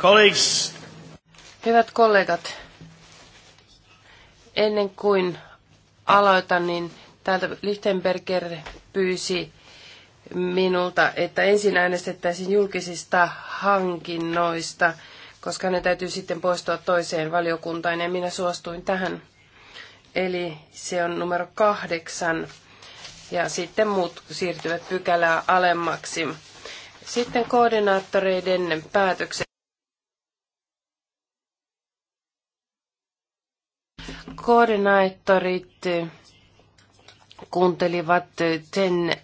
Colleagues. Hyvät kollegat, ennen kuin aloitan, niin täältä Lichtenberger pyysi minulta, että ensin äänestettäisiin julkisista hankinnoista, koska ne täytyy sitten poistua toiseen valiokuntaan, ja minä suostuin tähän. Eli se on numero kahdeksan, ja sitten muut siirtyvät pykälää alemmaksi. Sitten koordinaattoreiden päätökset. Koordinaattorit kuuntelivat ten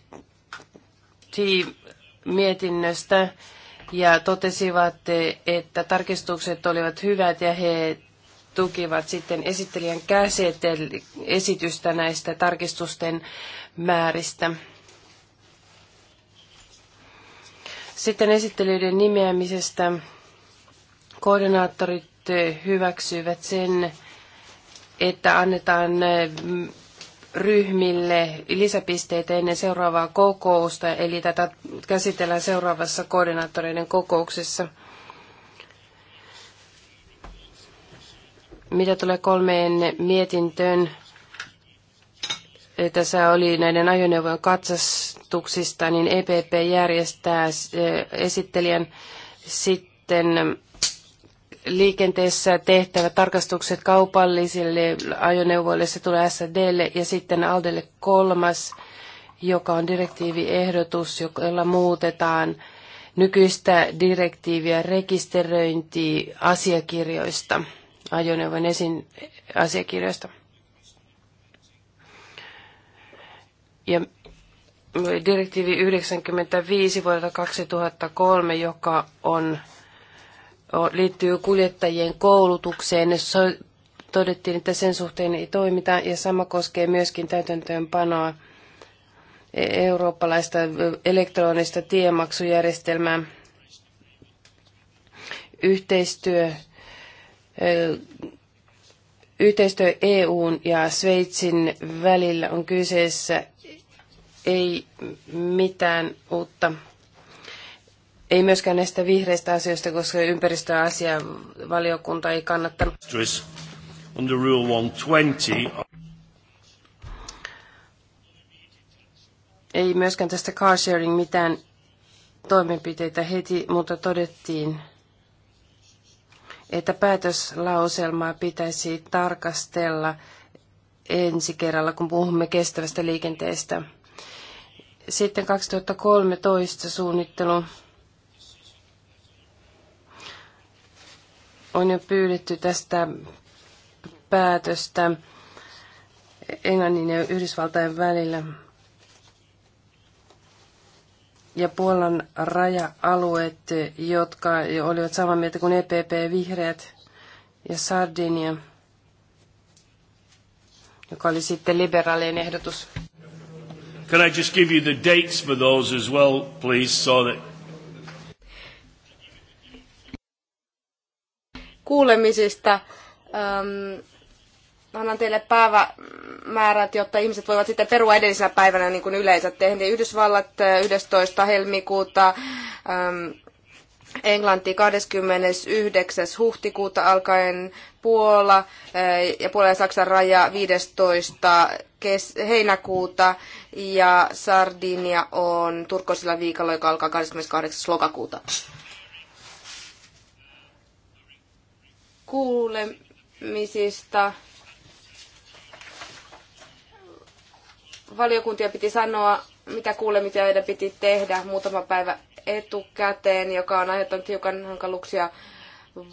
mietinnöstä ja totesivat, että tarkistukset olivat hyvät ja he tukivat sitten esittelijän esitystä näistä tarkistusten määristä. Sitten esittelyiden nimeämisestä koordinaattorit hyväksyivät sen, että annetaan eh, ryhmille lisäpisteitä ennen seuraavaa kokousta, eli tätä käsitellään seuraavassa koordinaattoreiden kokouksessa. Mitä tulee kolmeen mietintöön, eh, tässä oli näiden ajoneuvojen katsastuksista, niin EPP järjestää eh, esittelijän sitten liikenteessä tehtävät tarkastukset kaupallisille ajoneuvoille, se tulee SDlle ja sitten Aldelle kolmas, joka on direktiiviehdotus, jolla muutetaan nykyistä direktiiviä rekisteröinti asiakirjoista, ajoneuvon esin asiakirjoista. Ja direktiivi 95 vuodelta 2003, joka on liittyy kuljettajien koulutukseen. Todettiin, että sen suhteen ei toimita ja sama koskee myöskin täytäntöönpanoa e, eurooppalaista elektronista tiemaksujärjestelmää. Yhteistyö, e, yhteistyö EUn ja Sveitsin välillä on kyseessä ei mitään uutta ei myöskään näistä vihreistä asioista, koska ympäristöasia valiokunta ei kannattanut. Under Rule 120. Ei myöskään tästä car sharing mitään toimenpiteitä heti, mutta todettiin, että päätöslauselmaa pitäisi tarkastella ensi kerralla, kun puhumme kestävästä liikenteestä. Sitten 2013 suunnittelu on jo pyydetty tästä päätöstä Englannin ja Yhdysvaltain välillä. Ja Puolan raja-alueet, jotka olivat samaa mieltä kuin EPP, Vihreät ja Sardinia, joka oli sitten liberaalien ehdotus. Can I just give you the dates for those as well, please, so that kuulemisista. Ähm, annan teille päivämäärät, jotta ihmiset voivat sitten perua edellisenä päivänä niin kuin yleensä tehdä. Yhdysvallat 11. helmikuuta, ähm, Englanti 29. huhtikuuta alkaen Puola äh, ja Puola ja Saksan raja 15. Kes- heinäkuuta ja Sardinia on turkoisilla viikolla, joka alkaa 28. lokakuuta. kuulemisista. Valiokuntia piti sanoa, mitä kuulemisia heidän piti tehdä muutama päivä etukäteen, joka on aiheuttanut hiukan hankaluuksia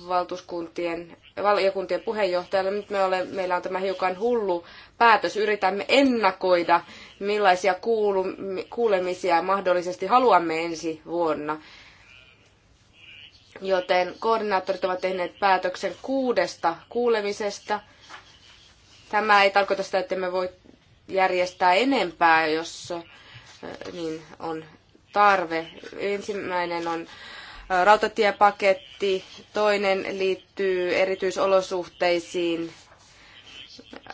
valtuuskuntien valiokuntien puheenjohtajalle. Nyt me ole, meillä on tämä hiukan hullu päätös. Yritämme ennakoida, millaisia kuulemisia mahdollisesti haluamme ensi vuonna joten koordinaattorit ovat tehneet päätöksen kuudesta kuulemisesta. Tämä ei tarkoita sitä, että me voi järjestää enempää, jos niin on tarve. Ensimmäinen on rautatiepaketti, toinen liittyy erityisolosuhteisiin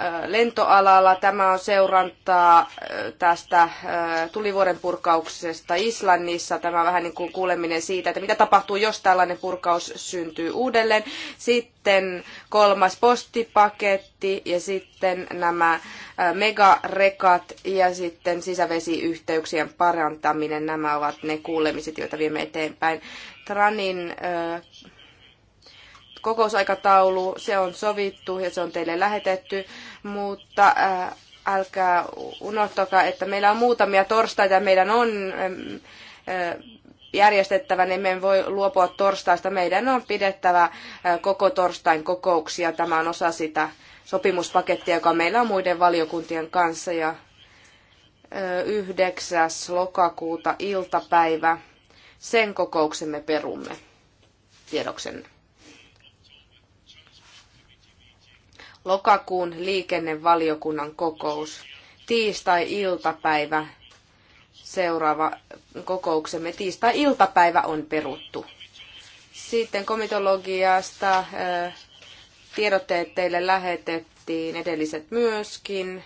Äh, lentoalalla. Tämä on seurantaa äh, tästä äh, tulivuoren purkauksesta Islannissa. Tämä on vähän niin kuin kuuleminen siitä, että mitä tapahtuu, jos tällainen purkaus syntyy uudelleen. Sitten kolmas postipaketti ja sitten nämä megarekat ja sitten sisävesiyhteyksien parantaminen. Nämä ovat ne kuulemiset, joita viemme eteenpäin. Tranin kokousaikataulu, se on sovittu ja se on teille lähetetty, mutta äh, älkää unohtakaa, että meillä on muutamia torstaita, meidän on ähm, äh, järjestettävä, niin me voi luopua torstaista. Meidän on pidettävä äh, koko torstain kokouksia. Tämä on osa sitä sopimuspakettia, joka meillä on muiden valiokuntien kanssa. Ja 9. lokakuuta iltapäivä. Sen kokouksemme perumme tiedoksenne. lokakuun liikennevaliokunnan kokous. Tiistai-iltapäivä seuraava kokouksemme. Tiistai-iltapäivä on peruttu. Sitten komitologiasta äh, tiedotteet teille lähetettiin, edelliset myöskin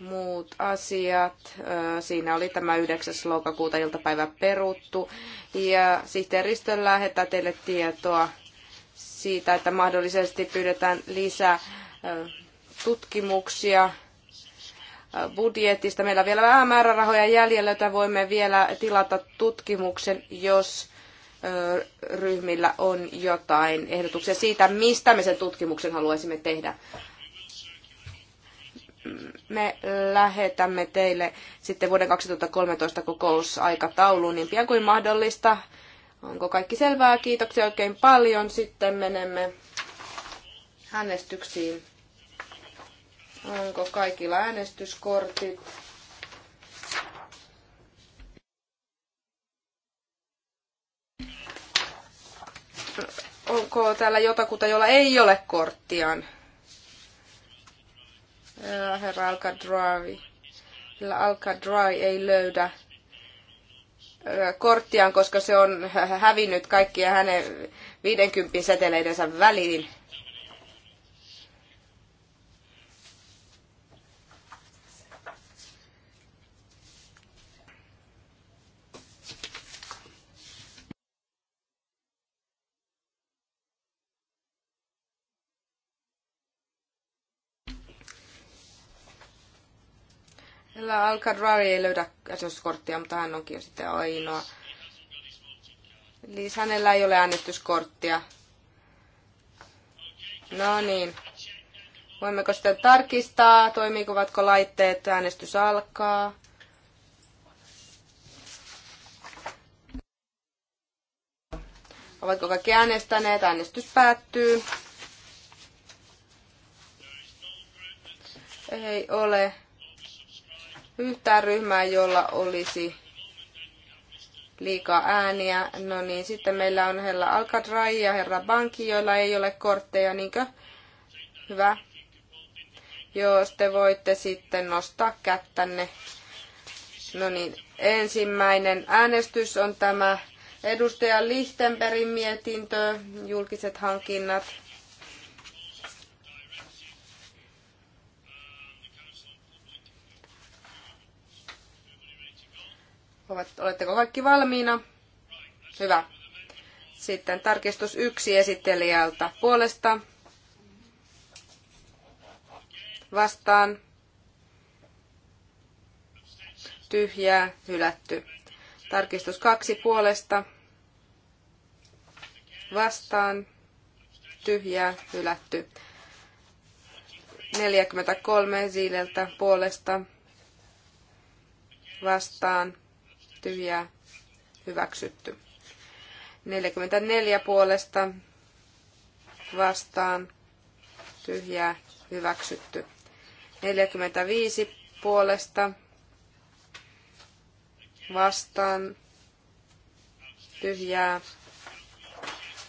muut asiat. Äh, siinä oli tämä 9. lokakuuta iltapäivä peruttu. Ja sihteeristön lähettää teille tietoa siitä, että mahdollisesti pyydetään lisää tutkimuksia budjetista. Meillä on vielä vähän määrärahoja jäljellä, että voimme vielä tilata tutkimuksen, jos ryhmillä on jotain ehdotuksia siitä, mistä me sen tutkimuksen haluaisimme tehdä. Me lähetämme teille sitten vuoden 2013 kokousaikatauluun niin pian kuin mahdollista. Onko kaikki selvää? Kiitoksia oikein paljon. Sitten menemme äänestyksiin. Onko kaikilla äänestyskortit? Onko täällä jotakuta, jolla ei ole korttiaan? Äh, herra Alcadravi. Sillä Alcadrai ei löydä korttiaan, koska se on hävinnyt kaikkia hänen 50 seteleidensä väliin. Kyllä al ei löydä äänestyskorttia, mutta hän onkin jo sitten ainoa. Eli hänellä ei ole äänestyskorttia. No niin. Voimmeko sitten tarkistaa, toimivatko laitteet, äänestys alkaa. Ovatko kaikki äänestäneet? Äänestys päättyy. Ei ole yhtään ryhmää, jolla olisi liikaa ääniä. No niin, sitten meillä on herra Alcadrai ja herra Banki, joilla ei ole kortteja, niinkö? Hyvä. Jos te voitte sitten nostaa kättänne. No niin, ensimmäinen äänestys on tämä edustaja Lichtenbergin mietintö, julkiset hankinnat. Oletteko kaikki valmiina? Hyvä. Sitten tarkistus yksi esittelijältä puolesta. Vastaan. Tyhjää, hylätty. Tarkistus kaksi puolesta. Vastaan. Tyhjää, hylätty. 43 siileltä puolesta. Vastaan tyhjää hyväksytty. 44 puolesta vastaan tyhjää hyväksytty. 45 puolesta vastaan tyhjää.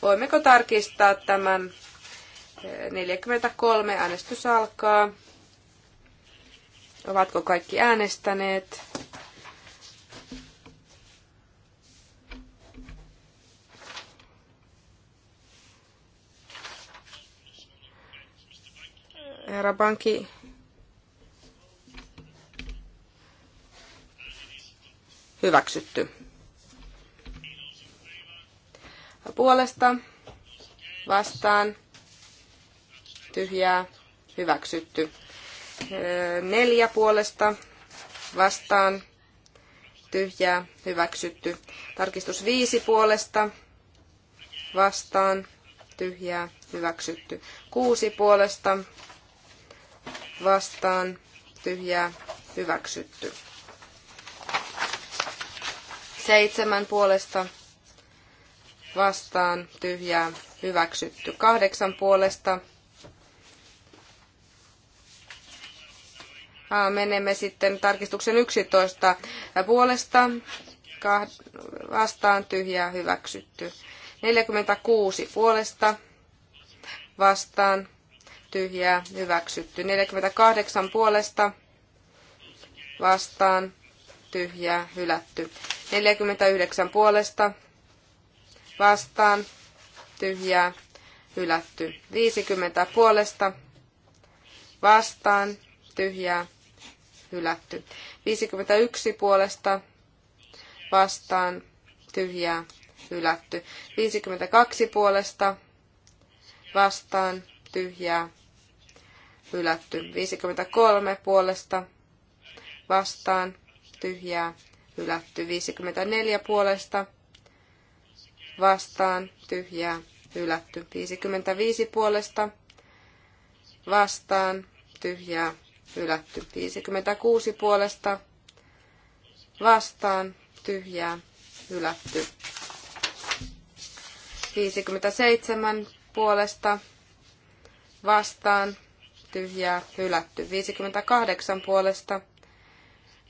Voimmeko tarkistaa tämän 43 äänestys alkaa. Ovatko kaikki äänestäneet? Herra Banki, hyväksytty. Puolesta, vastaan, tyhjää, hyväksytty. Neljä puolesta, vastaan, tyhjää, hyväksytty. Tarkistus viisi puolesta, vastaan, tyhjää, hyväksytty. Kuusi puolesta, vastaan tyhjää hyväksytty. Seitsemän puolesta vastaan tyhjää hyväksytty. Kahdeksan puolesta menemme sitten tarkistuksen 11 puolesta vastaan tyhjää hyväksytty. 46 puolesta vastaan tyhjää hyväksytty. 48 puolesta vastaan tyhjää hylätty. 49 puolesta vastaan tyhjää hylätty. 50 puolesta vastaan tyhjää hylätty. 51 puolesta vastaan tyhjää hylätty. 52 puolesta vastaan tyhjää hylätty. 53 puolesta vastaan tyhjää hylätty. 54 puolesta vastaan tyhjää hylätty. 55 puolesta vastaan tyhjää hylätty. 56 puolesta vastaan tyhjää hylätty. 57 puolesta vastaan tyhjää, hylätty. 58 puolesta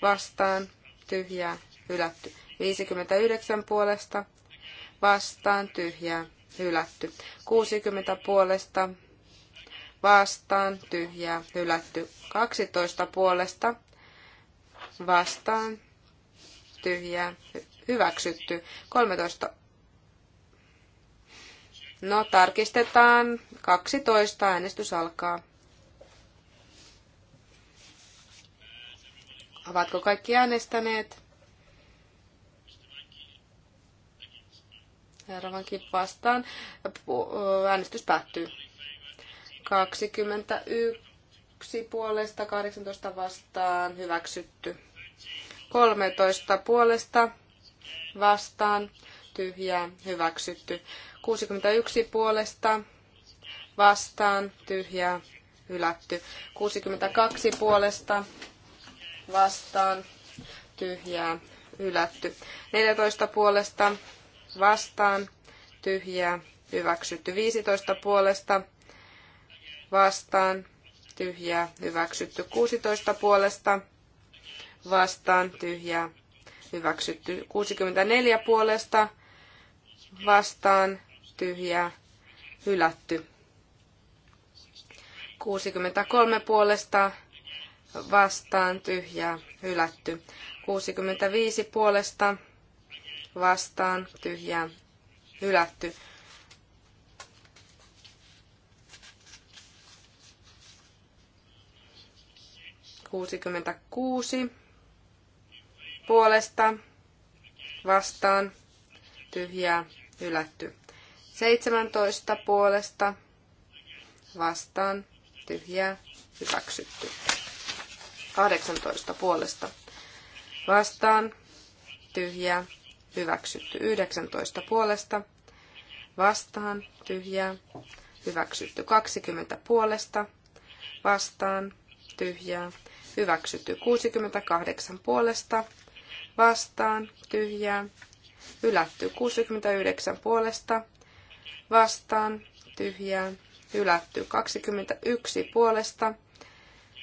vastaan, tyhjää, hylätty. 59 puolesta vastaan, tyhjää, hylätty. 60 puolesta vastaan, tyhjää, hylätty. 12 puolesta vastaan, tyhjää, hyväksytty. 13 No, tarkistetaan. 12 äänestys alkaa. Ovatko kaikki äänestäneet? Seuraavankin vastaan. Äänestys päättyy. 21 puolesta, 18 vastaan, hyväksytty. 13 puolesta, vastaan, tyhjää, hyväksytty. 61 puolesta, vastaan, tyhjää, hylätty. 62 puolesta, vastaan tyhjää hylätty. 14 puolesta vastaan tyhjää hyväksytty. 15 puolesta vastaan tyhjää hyväksytty. 16 puolesta vastaan tyhjää hyväksytty. 64 puolesta vastaan tyhjää hylätty. 63 puolesta vastaan tyhjää hylätty. 65 puolesta vastaan tyhjää hylätty. Kuusikymmentäkuusi puolesta vastaan tyhjää hylätty. seitsemäntoista puolesta vastaan tyhjää hyväksytty. 18 puolesta vastaan, tyhjä hyväksytty 19 puolesta, vastaan, tyhjä hyväksytty 20 puolesta, vastaan, tyhjä hyväksytty 68 puolesta, vastaan, tyhjä hylätty 69 puolesta, vastaan, tyhjä hylätty 21 puolesta,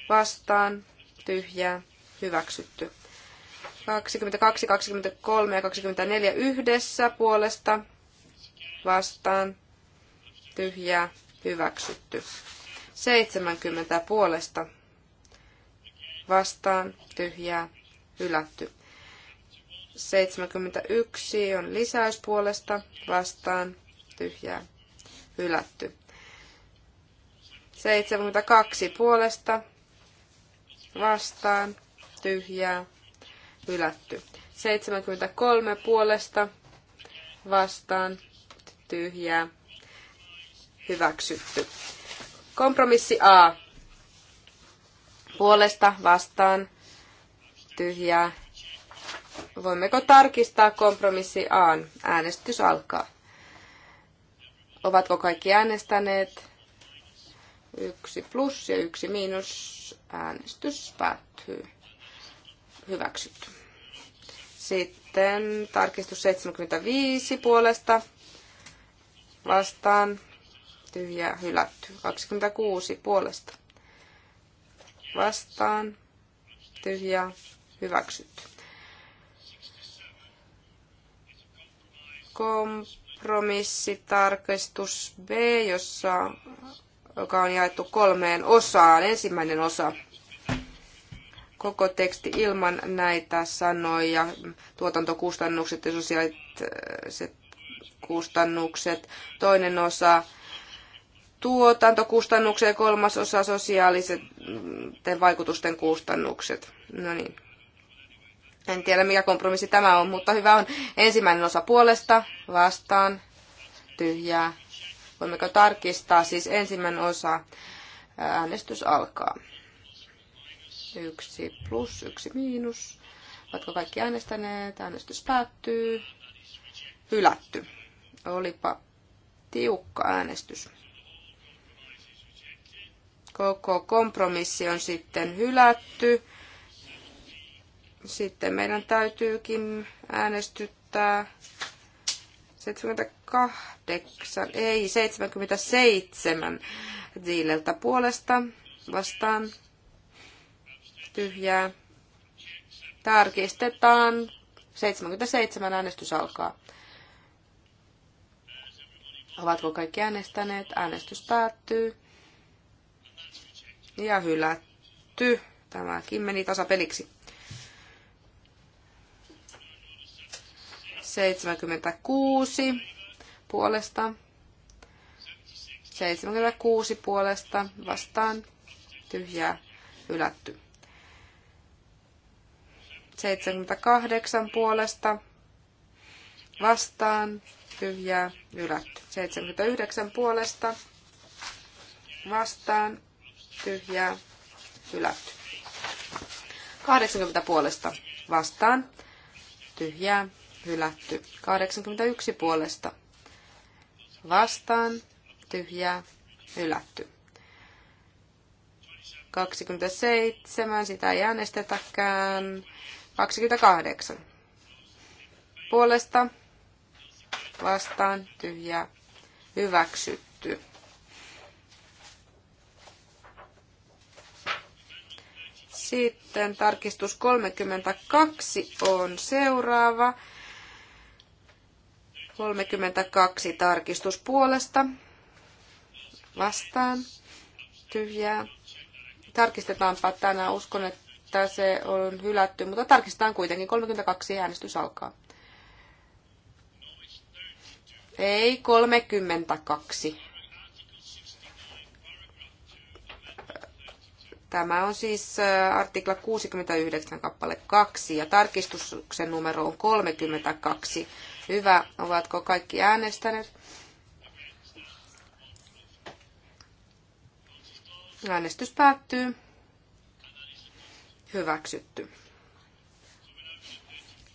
vastaan, tyhjää, hyväksytty. 22, 23 ja 24 yhdessä puolesta vastaan tyhjää, hyväksytty. 70 puolesta vastaan tyhjää, hylätty. 71 on lisäys puolesta vastaan tyhjää, hylätty. 72 puolesta vastaan, tyhjää, hylätty. 73 puolesta vastaan, tyhjää, hyväksytty. Kompromissi A. Puolesta vastaan, tyhjää. Voimmeko tarkistaa kompromissi A? Äänestys alkaa. Ovatko kaikki äänestäneet? Yksi plus ja yksi miinus Äänestys päättyy. Hyväksytty. Sitten tarkistus 75 puolesta vastaan tyhjä hylätty. 26 puolesta vastaan tyhjä hyväksytty. Kompromissitarkistus B, jossa, joka on jaettu kolmeen osaan. Ensimmäinen osa koko teksti ilman näitä sanoja, tuotantokustannukset ja sosiaaliset kustannukset, toinen osa tuotantokustannuksia ja kolmas osa sosiaaliset vaikutusten kustannukset. No niin. En tiedä mikä kompromissi tämä on, mutta hyvä on. Ensimmäinen osa puolesta, vastaan, tyhjää. Voimmeko tarkistaa? Siis ensimmäinen osa. Äänestys alkaa. Yksi plus, yksi miinus. Oletko kaikki äänestäneet? Äänestys päättyy. Hylätty. Olipa tiukka äänestys. Koko kompromissi on sitten hylätty. Sitten meidän täytyykin äänestyttää 78, ei 77 Ziileltä puolesta vastaan tyhjää. Tarkistetaan. 77 äänestys alkaa. Ovatko kaikki äänestäneet? Äänestys päättyy. Ja hylätty. Tämäkin meni tasapeliksi. 76 puolesta. 76 puolesta vastaan tyhjää hylätty. 78 puolesta vastaan tyhjää hylätty. 79 puolesta vastaan tyhjää hylätty. 80 puolesta vastaan tyhjää hylätty. 81 puolesta vastaan tyhjää hylätty. 27, sitä ei äänestetäkään. 28. Puolesta vastaan tyhjää hyväksytty. Sitten tarkistus 32 on seuraava. 32 tarkistus puolesta. Vastaan. Tyhjää. Tarkistetaanpa tänään. Uskon, että että se on hylätty, mutta tarkistetaan kuitenkin. 32 äänestys alkaa. Ei, 32. Tämä on siis äh, artikla 69 kappale 2 ja tarkistuksen numero on 32. Hyvä, ovatko kaikki äänestäneet? Äänestys päättyy. Hyväksytty.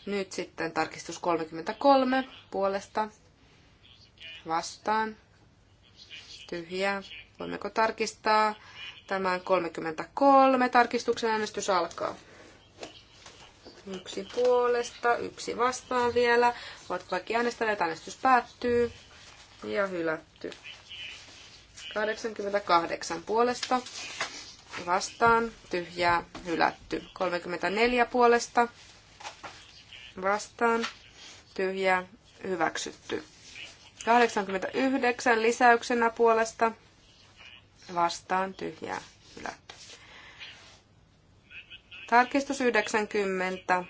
Nyt sitten tarkistus 33 puolesta vastaan. Tyhjää. Voimmeko tarkistaa? Tämän 33 tarkistuksen äänestys alkaa. Yksi puolesta, yksi vastaan vielä. Ovat kaikki äänestäneet, äänestys päättyy. Ja hylätty. 88 puolesta vastaan, tyhjää, hylätty. 34 puolesta vastaan, tyhjää, hyväksytty. 89 lisäyksenä puolesta vastaan, tyhjää, hylätty. Tarkistus 90.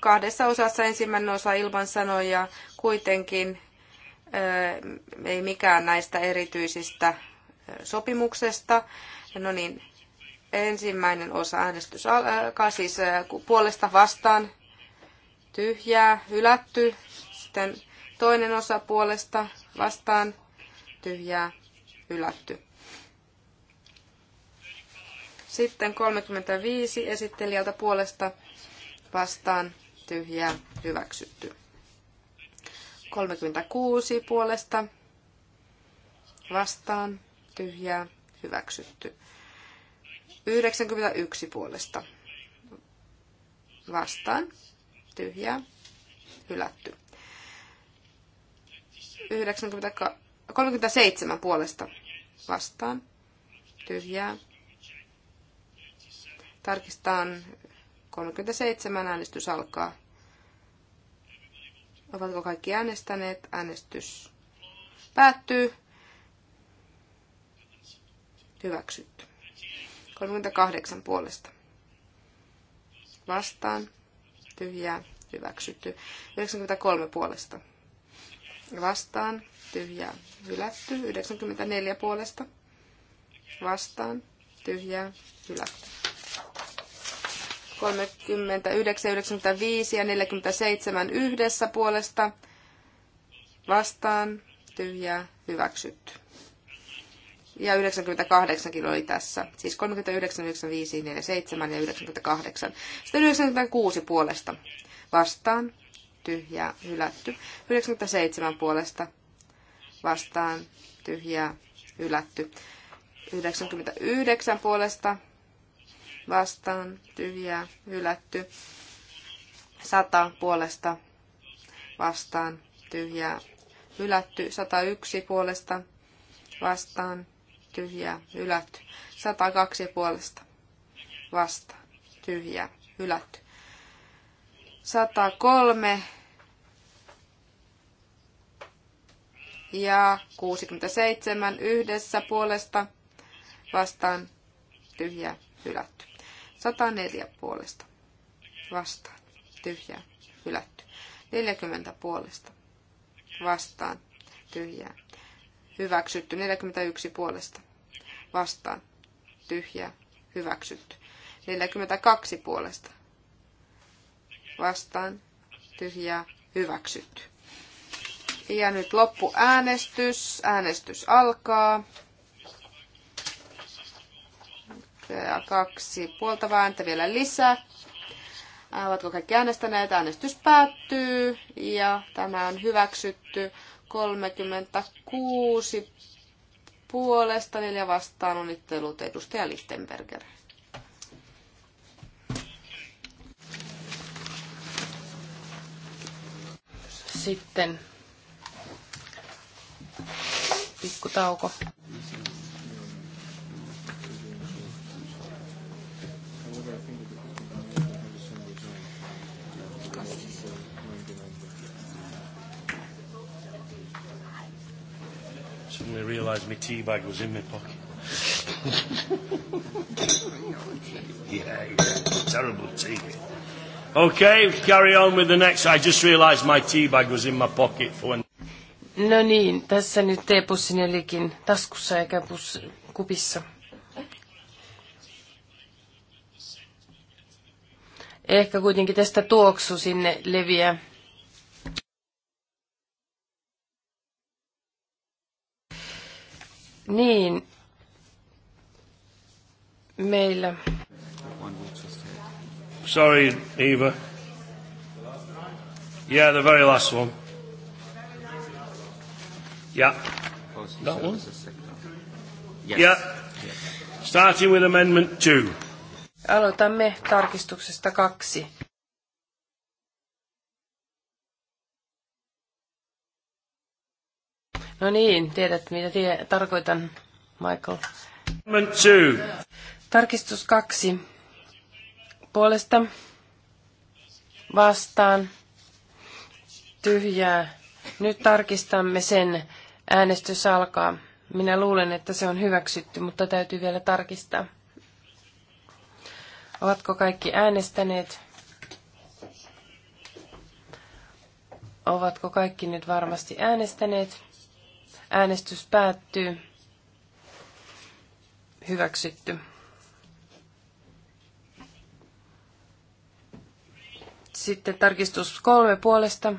Kahdessa osassa ensimmäinen osa ilman sanoja kuitenkin ei mikään näistä erityisistä sopimuksesta. No niin, ensimmäinen osa äänestys alkaa siis äh, puolesta vastaan, tyhjää, hylätty. Sitten toinen osa puolesta vastaan, tyhjää, hylätty. Sitten 35 esittelijältä puolesta vastaan, tyhjää, hyväksytty. 36 puolesta vastaan, tyhjää, hyväksytty. 91 puolesta vastaan, tyhjää, hylätty. 37 puolesta vastaan, tyhjää. Tarkistaan 37 äänestys alkaa. Ovatko kaikki äänestäneet? Äänestys päättyy. Hyväksytty. 38 puolesta. Vastaan. Tyhjää. Hyväksytty. 93 puolesta. Vastaan. Tyhjää. Hylätty. 94 puolesta. Vastaan. Tyhjää. Hylätty. 39, 95 ja 47 yhdessä puolesta. Vastaan. Tyhjää. Hyväksytty ja 98 oli tässä. Siis 39, 95, 47 ja 98. 196 puolesta vastaan, tyhjää, hylätty. 97 puolesta vastaan, tyhjää, hylätty. 99 puolesta vastaan, tyhjää, hylätty. 100 puolesta vastaan, tyhjää, hylätty. 101 puolesta vastaan, tyhjää, hylätty. 102 puolesta vasta tyhjää, hylätty. 103 ja 67 yhdessä puolesta vastaan, tyhjää, hylätty. 104 puolesta vastaan, tyhjää, hylätty. 40 puolesta vastaan, tyhjää, hyväksytty 41 puolesta vastaan tyhjä hyväksytty. 42 puolesta vastaan tyhjä hyväksytty. Ja nyt äänestys. Äänestys alkaa. Ja äh, kaksi puolta vääntä vielä lisää. Ovatko kaikki äänestäneet? Äänestys päättyy ja tämä on hyväksytty 36 puolesta, neljä vastaan. Onnittelut edustaja Lichtenberger. Sitten pikkutauko. realised my tea bag was in my pocket. yeah, yeah, terrible tea. Okay, carry on with the next. I just realised my tea bag was in my pocket for when... No niin, tässä nyt teepussin elikin taskussa eikä pus, kupissa. Ehkä kuitenkin tästä tuoksu sinne leviää. Niin, meillä. Sorry, Eva. Yeah, the very last one. Yeah. That one? Yes. Yeah. Starting with amendment two. Aloitamme tarkistuksesta kaksi. No niin, tiedät mitä tie- tarkoitan, Michael. Tarkistus kaksi. Puolesta vastaan tyhjää. Nyt tarkistamme sen. Äänestys alkaa. Minä luulen, että se on hyväksytty, mutta täytyy vielä tarkistaa. Ovatko kaikki äänestäneet? Ovatko kaikki nyt varmasti äänestäneet? Äänestys päättyy. Hyväksytty. Sitten tarkistus kolme puolesta.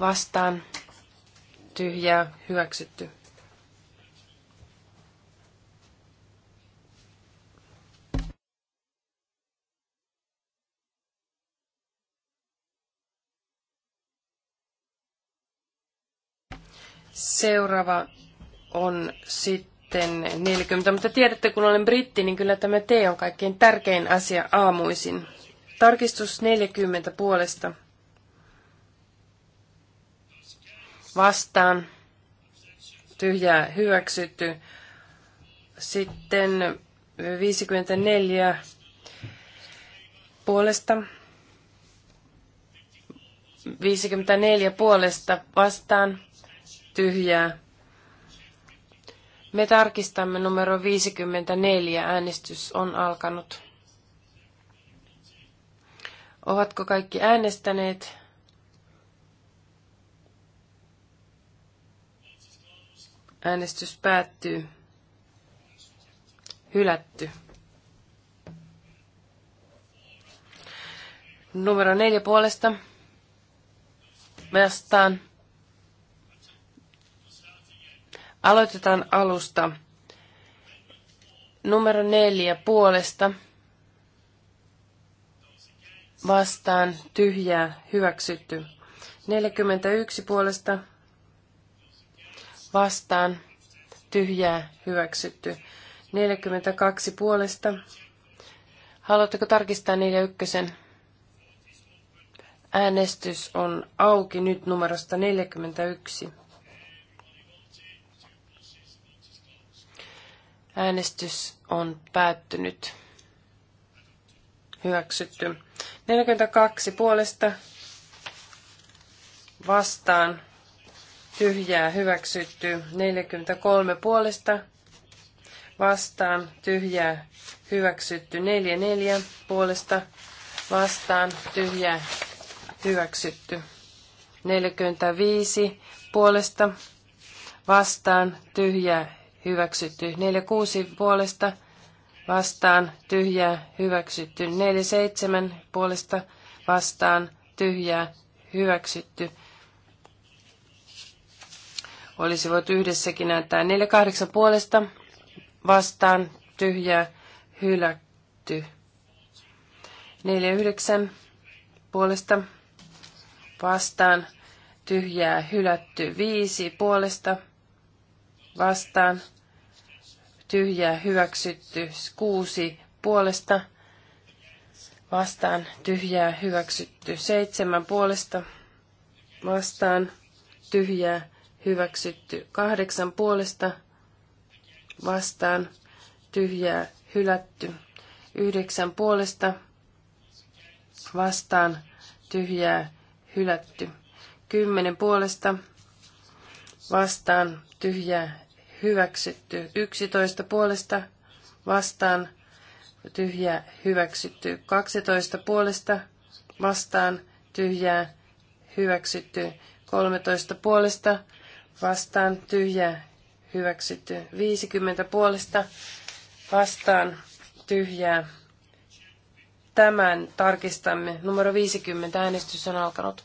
Vastaan. Tyhjää. Hyväksytty. Seuraava on sitten 40, mutta tiedätte, kun olen britti, niin kyllä tämä tee on kaikkein tärkein asia aamuisin. Tarkistus 40 puolesta. Vastaan. Tyhjää hyväksytty. Sitten 54 puolesta. 54 puolesta vastaan tyhjää. Me tarkistamme numero 54. Äänestys on alkanut. Ovatko kaikki äänestäneet? Äänestys päättyy. Hylätty. Numero neljä puolesta. Vastaan Aloitetaan alusta. Numero neljä puolesta. Vastaan tyhjää hyväksytty. 41 puolesta. Vastaan tyhjää hyväksytty. 42 puolesta. Haluatteko tarkistaa ykkösen? Äänestys on auki nyt numerosta 41. Äänestys on päättynyt. Hyväksytty. 42 puolesta vastaan. Tyhjää hyväksytty. 43 puolesta vastaan. Tyhjää hyväksytty. 44 puolesta vastaan. Tyhjää hyväksytty. 45 puolesta vastaan. Tyhjää hyväksytty. 46 puolesta vastaan tyhjää hyväksytty. 47 puolesta vastaan tyhjää hyväksytty. Olisi voitu yhdessäkin näyttää 48 puolesta vastaan tyhjää hylätty. 49 puolesta vastaan tyhjää hylätty. 5 puolesta vastaan, tyhjää hyväksytty, kuusi puolesta vastaan, tyhjää hyväksytty, seitsemän puolesta vastaan, tyhjää hyväksytty, kahdeksan puolesta vastaan, tyhjää hylätty, yhdeksän puolesta vastaan, tyhjää hylätty, kymmenen puolesta vastaan, tyhjä hyväksytty. 11 puolesta vastaan tyhjä hyväksytty. 12 puolesta vastaan tyhjä hyväksytty. 13 puolesta vastaan tyhjä hyväksytty. 50 puolesta vastaan tyhjää. Tämän tarkistamme. Numero 50 äänestys on alkanut.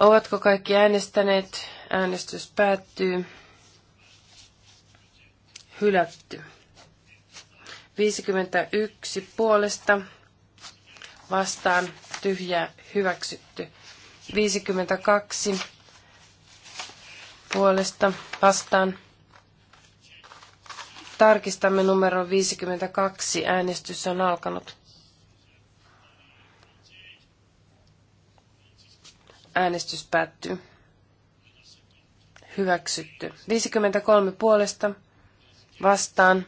Ovatko kaikki äänestäneet? Äänestys päättyy. Hylätty. 51 puolesta vastaan tyhjää hyväksytty. 52 puolesta vastaan. Tarkistamme numero 52. Äänestys on alkanut. Äänestys päättyy. Hyväksytty. 53 puolesta vastaan.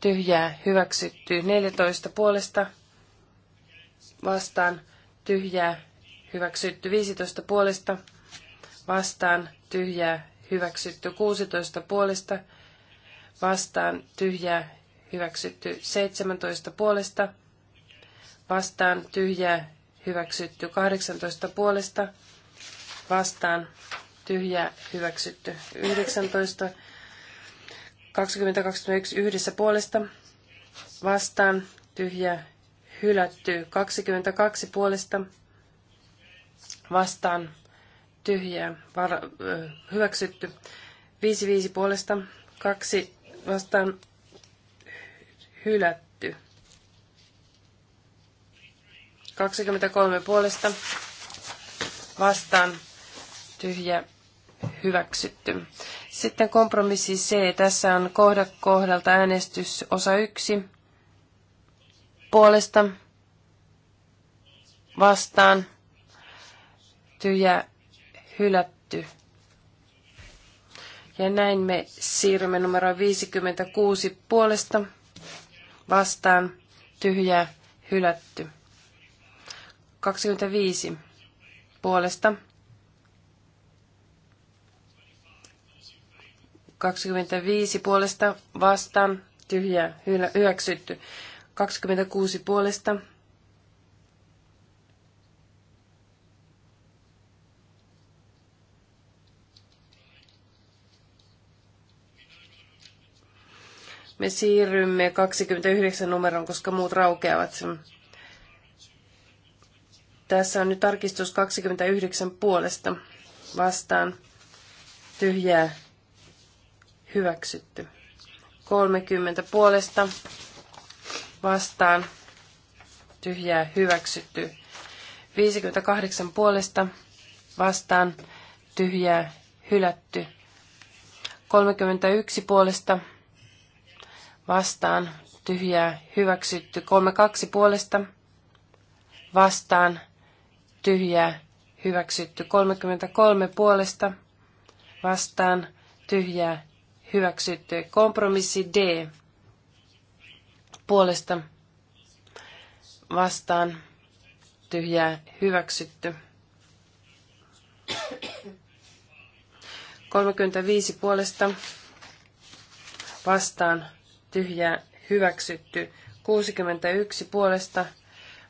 Tyhjää hyväksytty. 14 puolesta vastaan. Tyhjää hyväksytty. 15 puolesta vastaan. Tyhjää hyväksytty. 16 puolesta vastaan. Tyhjää hyväksytty. 17 puolesta vastaan. Tyhjää hyväksytty. 18 puolesta vastaan tyhjä hyväksytty. 19, 2021 yhdessä puolesta vastaan tyhjä hylätty. 22 puolesta vastaan tyhjä var, hyväksytty. 55 puolesta kaksi vastaan hylätty 23 puolesta vastaan tyhjä hyväksytty. Sitten kompromissi C. Tässä on kohda kohdalta äänestys osa 1 puolesta vastaan tyhjä hylätty. Ja näin me siirrymme numero 56 puolesta vastaan tyhjä hylätty. 25 puolesta. 25 puolesta vastaan tyhjää hyväksytty. 26 puolesta me siirrymme 29 numeroon, koska muut raukeavat. Tässä on nyt tarkistus 29 puolesta vastaan tyhjää hyväksytty. 30 puolesta vastaan tyhjää hyväksytty. 58 puolesta vastaan tyhjää hylätty. 31 puolesta vastaan tyhjää hyväksytty. 32 puolesta vastaan tyhjää hyväksytty. 33 puolesta vastaan tyhjää hyväksytty. Kompromissi D puolesta vastaan tyhjää hyväksytty. 35 puolesta vastaan tyhjää hyväksytty. 61 puolesta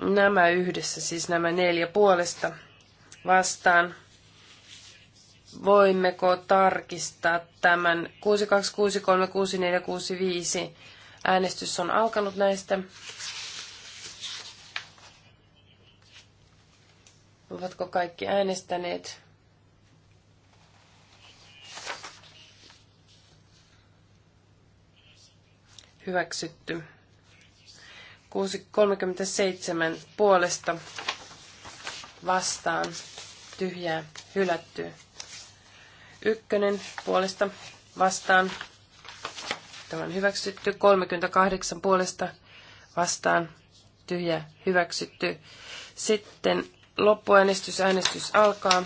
Nämä yhdessä, siis nämä neljä puolesta vastaan. Voimmeko tarkistaa tämän 6263645? Äänestys on alkanut näistä. Ovatko kaikki äänestäneet? Hyväksytty. 637 puolesta vastaan tyhjää hylättyä. Ykkönen puolesta vastaan. Tämä on hyväksytty. 38 puolesta vastaan tyhjä hyväksytty. Sitten loppuäänestys. Äänestys alkaa.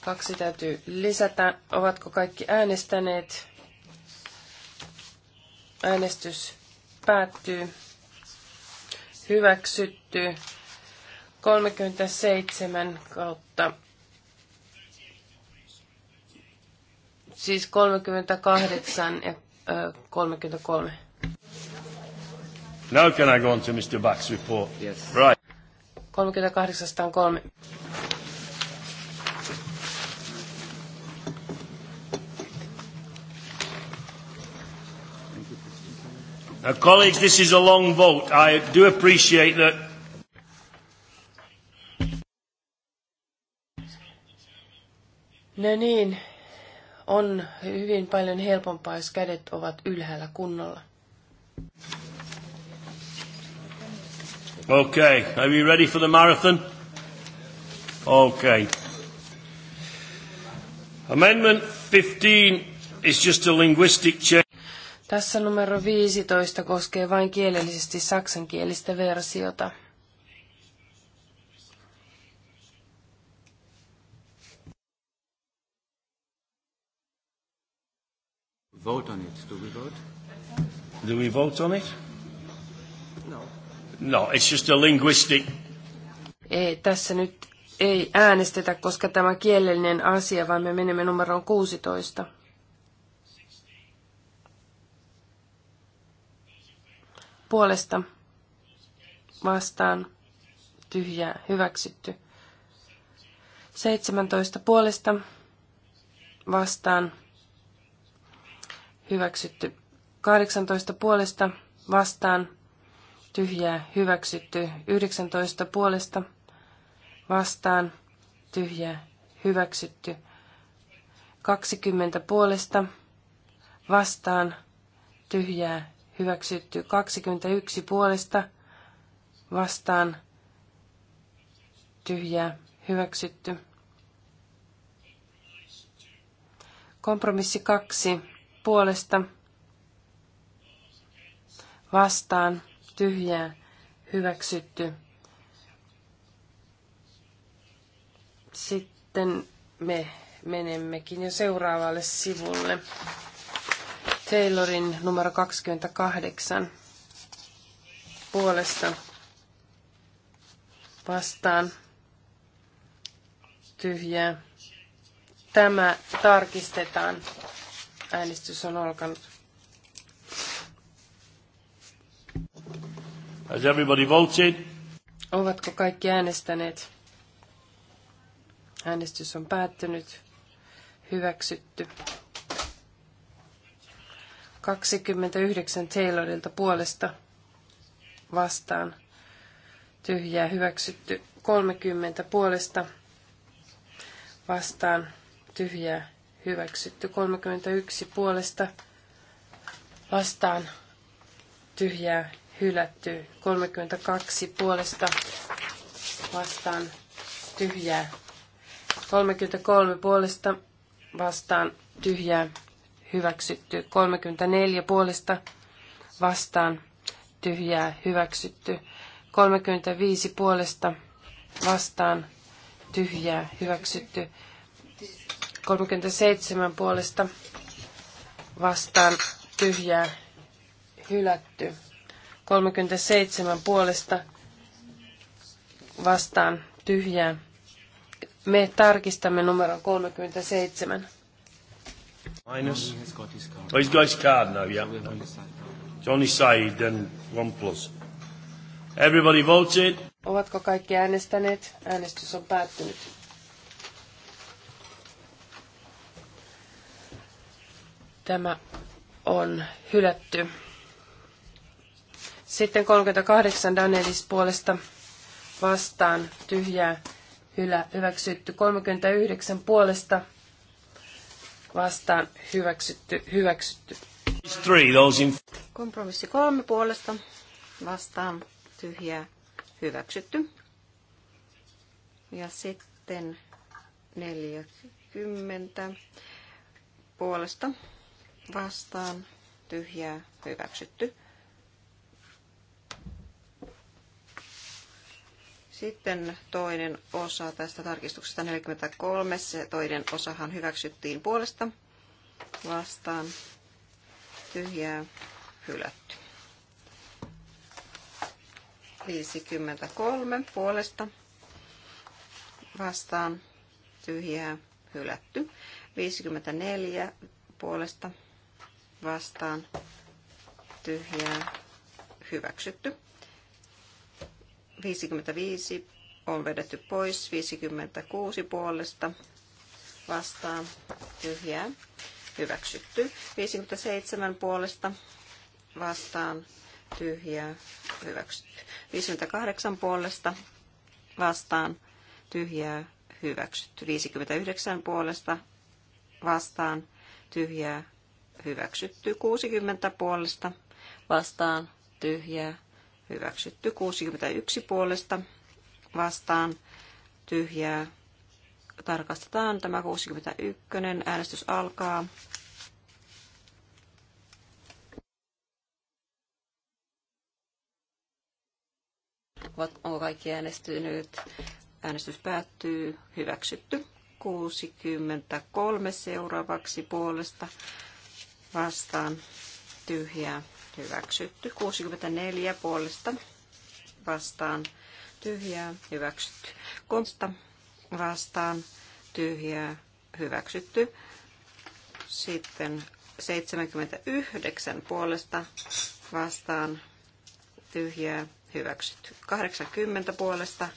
Kaksi täytyy lisätä. Ovatko kaikki äänestäneet? Äänestys päättyy. Hyväksytty. 37 kautta. Siis 38 ja 33. Now can I go on to Mr. Back's report? Yes. Right. 38.3. Now, uh, colleagues, this is a long vote. I do appreciate that. No niin, on hyvin paljon helpompaa, jos kädet ovat ylhäällä kunnolla. Okay, are you ready for the marathon? Okay. Amendment 15 is just a linguistic change. Tässä numero 15 koskee vain kielellisesti saksankielistä versiota. Vote on it. Do we vote? Do we vote on it? No. No, it's just a linguistic. Ei, tässä nyt ei äänestetä, koska tämä kielellinen asia, vaan me menemme numeroon 16. puolesta vastaan tyhjää hyväksytty. 17 puolesta vastaan hyväksytty. 18 puolesta vastaan tyhjää hyväksytty. 19 puolesta vastaan tyhjää hyväksytty. 20 puolesta vastaan tyhjää hyväksytty 21 puolesta vastaan tyhjää hyväksytty. Kompromissi 2 puolesta vastaan tyhjää hyväksytty. Sitten me menemmekin jo seuraavalle sivulle. Taylorin numero 28 puolesta vastaan tyhjää. Tämä tarkistetaan. Äänestys on alkanut. Has everybody voted? Ovatko kaikki äänestäneet? Äänestys on päättynyt. Hyväksytty. 29 Taylorilta puolesta vastaan tyhjää hyväksytty. 30 puolesta vastaan tyhjää hyväksytty. 31 puolesta vastaan tyhjää hylätty. 32 puolesta vastaan tyhjää. 33 puolesta vastaan tyhjää hyväksytty. 34 puolesta vastaan tyhjää hyväksytty. 35 puolesta vastaan tyhjää hyväksytty. 37 puolesta vastaan tyhjää hylätty. 37 puolesta vastaan tyhjää. Me tarkistamme numeron 37. Minus. No, oh, he's got his card now, yeah. Johnny side, then one plus. Everybody voted. Ovatko kaikki äänestäneet? Äänestys on päättynyt. Tämä on hylätty. Sitten 38 Danelis puolesta vastaan tyhjää hylä, hyväksytty. 39 puolesta vastaan hyväksytty, hyväksytty. Kompromissi kolme puolesta vastaan tyhjää hyväksytty. Ja sitten 40 puolesta vastaan tyhjää hyväksytty. Sitten toinen osa tästä tarkistuksesta 43. Se toinen osahan hyväksyttiin puolesta vastaan. Tyhjää hylätty. 53 puolesta vastaan tyhjää hylätty. 54 puolesta vastaan tyhjää hyväksytty. 55 on vedetty pois, 56 puolesta vastaan tyhjää hyväksytty. 57 puolesta vastaan tyhjää hyväksytty. 58 puolesta vastaan tyhjää hyväksytty. 59 puolesta vastaan tyhjää hyväksytty. 60 puolesta vastaan tyhjää hyväksytty 61 puolesta vastaan tyhjää. Tarkastetaan tämä 61. Äänestys alkaa. Onko kaikki äänestynyt? Äänestys päättyy. Hyväksytty. 63 seuraavaksi puolesta vastaan tyhjää hyväksytty. 64 puolesta vastaan tyhjää, hyväksytty. Konsta vastaan tyhjää, hyväksytty. Sitten 79 puolesta vastaan tyhjää, hyväksytty. 80 puolesta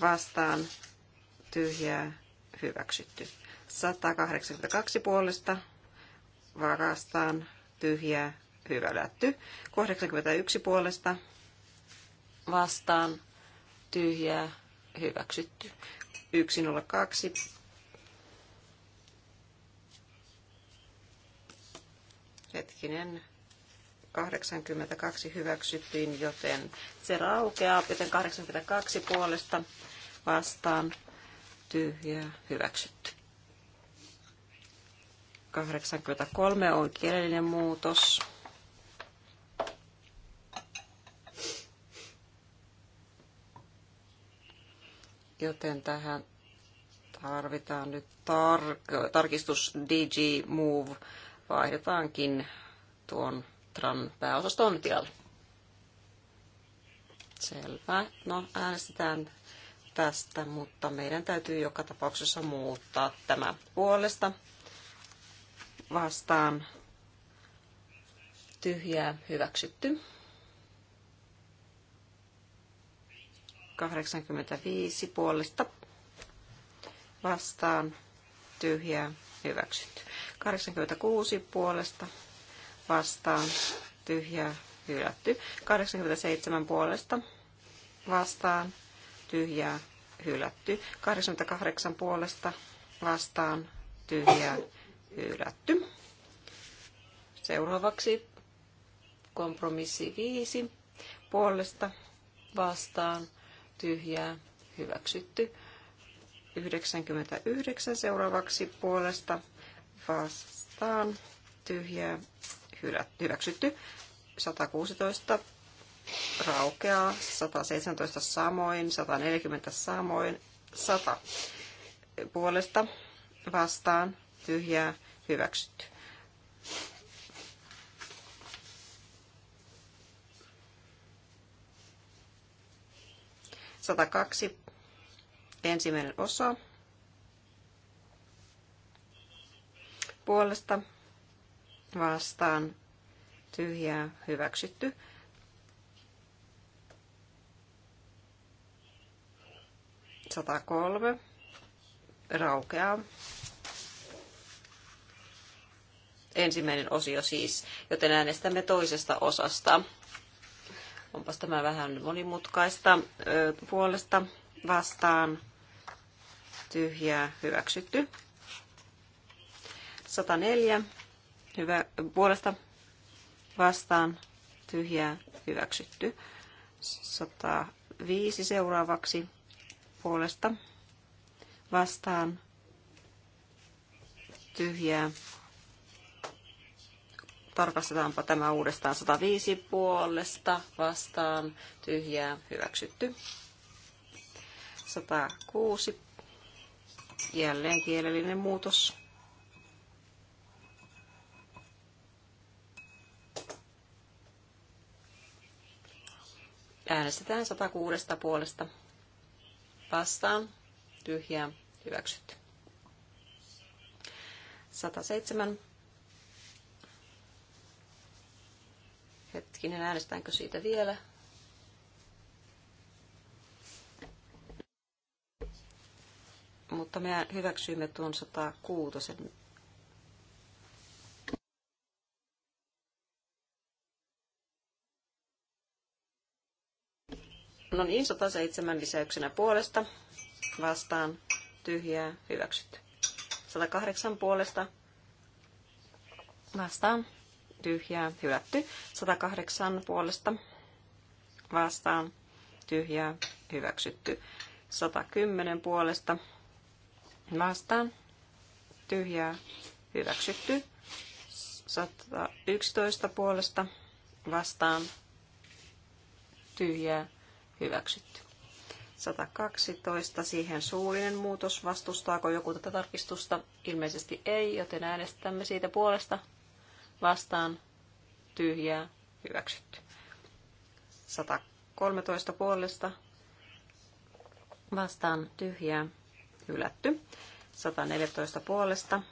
vastaan tyhjää, hyväksytty. 182 puolesta vastaan tyhjää, hylätty. 81 puolesta vastaan tyhjää hyväksytty. 102 hetkinen 82 hyväksyttiin, joten se raukeaa, joten 82 puolesta vastaan tyhjää hyväksytty. 83 on kielellinen muutos. joten tähän tarvitaan nyt tar- tarkistus DG Move. Vaihdetaankin tuon TRAN pääosaston tilalle. Selvä. No, äänestetään tästä, mutta meidän täytyy joka tapauksessa muuttaa tämä puolesta vastaan tyhjää hyväksytty. 85 puolesta vastaan tyhjää hyväksytty. 86 puolesta vastaan tyhjää hylätty. 87 puolesta vastaan tyhjää hylätty. 88 puolesta vastaan tyhjää hylätty. Seuraavaksi kompromissi 5 puolesta vastaan tyhjää, hyväksytty. 99 seuraavaksi puolesta vastaan, tyhjää, hyväksytty. 116 raukeaa, 117 samoin, 140 samoin, 100 puolesta vastaan, tyhjää, hyväksytty. 102. Ensimmäinen osa. Puolesta vastaan tyhjää hyväksytty. Sata kolme raukeaa. Ensimmäinen osio siis, joten äänestämme toisesta osasta. Onpas tämä vähän monimutkaista puolesta vastaan tyhjää hyväksytty. 104 hyvä, puolesta vastaan tyhjää hyväksytty. 105 seuraavaksi puolesta vastaan tyhjää Tarkastetaanpa tämä uudestaan 105 puolesta vastaan tyhjää hyväksytty. 106. Jälleen kielellinen muutos. Äänestetään 106 puolesta vastaan tyhjää hyväksytty. 107 Hetkinen, äänestäänkö siitä vielä? Mutta me hyväksyimme tuon 106. No niin, 107 lisäyksenä puolesta vastaan tyhjää hyväksytty. 108 puolesta vastaan tyhjää, hylätty. 108 puolesta vastaan, tyhjää, hyväksytty. 110 puolesta vastaan, tyhjää, hyväksytty. 111 puolesta vastaan, tyhjää, hyväksytty. 112. Siihen suullinen muutos. Vastustaako joku tätä tarkistusta? Ilmeisesti ei, joten äänestämme siitä puolesta vastaan tyhjää hyväksytty. 113 puolesta vastaan tyhjää hylätty. 114 puolesta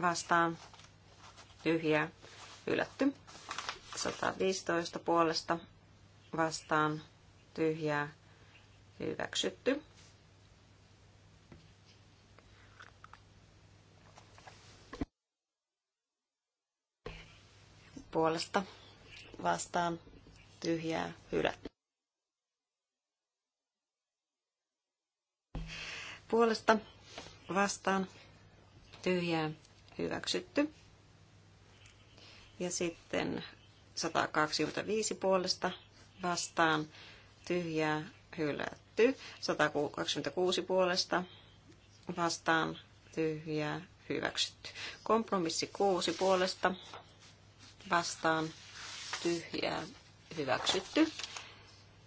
vastaan tyhjää hylätty. 115 puolesta vastaan tyhjää hyväksytty. puolesta vastaan tyhjää hylät. Puolesta vastaan tyhjää hyväksytty. Ja sitten 125 puolesta vastaan tyhjää hylätty. 126 puolesta vastaan tyhjää hyväksytty. Kompromissi 6 puolesta vastaan tyhjää hyväksytty.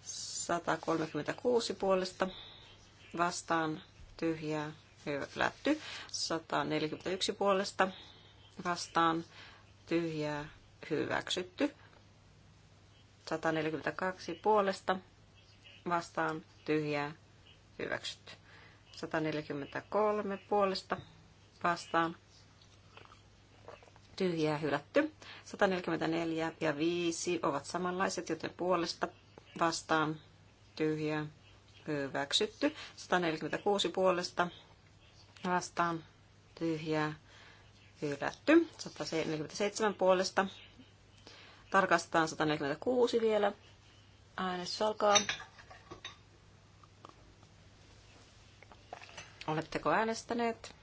136 puolesta vastaan tyhjää hylätty. 141 puolesta vastaan tyhjää hyväksytty. 142 puolesta vastaan tyhjää hyväksytty. 143 puolesta vastaan tyhjää hylätty. 144 ja 5 ovat samanlaiset, joten puolesta vastaan tyhjää hyväksytty. 146 puolesta vastaan tyhjää hylätty. 147 puolesta tarkastetaan 146 vielä. äänes alkaa. Oletteko äänestäneet?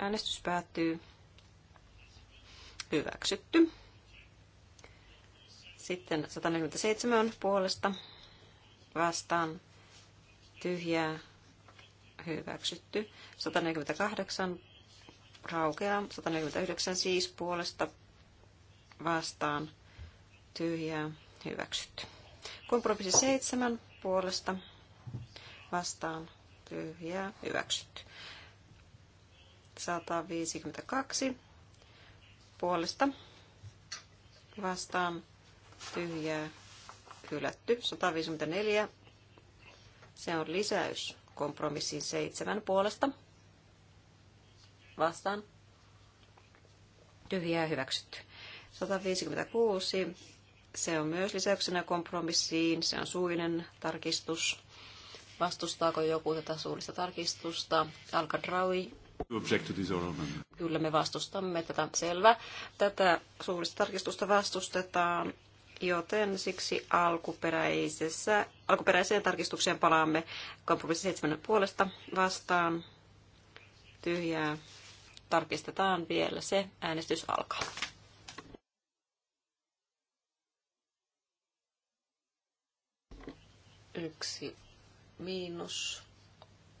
Äänestys päättyy. Hyväksytty. Sitten 147 puolesta vastaan tyhjää hyväksytty. 148 raukeaa. 149 siis puolesta vastaan tyhjää hyväksytty. Kompromissi 7 puolesta vastaan tyhjää hyväksytty. 152 puolesta vastaan tyhjää hylätty. 154. Se on lisäys kompromissin seitsemän puolesta. Vastaan. Tyhjää hyväksytty. 156. Se on myös lisäyksenä kompromissiin. Se on suinen tarkistus. Vastustaako joku tätä suullista tarkistusta? Alkadraui Kyllä me vastustamme tätä. Selvä. Tätä suullista tarkistusta vastustetaan, joten siksi alkuperäisessä, alkuperäiseen tarkistukseen palaamme kompromissi 7 puolesta vastaan. Tyhjää. Tarkistetaan vielä se. Äänestys alkaa. Yksi miinus.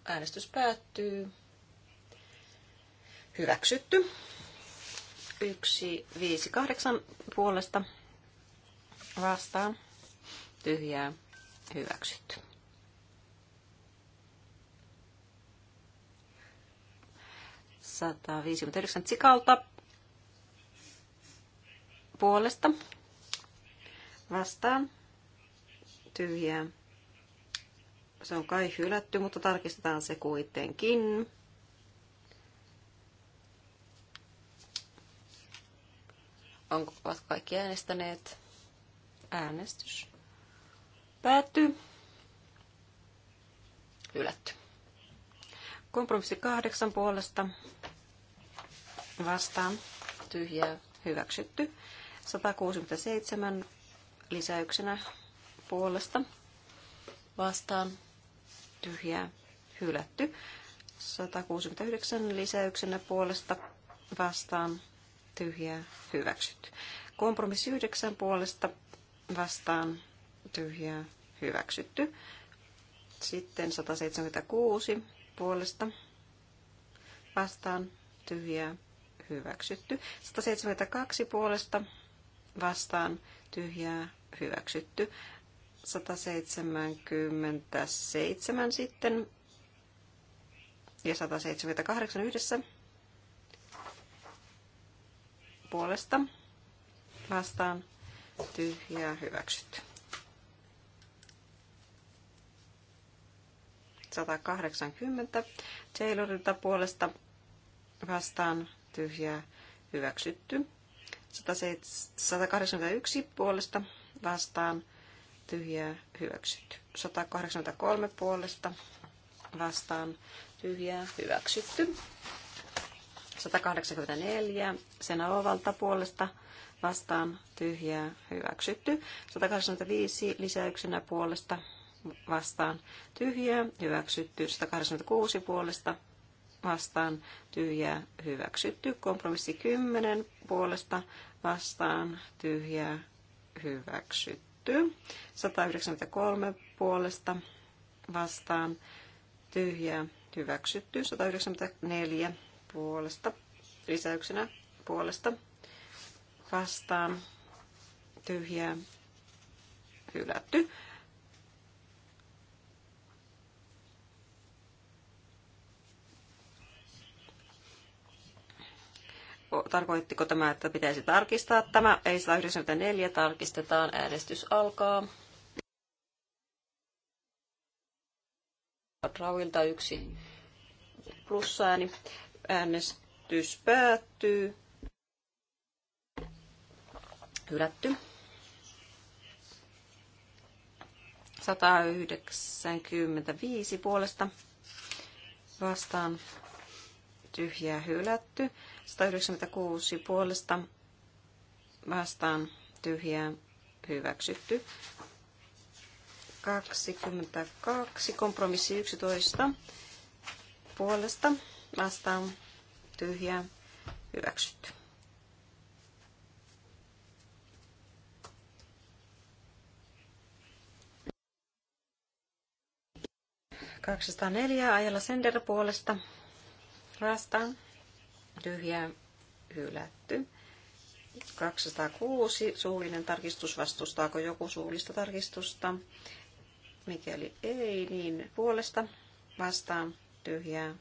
Äänestys päättyy. Hyväksytty. 8 puolesta vastaan. Tyhjää. Hyväksytty. Sata viisikymmentäyhdeksän sikalta puolesta vastaan tyhjää. Se on kai hylätty, mutta tarkistetaan se kuitenkin. Onko, ovat kaikki äänestäneet? Äänestys päättyy. Hylätty. Kompromissi kahdeksan puolesta vastaan tyhjää hyväksytty. 167 lisäyksenä puolesta vastaan tyhjää hylätty. 169 lisäyksenä puolesta vastaan tyhjää hyväksytty. Kompromissi yhdeksän puolesta vastaan tyhjää hyväksytty. Sitten 176 puolesta vastaan tyhjää hyväksytty. 172 puolesta vastaan tyhjää hyväksytty. 177 sitten ja 178 yhdessä puolesta vastaan tyhjää hyväksytty. 180 Taylorilta puolesta vastaan tyhjää hyväksytty. 181 puolesta vastaan tyhjää hyväksytty. 183 puolesta vastaan tyhjää hyväksytty. 184 Senalovalta puolesta vastaan tyhjää hyväksytty. 185 lisäyksenä puolesta vastaan tyhjää hyväksytty. 186 puolesta vastaan tyhjää hyväksytty. Kompromissi 10 puolesta vastaan tyhjää hyväksytty. 193 puolesta vastaan tyhjää hyväksytty. 194 puolesta, lisäyksenä puolesta, vastaan, tyhjää, hylätty. Tarkoittiko tämä, että pitäisi tarkistaa tämä? Ei 194, tarkistetaan, äänestys alkaa. Rauilta yksi plussääni. Äänestys päättyy. Hylätty. 195 puolesta vastaan tyhjää hylätty. 196 puolesta vastaan tyhjää hyväksytty. 22, kompromissi 11 puolesta vastaan tyhjä hyväksytty. neljä ajalla sender puolesta vastaan tyhjä hylätty. 206 suullinen tarkistus vastustaako joku suullista tarkistusta. Mikäli ei, niin puolesta vastaan tyhjää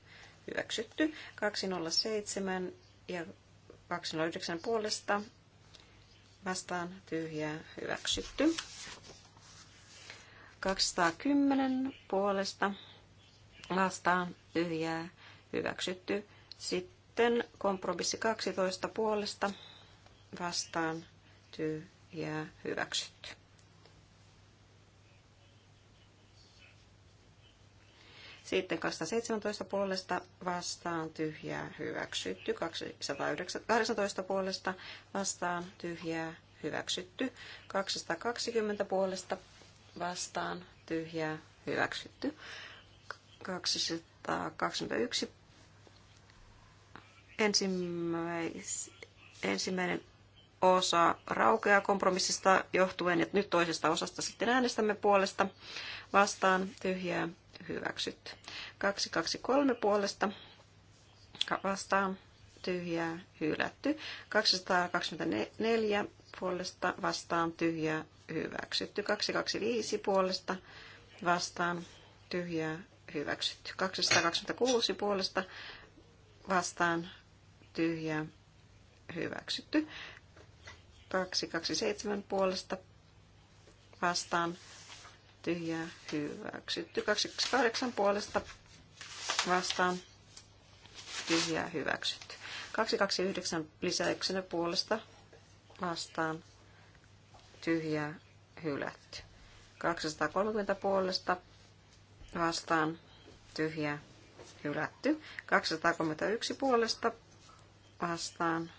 hyväksytty. 207 ja 209 puolesta vastaan tyhjää hyväksytty. 210 puolesta vastaan tyhjää hyväksytty. Sitten kompromissi 12 puolesta vastaan tyhjää hyväksytty. Sitten 217 puolesta vastaan tyhjää hyväksytty. 218 puolesta vastaan tyhjää hyväksytty. 220 puolesta vastaan tyhjää hyväksytty. 221 ensimmäis, ensimmäinen osa raukeaa kompromissista johtuen, ja nyt toisesta osasta sitten äänestämme puolesta vastaan tyhjää hyväksytty. 223 puolesta vastaan tyhjää hylätty. 224 puolesta vastaan tyhjää hyväksytty. 225 puolesta vastaan tyhjää hyväksytty. 226 puolesta vastaan tyhjää hyväksytty. 227 puolesta vastaan tyhjää hyväksytty. 28 puolesta vastaan tyhjää hyväksytty. 229 lisäyksenä puolesta vastaan tyhjää hylätty. 230 puolesta vastaan tyhjää hylätty. 231 puolesta vastaan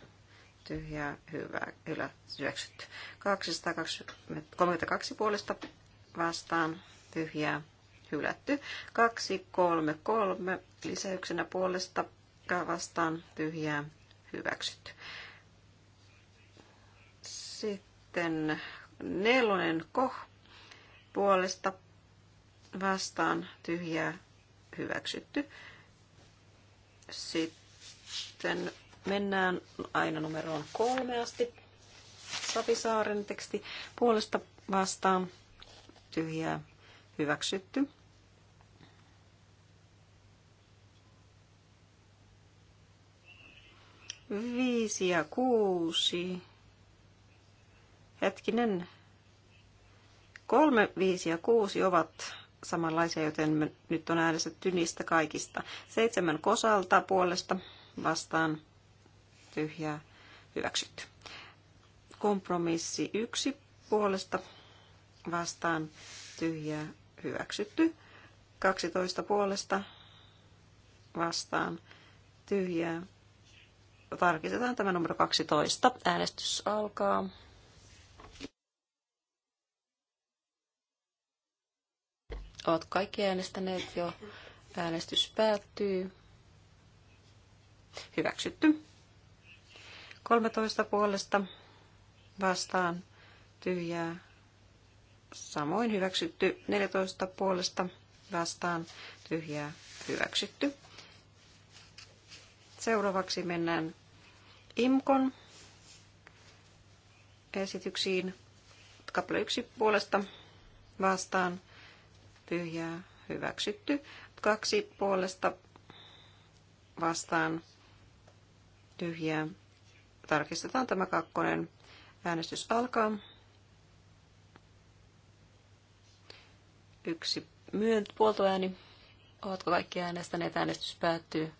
tyhjää hyvä, hyväksytty. 232 puolesta vastaan tyhjää hylätty. 2, 3, 3 lisäyksenä puolesta vastaan tyhjää hyväksytty. Sitten nelonen koh puolesta vastaan tyhjää hyväksytty. Sitten mennään aina numeroon kolme asti. Savisaaren teksti puolesta vastaan tyhjää hyväksytty. Viisi ja kuusi. Hetkinen. Kolme, viisi ja kuusi ovat samanlaisia, joten nyt on äänestetty niistä kaikista. Seitsemän kosalta puolesta vastaan tyhjää hyväksytty. Kompromissi yksi puolesta vastaan tyhjää hyväksytty. 12 puolesta vastaan tyhjää. Tarkistetaan tämä numero 12. Äänestys alkaa. Oot kaikki äänestäneet jo. Äänestys päättyy. Hyväksytty. 13 puolesta vastaan tyhjää Samoin hyväksytty 14 puolesta vastaan tyhjää hyväksytty. Seuraavaksi mennään IMKON esityksiin. Kaple 1 puolesta vastaan tyhjää hyväksytty. Kaksi puolesta vastaan tyhjää. Tarkistetaan tämä kakkonen. Äänestys alkaa. yksi myönt- puoltoääni. Ovatko kaikki äänestäneet? Äänestys päättyy.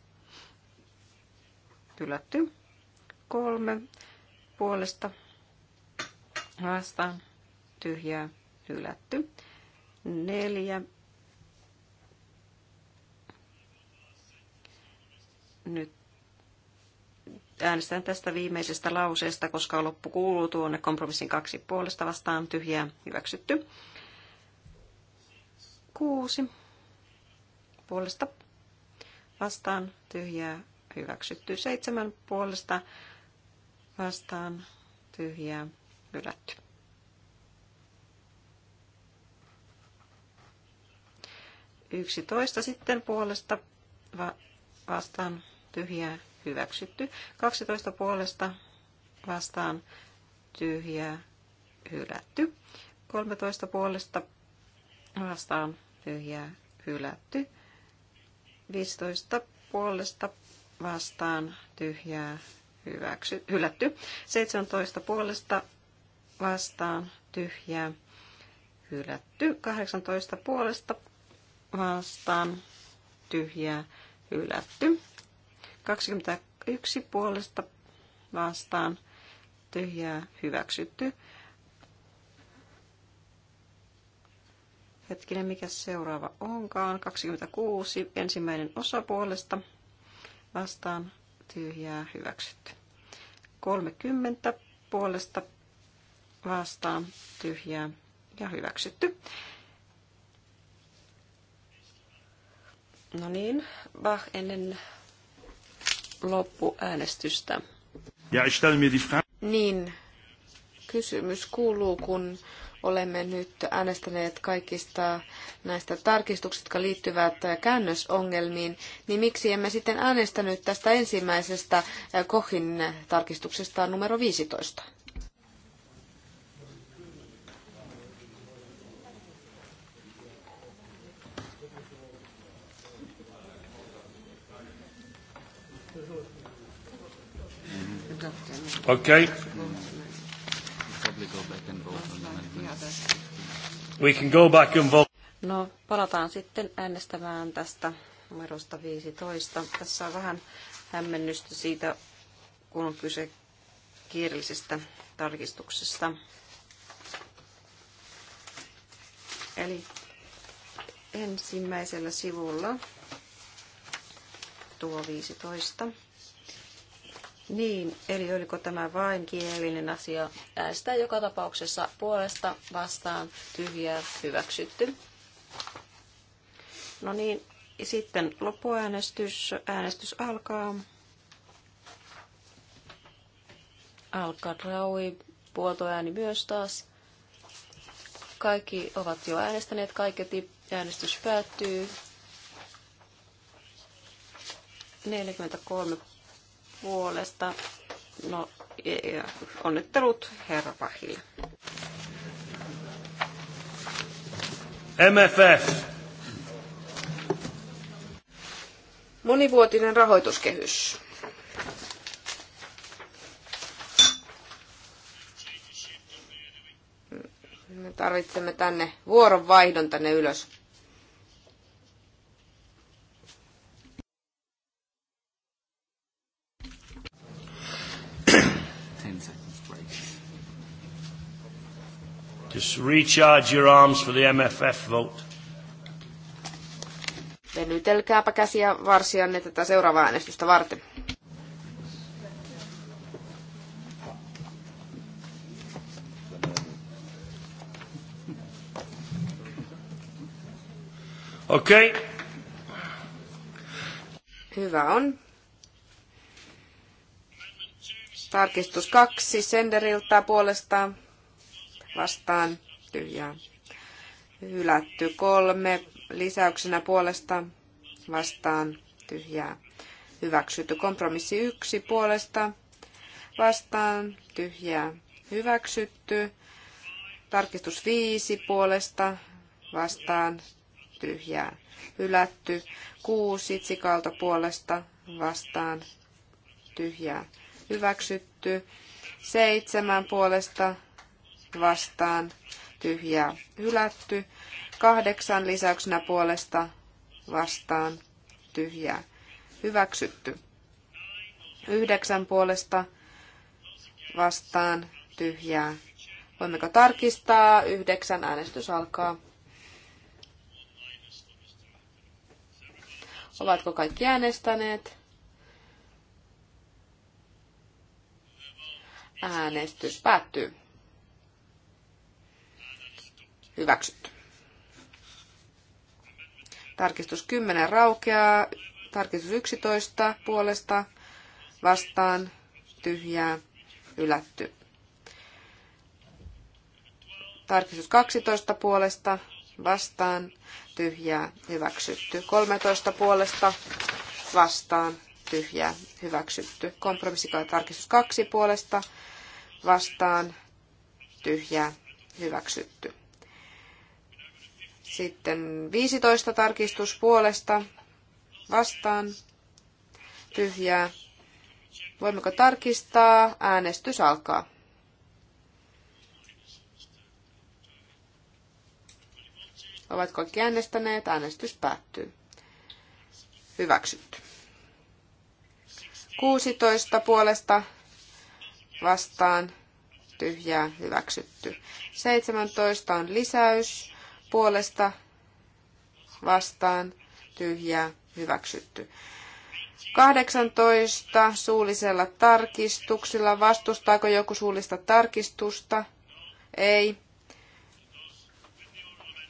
Ylätty. Kolme puolesta vastaan tyhjää hylätty. Neljä. Nyt äänestän tästä viimeisestä lauseesta, koska loppu kuuluu tuonne kompromissin kaksi puolesta vastaan tyhjää hyväksytty kuusi puolesta vastaan tyhjää hyväksytty. seitsemän puolesta vastaan tyhjää hylätty. Yksitoista sitten puolesta va- vastaan tyhjää hyväksytty. 12 puolesta vastaan tyhjää hylätty. 13 puolesta vastaan tyhjää hylätty. 15 puolesta vastaan tyhjää hyväksy, hylätty. 17 puolesta vastaan tyhjää hylätty. 18 puolesta vastaan tyhjää hylätty. 21 puolesta vastaan tyhjää hyväksytty. Hetkinen, mikä seuraava onkaan? 26. Ensimmäinen osa puolesta vastaan tyhjää hyväksytty. 30 puolesta vastaan tyhjää ja hyväksytty. No niin, Bach ennen loppuäänestystä. Ja ich stelle mir die Frage. Niin, kysymys kuuluu, kun Olemme nyt äänestäneet kaikista näistä tarkistuksista, jotka liittyvät käännösongelmiin, niin miksi emme sitten äänestänyt tästä ensimmäisestä Kohin tarkistuksesta numero 15? Okay. We can go back and vote. No, palataan sitten äänestämään tästä numerosta 15. Tässä on vähän hämmennystä siitä, kun on kyse kiireellisestä tarkistuksesta. Eli ensimmäisellä sivulla tuo 15. Niin, eli oliko tämä vain kielinen asia? Äänestää joka tapauksessa puolesta vastaan tyhjää hyväksytty. No niin, sitten loppuäänestys. Äänestys alkaa. Alkaa Raui, puoltoääni myös taas. Kaikki ovat jo äänestäneet, kaiketi äänestys päättyy. 43 puolesta. No, e, e, onnittelut herra Pahille. MFF. Monivuotinen rahoituskehys. Me tarvitsemme tänne vuoronvaihdon tänne ylös. recharge your arms for the MFF vote. Venytelkääpä käsiä varsianne tätä seuraavaa äänestystä varten. Okei. Okay. Hyvä on. Tarkistus kaksi senderiltä puolestaan vastaan tyhjää hylätty. Kolme lisäyksenä puolesta vastaan tyhjää hyväksytty. Kompromissi yksi puolesta vastaan tyhjää hyväksytty. Tarkistus viisi puolesta vastaan tyhjää hylätty. Kuusi sikalta puolesta vastaan tyhjää hyväksytty. Seitsemän puolesta vastaan tyhjää hylätty. Kahdeksan lisäyksenä puolesta vastaan tyhjää hyväksytty. Yhdeksän puolesta vastaan tyhjää. Voimmeko tarkistaa? Yhdeksän äänestys alkaa. Ovatko kaikki äänestäneet? Äänestys päättyy. Hyväksytty. Tarkistus 10 raukeaa. Tarkistus 11 puolesta vastaan tyhjää ylätty. Tarkistus 12 puolesta vastaan tyhjää hyväksytty. 13 puolesta vastaan tyhjää hyväksytty. Kompromissi tarkistus 2 puolesta vastaan tyhjää hyväksytty. Sitten 15 tarkistus puolesta vastaan tyhjää. Voimmeko tarkistaa? Äänestys alkaa. Ovat kaikki äänestäneet? Äänestys päättyy. Hyväksytty. 16 puolesta vastaan tyhjää hyväksytty. 17 on lisäys puolesta vastaan tyhjää hyväksytty. 18 suullisella tarkistuksilla. Vastustaako joku suullista tarkistusta? Ei.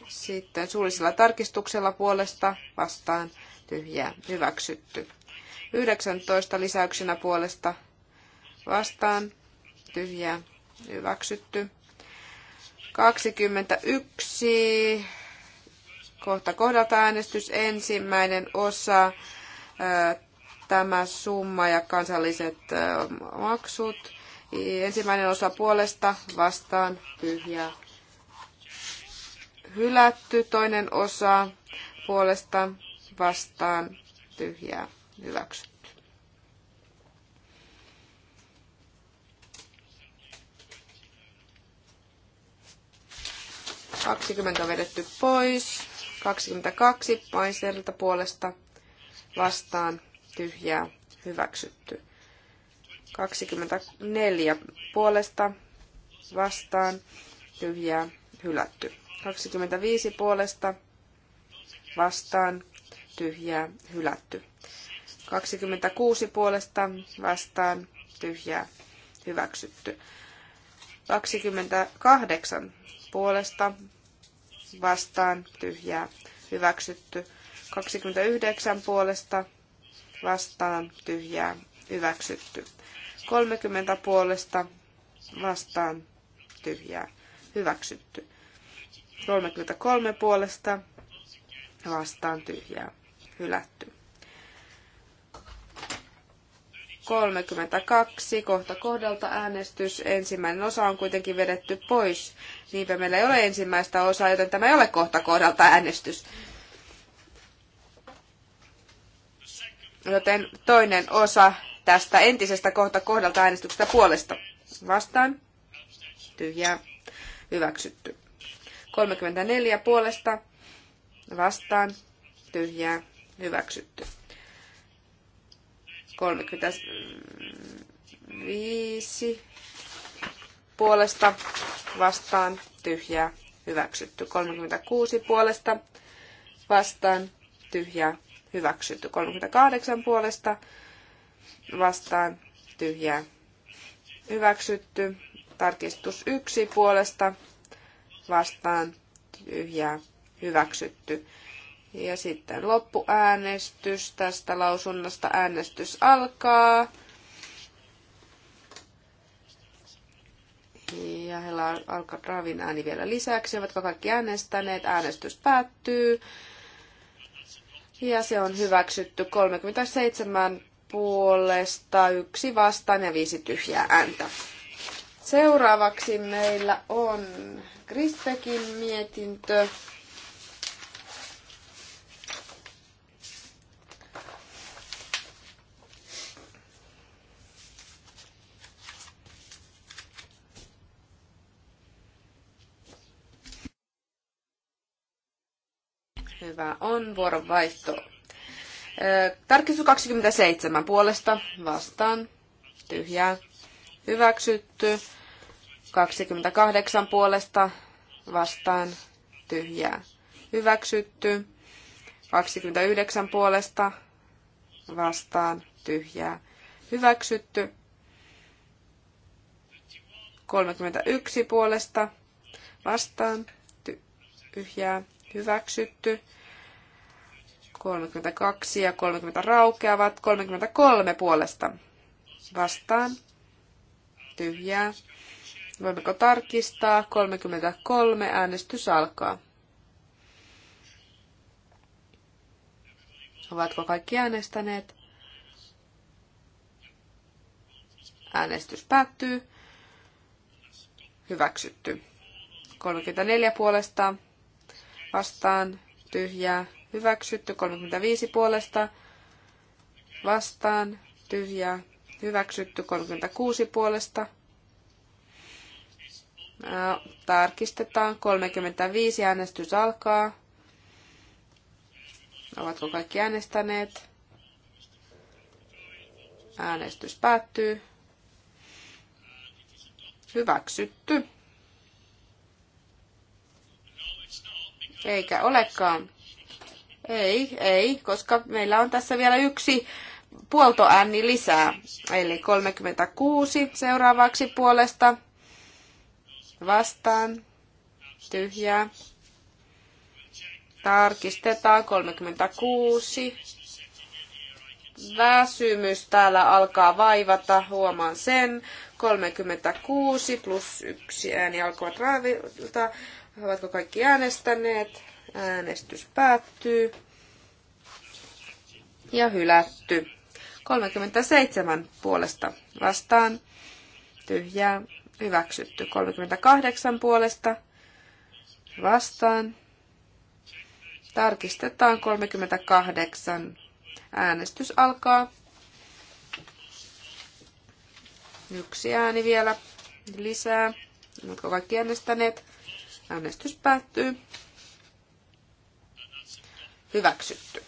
Sitten suullisella tarkistuksella puolesta vastaan tyhjää hyväksytty. 19 lisäyksinä puolesta vastaan tyhjää hyväksytty. 21. Kohta kohdalta äänestys. Ensimmäinen osa. Tämä summa ja kansalliset maksut. Ensimmäinen osa puolesta vastaan tyhjää. Hylätty. Toinen osa puolesta vastaan tyhjää. Hyväksy. 20 on vedetty pois. 22 paiselta puolesta vastaan tyhjää hyväksytty. 24 puolesta vastaan tyhjää hylätty. 25 puolesta vastaan tyhjää hylätty. 26 puolesta vastaan tyhjää hyväksytty. 28 puolesta vastaan tyhjää hyväksytty. 29 puolesta vastaan tyhjää hyväksytty. 30 puolesta vastaan tyhjää hyväksytty. 33 puolesta vastaan tyhjää hylätty. 32, kohta kohdalta äänestys. Ensimmäinen osa on kuitenkin vedetty pois. Niinpä meillä ei ole ensimmäistä osaa, joten tämä ei ole kohta kohdalta äänestys. Joten toinen osa tästä entisestä kohta kohdalta äänestyksestä puolesta. Vastaan. Tyhjää. Hyväksytty. 34 puolesta. Vastaan. Tyhjää. Hyväksytty. 35 puolesta vastaan tyhjää hyväksytty. 36 puolesta vastaan tyhjää hyväksytty. 38 puolesta vastaan tyhjää hyväksytty. Tarkistus 1 puolesta vastaan tyhjää hyväksytty. Ja sitten loppuäänestys tästä lausunnosta. Äänestys alkaa. Ja heillä alkaa Ravin ääni vielä lisäksi. Ovatko kaikki äänestäneet? Äänestys päättyy. Ja se on hyväksytty 37 puolesta, yksi vastaan ja viisi tyhjää ääntä. Seuraavaksi meillä on Kristekin mietintö. Hyvä on vuoronvaihto. Tarkistus 27 puolesta vastaan. Tyhjää. Hyväksytty. 28 puolesta vastaan. Tyhjää. Hyväksytty. 29 puolesta vastaan. Tyhjää. Hyväksytty. 31 puolesta vastaan. Tyhjää. Hyväksytty. 32 ja 30 raukeavat. 33 puolesta vastaan. Tyhjää. Voimmeko tarkistaa? 33 äänestys alkaa. Ovatko kaikki äänestäneet? Äänestys päättyy. Hyväksytty. 34 puolesta vastaan tyhjää hyväksytty. 35 puolesta vastaan tyhjää hyväksytty. 36 puolesta tarkistetaan. 35 äänestys alkaa. Ovatko kaikki äänestäneet? Äänestys päättyy. Hyväksytty. Eikä olekaan. Ei, ei, koska meillä on tässä vielä yksi puolto ääni lisää, eli 36 seuraavaksi puolesta vastaan, tyhjää. Tarkistetaan 36. Väsymys täällä alkaa vaivata, huomaan sen. 36 plus yksi ääni alkoi raavilta. Ovatko kaikki äänestäneet? Äänestys päättyy. Ja hylätty. 37 puolesta vastaan. Tyhjää. Hyväksytty. 38 puolesta vastaan. Tarkistetaan 38. Äänestys alkaa. Yksi ääni vielä lisää. Oletko kaikki äänestäneet? Äänestys päättyy. Hyväksytty.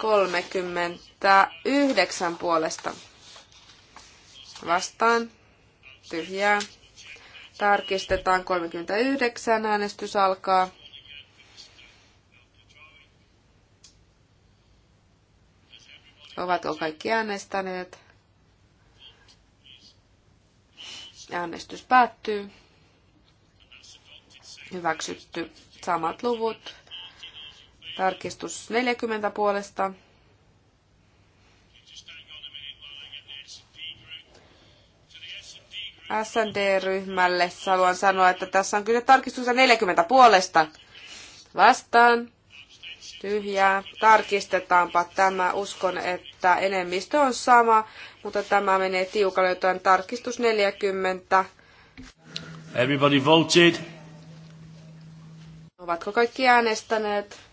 39 puolesta. Vastaan. Tyhjää. Tarkistetaan 39. Äänestys alkaa. Ovatko kaikki äänestäneet? Äänestys päättyy. Hyväksytty. Samat luvut. Tarkistus 40 puolesta. SND-ryhmälle haluan sanoa, että tässä on kyllä tarkistusta 40 puolesta. Vastaan. Tyhjää. Tarkistetaanpa tämä. Uskon, että enemmistö on sama, mutta tämä menee tiukalle, joten tarkistus 40. Everybody voted. Ovatko kaikki äänestäneet?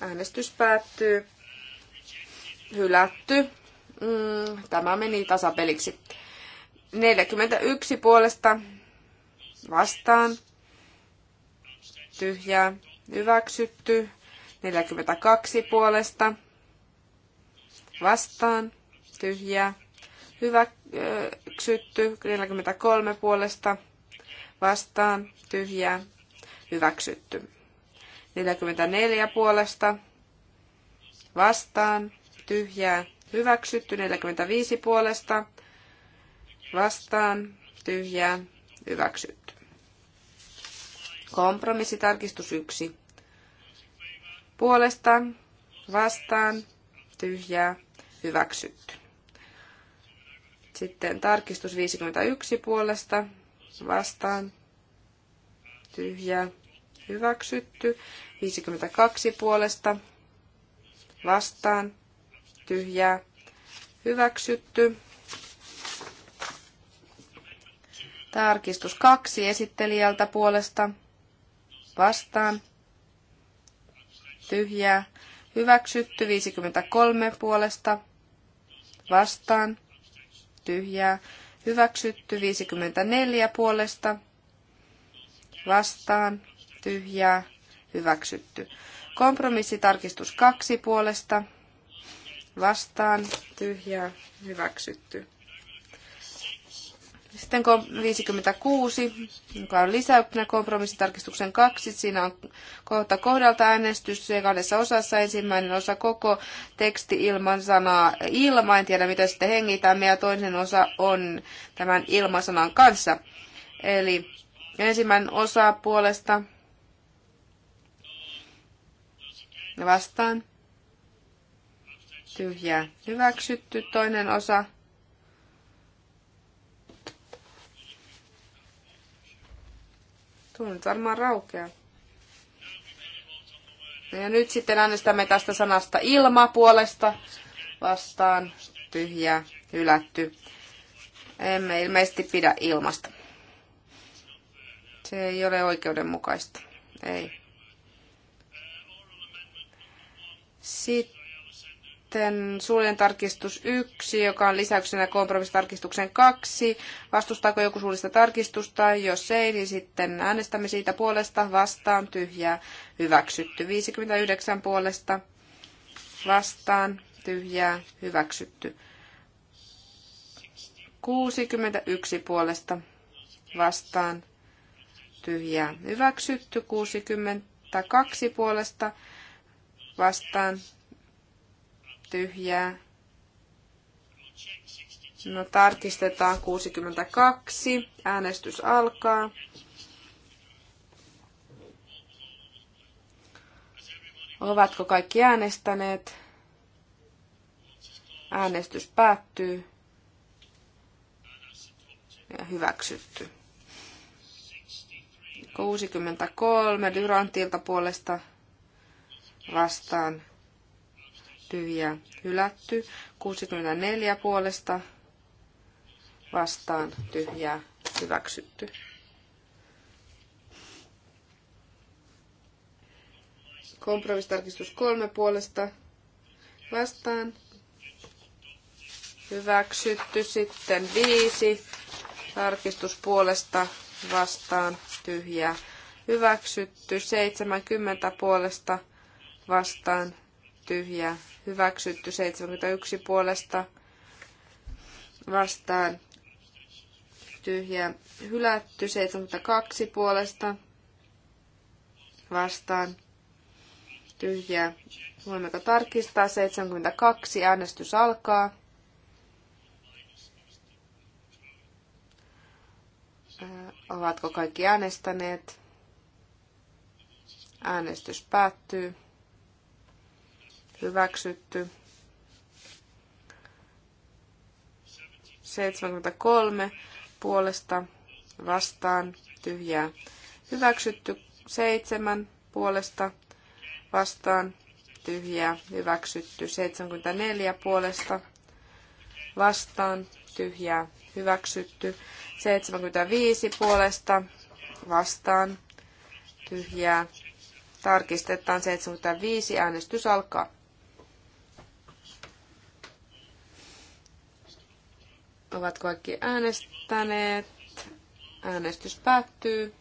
Äänestys päättyy. Hylätty. Mm, tämä meni tasapeliksi. 41 puolesta vastaan. Tyhjää. Hyväksytty. 42 puolesta vastaan. Tyhjää. Hyväksytty. 43 puolesta vastaan. Tyhjää. Hyväksytty. 44 puolesta vastaan tyhjää hyväksytty. 45 puolesta vastaan tyhjää hyväksytty. Kompromissitarkistus 1. Puolesta vastaan tyhjää hyväksytty. Sitten tarkistus 51 puolesta vastaan tyhjää hyväksytty. 52 puolesta vastaan tyhjää hyväksytty. Tarkistus kaksi esittelijältä puolesta vastaan tyhjää hyväksytty. 53 puolesta vastaan tyhjää hyväksytty. 54 puolesta vastaan tyhjää, hyväksytty. Kompromissitarkistus kaksi puolesta, vastaan, tyhjää, hyväksytty. Sitten 56, joka on lisäyksenä kompromissitarkistuksen kaksi. Siinä on kohta kohdalta äänestys Se kahdessa osassa. Ensimmäinen osa koko teksti ilman sanaa ilma. En tiedä, mitä sitten hengitämme. Ja toinen osa on tämän ilmasanan kanssa. Eli ensimmäinen osa puolesta ja vastaan. Tyhjää hyväksytty. Toinen osa. Tuo nyt varmaan raukea. No ja nyt sitten äänestämme tästä sanasta ilma puolesta vastaan tyhjää, hylätty. Emme ilmeisesti pidä ilmasta. Se ei ole oikeudenmukaista. Ei. Sitten suullinen tarkistus 1, joka on lisäyksenä kompromissitarkistuksen 2. Vastustaako joku suullista tarkistusta? Jos ei, niin sitten äänestämme siitä puolesta vastaan tyhjää hyväksytty. 59 puolesta vastaan tyhjää hyväksytty. 61 puolesta vastaan tyhjää hyväksytty. 62 puolesta vastaan tyhjää. No tarkistetaan 62. Äänestys alkaa. Ovatko kaikki äänestäneet? Äänestys päättyy. Ja hyväksytty. 63 Durantilta puolesta vastaan tyhjää hylätty. 64 puolesta vastaan tyhjää hyväksytty. Kompromissitarkistus kolme puolesta vastaan. Hyväksytty sitten viisi. Tarkistus puolesta vastaan tyhjää. Hyväksytty 70 puolesta vastaan tyhjä hyväksytty. 71 puolesta vastaan tyhjä hylätty. 72 puolesta vastaan tyhjä Voimmeko tarkistaa? 72. Äänestys alkaa. Äh, ovatko kaikki äänestäneet? Äänestys päättyy hyväksytty. 73 puolesta vastaan tyhjää hyväksytty. 7 puolesta vastaan tyhjää hyväksytty. 74 puolesta vastaan tyhjää hyväksytty. 75 puolesta vastaan tyhjää. Tarkistetaan 75 äänestys alkaa. Ovat kaikki äänestäneet. Äänestys päättyy.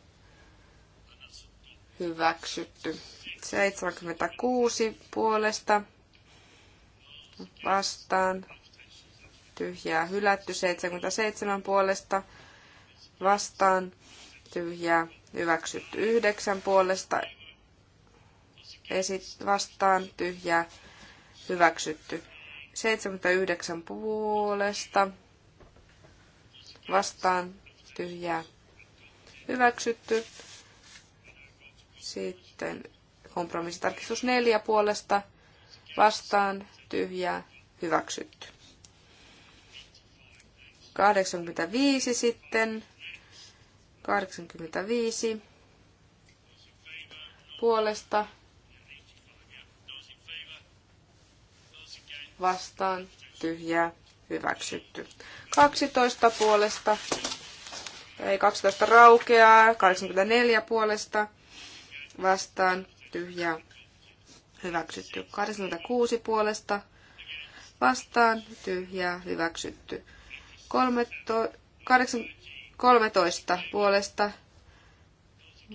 Hyväksytty. 76 puolesta vastaan. Tyhjää hylätty. 77 puolesta vastaan. Tyhjää hyväksytty. 9 puolesta esit- vastaan. Tyhjää hyväksytty. 79 puolesta vastaan tyhjää hyväksytty. Sitten kompromissitarkistus neljä puolesta vastaan tyhjää hyväksytty. 85 sitten. 85 puolesta vastaan tyhjää hyväksytty. 12 puolesta, ei 12 raukeaa, 84 puolesta vastaan tyhjä hyväksytty. 86 puolesta vastaan tyhjä hyväksytty. 13, puolesta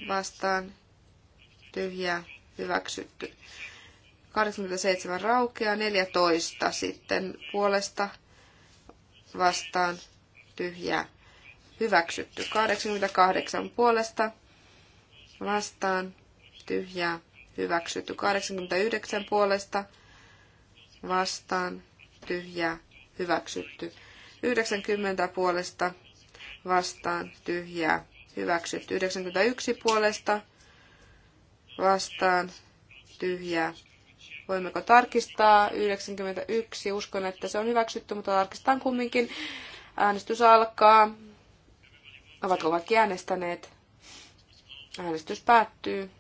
vastaan tyhjä hyväksytty. 87 raukeaa, 14 sitten puolesta vastaan tyhjää hyväksytty. 88 puolesta vastaan tyhjää hyväksytty. 89 puolesta vastaan tyhjää hyväksytty. 90 puolesta vastaan tyhjää hyväksytty. 91 puolesta vastaan tyhjää Voimmeko tarkistaa? 91. Uskon, että se on hyväksytty, mutta tarkistetaan kumminkin. Äänestys alkaa. Ovatko kaikki äänestäneet? Äänestys päättyy.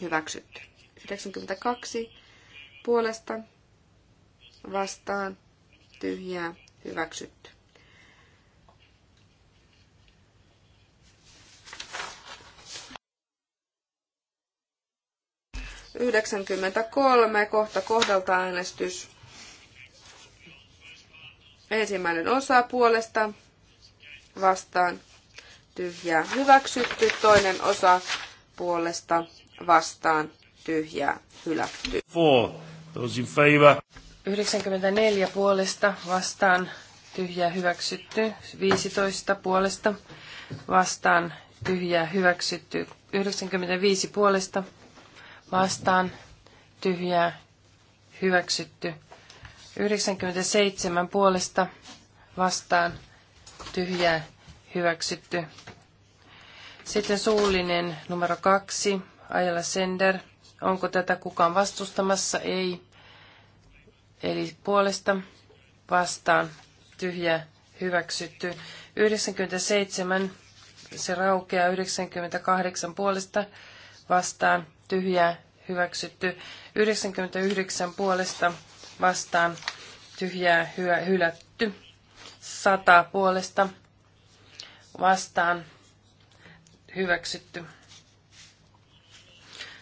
Hyväksytty. 92 puolesta vastaan tyhjää hyväksytty. 93, kohta kohdalta äänestys. Ensimmäinen osa puolesta vastaan tyhjää hyväksytty, toinen osa puolesta vastaan tyhjää hylätty. Four. Those in favor. 94 puolesta vastaan tyhjää hyväksytty, 15 puolesta vastaan tyhjää hyväksytty, 95 puolesta vastaan tyhjää hyväksytty. 97 puolesta vastaan tyhjää hyväksytty. Sitten suullinen numero kaksi, Ajala Sender. Onko tätä kukaan vastustamassa? Ei. Eli puolesta vastaan tyhjä hyväksytty. 97 se raukeaa 98 puolesta vastaan tyhjää hyväksytty. 99 puolesta vastaan tyhjää hyö, hylätty. 100 puolesta vastaan hyväksytty.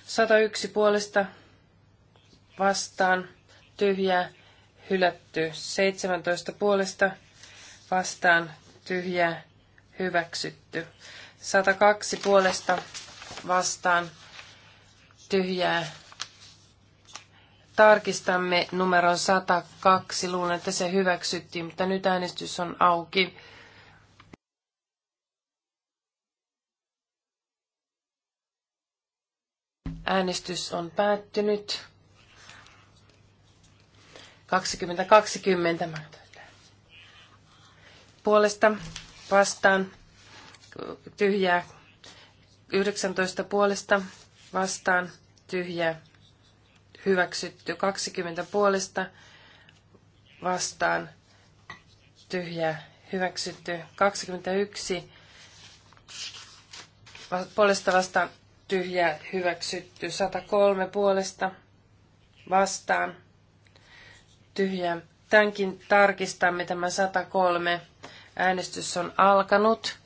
101 puolesta vastaan tyhjää hylätty. 17 puolesta vastaan tyhjää hyväksytty. 102 puolesta vastaan tyhjää. Tarkistamme numeron 102. Luulen, että se hyväksyttiin, mutta nyt äänestys on auki. Äänestys on päättynyt. 2020 puolesta vastaan tyhjää 19 puolesta vastaan tyhjä hyväksytty. 20 puolesta vastaan tyhjä hyväksytty. 21 puolesta vastaan tyhjä hyväksytty. 103 puolesta vastaan tyhjä. Tämänkin tarkistamme tämä 103. Äänestys on alkanut.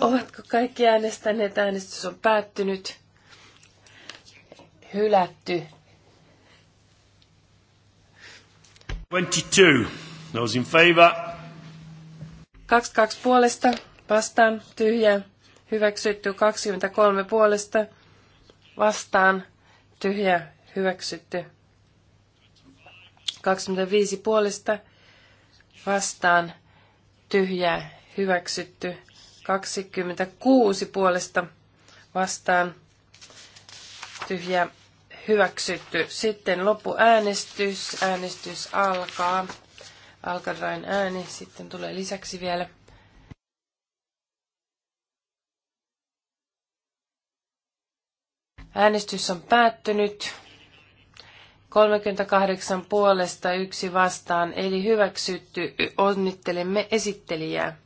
Ovatko kaikki äänestäneet? Äänestys on päättynyt. Hylätty. 22. Those in favor. 22 puolesta. Vastaan. Tyhjä. Hyväksytty. 23 puolesta. Vastaan. Tyhjä. Hyväksytty. 25 puolesta. Vastaan. Tyhjä. Hyväksytty. 26 puolesta vastaan tyhjä hyväksytty. Sitten loppuäänestys. Äänestys alkaa. Alkadrain ääni. Sitten tulee lisäksi vielä. Äänestys on päättynyt. 38 puolesta yksi vastaan, eli hyväksytty. Onnittelemme esittelijää.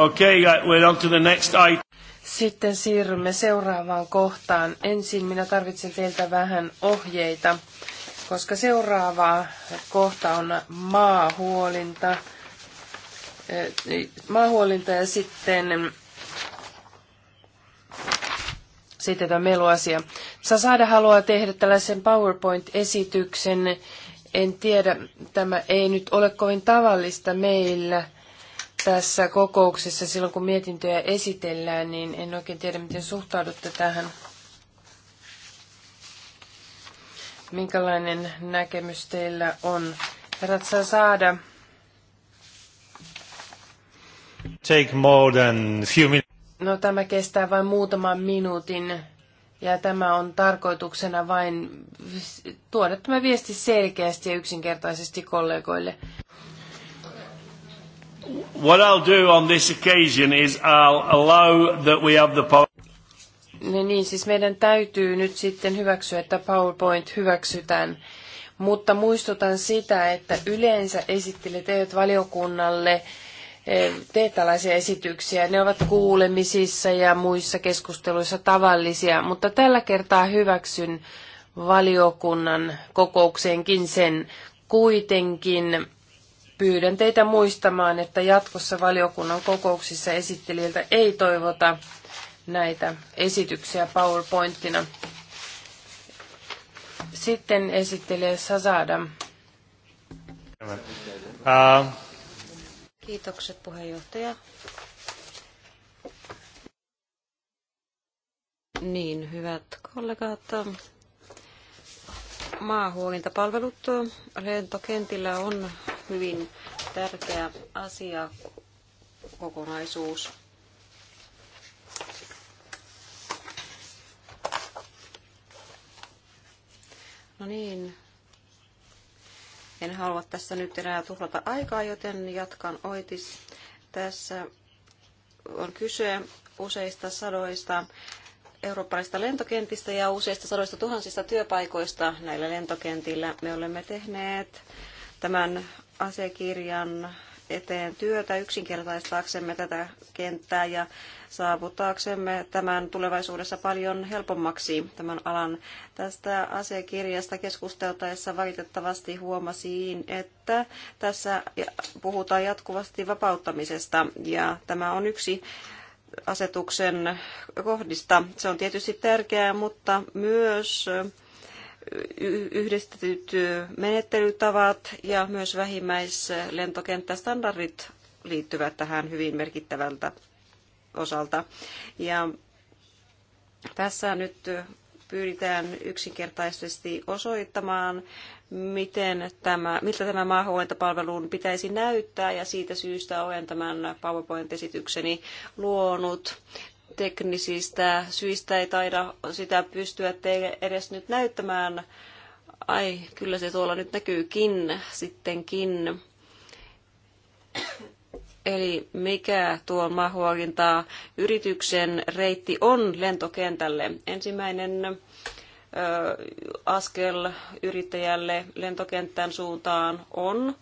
Okay, we're on to the next item. Sitten siirrymme seuraavaan kohtaan. Ensin minä tarvitsen teiltä vähän ohjeita, koska seuraava kohta on maahuolinta. Eh, maahuolinta ja sitten sitten tämä meluasia. Sasada haluaa tehdä tällaisen PowerPoint-esityksen. En tiedä, tämä ei nyt ole kovin tavallista meillä – tässä kokouksessa silloin, kun mietintöjä esitellään, niin en oikein tiedä, miten suhtaudutte tähän. Minkälainen näkemys teillä on? Herrat saa saada. Take more than few minutes. No tämä kestää vain muutaman minuutin ja tämä on tarkoituksena vain tuoda tämä viesti selkeästi ja yksinkertaisesti kollegoille. What I'll do on this occasion is I'll allow that we have the No niin, siis meidän täytyy nyt sitten hyväksyä, että PowerPoint hyväksytään. Mutta muistutan sitä, että yleensä esittelijät eivät valiokunnalle eh, tee tällaisia esityksiä. Ne ovat kuulemisissa ja muissa keskusteluissa tavallisia, mutta tällä kertaa hyväksyn valiokunnan kokoukseenkin sen kuitenkin Pyydän teitä muistamaan, että jatkossa valiokunnan kokouksissa esittelijältä ei toivota näitä esityksiä PowerPointina. Sitten esittelijä Sasada. Äh. Kiitokset puheenjohtaja. Niin, hyvät kollegat. Maahuolintapalvelut lentokentillä on hyvin tärkeä asia, kokonaisuus. No niin, en halua tässä nyt enää tuhlata aikaa, joten jatkan oitis. Tässä on kyse useista sadoista eurooppalaisista lentokentistä ja useista sadoista tuhansista työpaikoista näillä lentokentillä. Me olemme tehneet tämän asiakirjan eteen työtä yksinkertaistaaksemme tätä kenttää ja saavuttaaksemme tämän tulevaisuudessa paljon helpommaksi tämän alan. Tästä asiakirjasta keskusteltaessa valitettavasti huomasiin, että tässä puhutaan jatkuvasti vapauttamisesta ja tämä on yksi asetuksen kohdista. Se on tietysti tärkeää, mutta myös yhdistetyt menettelytavat ja myös vähimmäislentokenttästandardit liittyvät tähän hyvin merkittävältä osalta. Ja tässä nyt pyritään yksinkertaisesti osoittamaan, miten tämä, miltä tämä maahuolentapalveluun pitäisi näyttää, ja siitä syystä olen tämän PowerPoint-esitykseni luonut teknisistä syistä ei taida sitä pystyä teille edes nyt näyttämään. Ai, kyllä se tuolla nyt näkyykin sittenkin. Eli mikä tuo maahuolintaa yrityksen reitti on lentokentälle? Ensimmäinen askel yrittäjälle lentokentän suuntaan on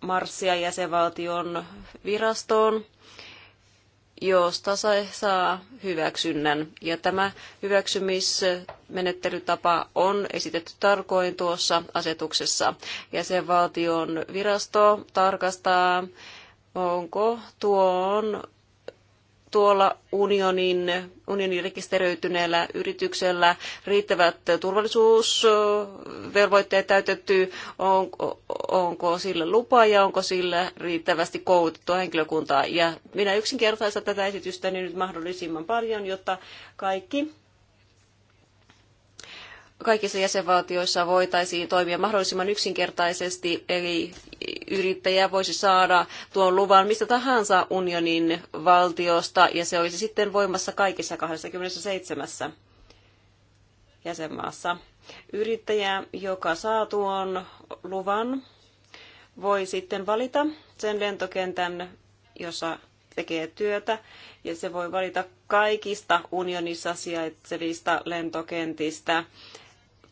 marssia jäsenvaltion virastoon josta se saa hyväksynnän. Ja tämä hyväksymismenettelytapa on esitetty tarkoin tuossa asetuksessa. Jäsenvaltion virasto tarkastaa, onko tuon tuolla unionin, unionin rekisteröityneellä yrityksellä riittävät turvallisuusvelvoitteet täytetty, on, onko sillä lupa ja onko sillä riittävästi koulutettua henkilökuntaa. Ja minä yksinkertaistan tätä esitystä niin nyt mahdollisimman paljon, jotta kaikki kaikissa jäsenvaltioissa voitaisiin toimia mahdollisimman yksinkertaisesti, eli yrittäjä voisi saada tuon luvan mistä tahansa unionin valtiosta, ja se olisi sitten voimassa kaikissa 27 jäsenmaassa. Yrittäjä, joka saa tuon luvan, voi sitten valita sen lentokentän, jossa tekee työtä, ja se voi valita kaikista unionissa sijaitsevista lentokentistä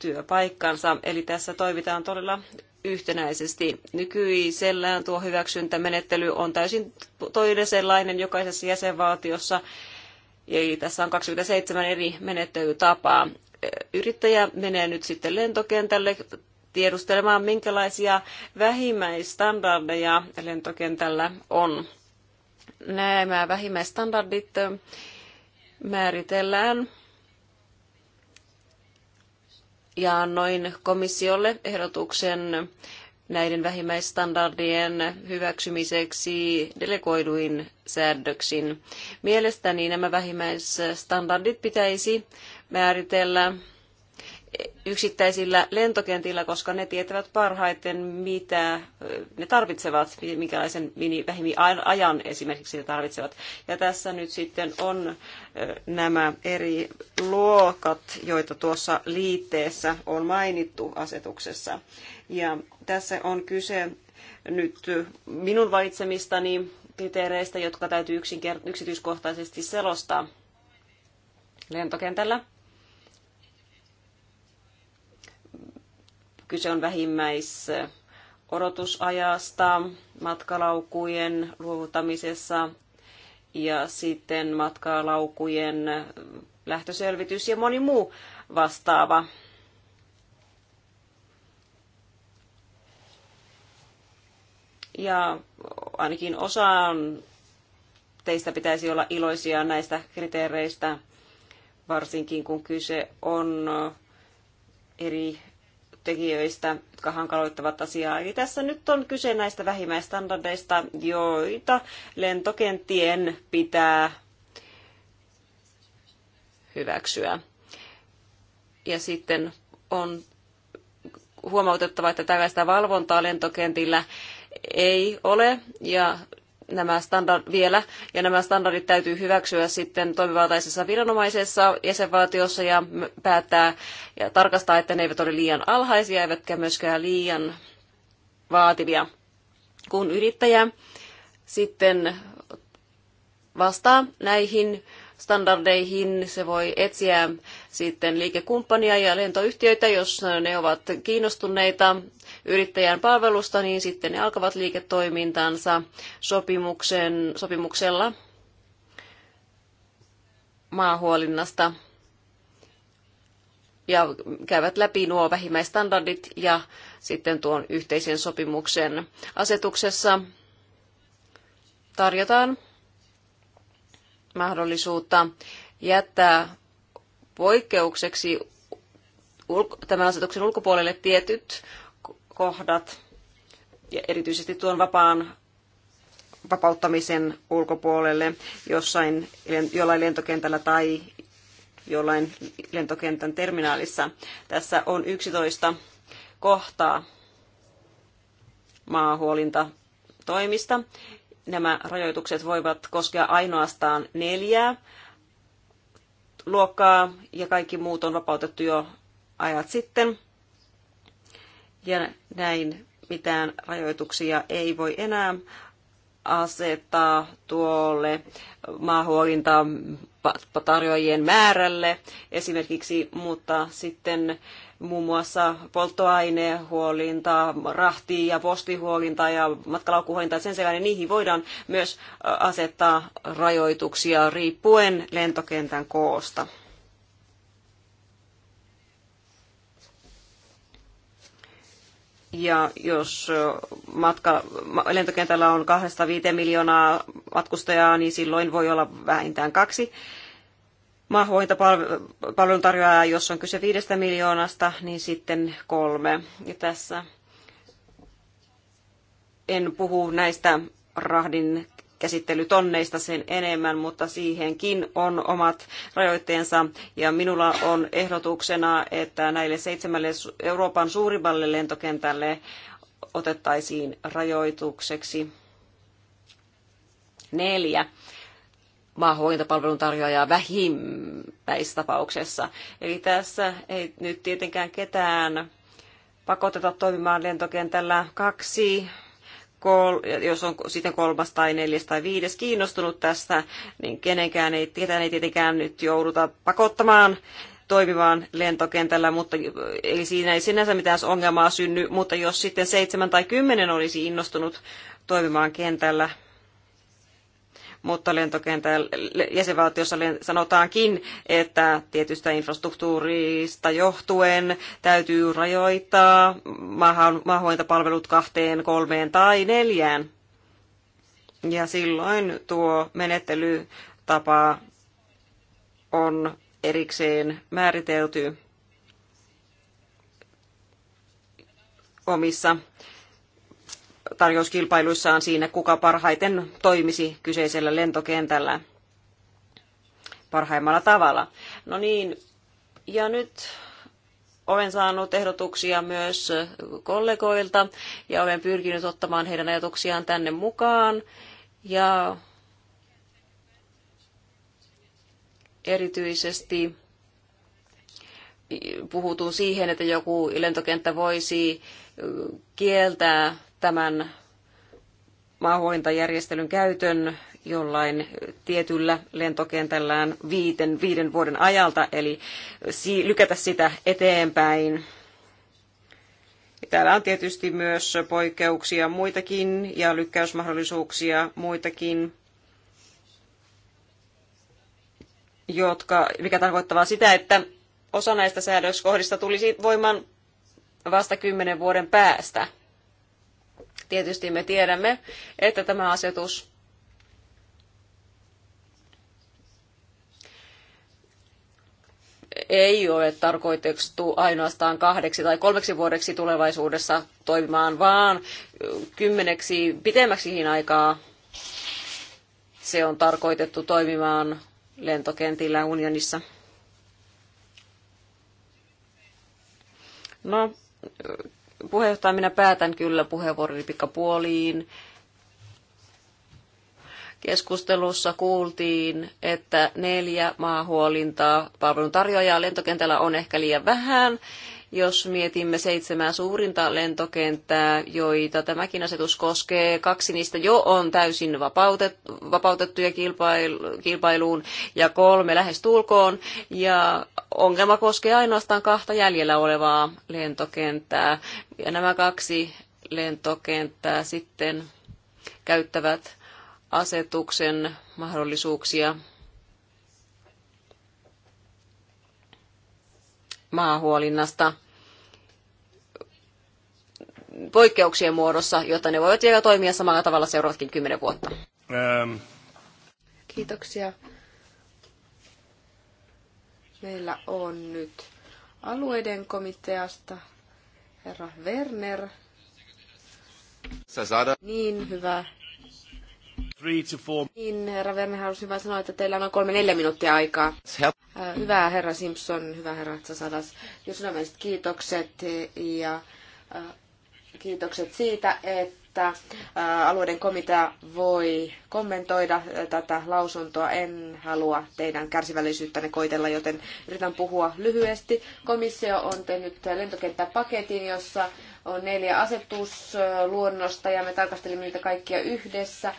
työpaikkansa. Eli tässä toimitaan todella yhtenäisesti. Nykyisellään tuo hyväksyntämenettely on täysin toisenlainen jokaisessa jäsenvaltiossa. Eli tässä on 27 eri menettelytapaa. Yrittäjä menee nyt sitten lentokentälle tiedustelemaan, minkälaisia vähimmäistandardeja lentokentällä on. Nämä vähimmäistandardit määritellään ja annoin komissiolle ehdotuksen näiden vähimmäisstandardien hyväksymiseksi delegoiduin säädöksin. Mielestäni nämä vähimmäisstandardit pitäisi määritellä yksittäisillä lentokentillä, koska ne tietävät parhaiten, mitä ne tarvitsevat, minkälaisen ajan esimerkiksi ne tarvitsevat. Ja tässä nyt sitten on nämä eri luokat, joita tuossa liitteessä on mainittu asetuksessa. Ja tässä on kyse nyt minun valitsemistani kriteereistä, jotka täytyy yksityiskohtaisesti selostaa lentokentällä Kyse on vähimmäis odotusajasta matkalaukujen luovuttamisessa ja sitten matkalaukujen lähtöselvitys ja moni muu vastaava. Ja ainakin osaan teistä pitäisi olla iloisia näistä kriteereistä, varsinkin kun kyse on eri tekijöistä, jotka hankaloittavat asiaa. Eli tässä nyt on kyse näistä vähimmäistandardeista, joita lentokenttien pitää hyväksyä. Ja sitten on huomautettava, että tällaista valvontaa lentokentillä ei ole ja nämä standard vielä, ja nämä standardit täytyy hyväksyä sitten toimivaltaisessa viranomaisessa jäsenvaltiossa ja päättää ja tarkastaa, että ne eivät ole liian alhaisia eivätkä myöskään liian vaativia. Kun yrittäjä sitten vastaa näihin standardeihin. Se voi etsiä sitten liikekumppania ja lentoyhtiöitä, jos ne ovat kiinnostuneita yrittäjän palvelusta, niin sitten ne alkavat liiketoimintansa sopimuksen, sopimuksella maahuolinnasta ja käyvät läpi nuo vähimmäistandardit ja sitten tuon yhteisen sopimuksen asetuksessa tarjotaan mahdollisuutta jättää poikkeukseksi tämän asetuksen ulkopuolelle tietyt kohdat, ja erityisesti tuon vapaan vapauttamisen ulkopuolelle jossain, jollain lentokentällä tai jollain lentokentän terminaalissa. Tässä on 11 kohtaa maahuolintatoimista. Nämä rajoitukset voivat koskea ainoastaan neljää luokkaa ja kaikki muut on vapautettu jo ajat sitten. Ja näin mitään rajoituksia ei voi enää asettaa tuolle maahuolinta tarjoajien määrälle esimerkiksi, mutta sitten muun muassa polttoainehuolinta, rahti- ja postihuolinta ja matkalaukuhuolinta ja sen sellainen, niihin voidaan myös asettaa rajoituksia riippuen lentokentän koosta. Ja jos matka, lentokentällä on 2-5 miljoonaa matkustajaa, niin silloin voi olla vähintään kaksi maahanhoitopalveluntarjoajaa. Jos on kyse viidestä miljoonasta, niin sitten kolme. Ja tässä en puhu näistä rahdin käsittelytonneista sen enemmän, mutta siihenkin on omat rajoitteensa. Ja minulla on ehdotuksena, että näille seitsemälle Euroopan suurimmalle lentokentälle otettaisiin rajoitukseksi neljä maahanhoitopalvelun tarjoajaa vähimmäistapauksessa. Eli tässä ei nyt tietenkään ketään pakoteta toimimaan lentokentällä kaksi kol, jos on sitten kolmas tai neljäs tai viides kiinnostunut tästä, niin kenenkään ei, ketään ei tietenkään nyt jouduta pakottamaan toimivaan lentokentällä, mutta eli siinä ei sinänsä mitään ongelmaa synny, mutta jos sitten seitsemän tai kymmenen olisi innostunut toimimaan kentällä, mutta lentokentällä jäsenvaltiossa sanotaankin, että tietystä infrastruktuurista johtuen täytyy rajoittaa maahanhointapalvelut kahteen, kolmeen tai neljään. Ja silloin tuo menettelytapa on erikseen määritelty omissa tarjouskilpailuissaan siinä, kuka parhaiten toimisi kyseisellä lentokentällä parhaimmalla tavalla. No niin, ja nyt olen saanut ehdotuksia myös kollegoilta ja olen pyrkinyt ottamaan heidän ajatuksiaan tänne mukaan. Ja erityisesti puhutun siihen, että joku lentokenttä voisi kieltää tämän maahuolintajärjestelyn käytön jollain tietyllä lentokentällään viiden, viiden vuoden ajalta, eli lykätä sitä eteenpäin. Täällä on tietysti myös poikkeuksia muitakin ja lykkäysmahdollisuuksia muitakin, jotka, mikä tarkoittaa sitä, että osa näistä säädöskohdista tulisi voimaan vasta kymmenen vuoden päästä. Tietysti me tiedämme, että tämä asetus ei ole tarkoitettu ainoastaan kahdeksi tai kolmeksi vuodeksi tulevaisuudessa toimimaan, vaan kymmeneksi pitemmäksikin aikaa se on tarkoitettu toimimaan lentokentillä unionissa. No, puheenjohtaja, minä päätän kyllä puheenvuoroni pikapuoliin. Keskustelussa kuultiin, että neljä maahuolintaa palveluntarjoajaa lentokentällä on ehkä liian vähän jos mietimme seitsemää suurinta lentokenttää, joita tämäkin asetus koskee, kaksi niistä jo on täysin vapautet, vapautettuja kilpailuun ja kolme lähes tulkoon. Ja ongelma koskee ainoastaan kahta jäljellä olevaa lentokenttää. Ja nämä kaksi lentokenttää sitten käyttävät asetuksen mahdollisuuksia maahuolinnasta poikkeuksien muodossa, jotta ne voivat vielä toimia samalla tavalla seuraavatkin kymmenen vuotta. Ähm. Kiitoksia. Meillä on nyt alueiden komiteasta herra Werner. Sasada. Niin, hyvä. Three to four. Niin, herra Werner, halusin vain sanoa, että teillä on noin kolme neljä minuuttia aikaa. Äh, hyvä herra Simpson, hyvä herra Sasadas. Jos sydämelliset kiitokset ja äh, kiitokset siitä, että alueiden komitea voi kommentoida tätä lausuntoa. En halua teidän kärsivällisyyttänne koitella, joten yritän puhua lyhyesti. Komissio on tehnyt lentokenttäpaketin, jossa on neljä asetusluonnosta ja me tarkastelimme niitä kaikkia yhdessä.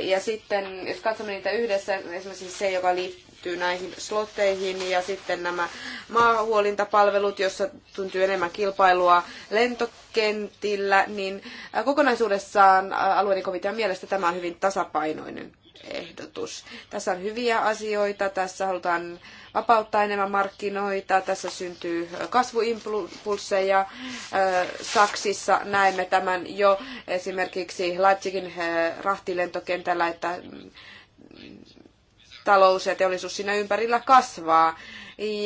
Ja sitten, jos katsomme niitä yhdessä, esimerkiksi se, joka liittyy liittyy näihin slotteihin ja sitten nämä maahuolintapalvelut, jossa tuntuu enemmän kilpailua lentokentillä, niin äh, kokonaisuudessaan äh, alueiden komitean mielestä tämä on hyvin tasapainoinen ehdotus. Tässä on hyviä asioita, tässä halutaan vapauttaa enemmän markkinoita, tässä syntyy äh, kasvuimpulseja. Saksissa näemme tämän jo esimerkiksi Leipzigin rahtilentokentällä, että mm, talous ja teollisuus siinä ympärillä kasvaa.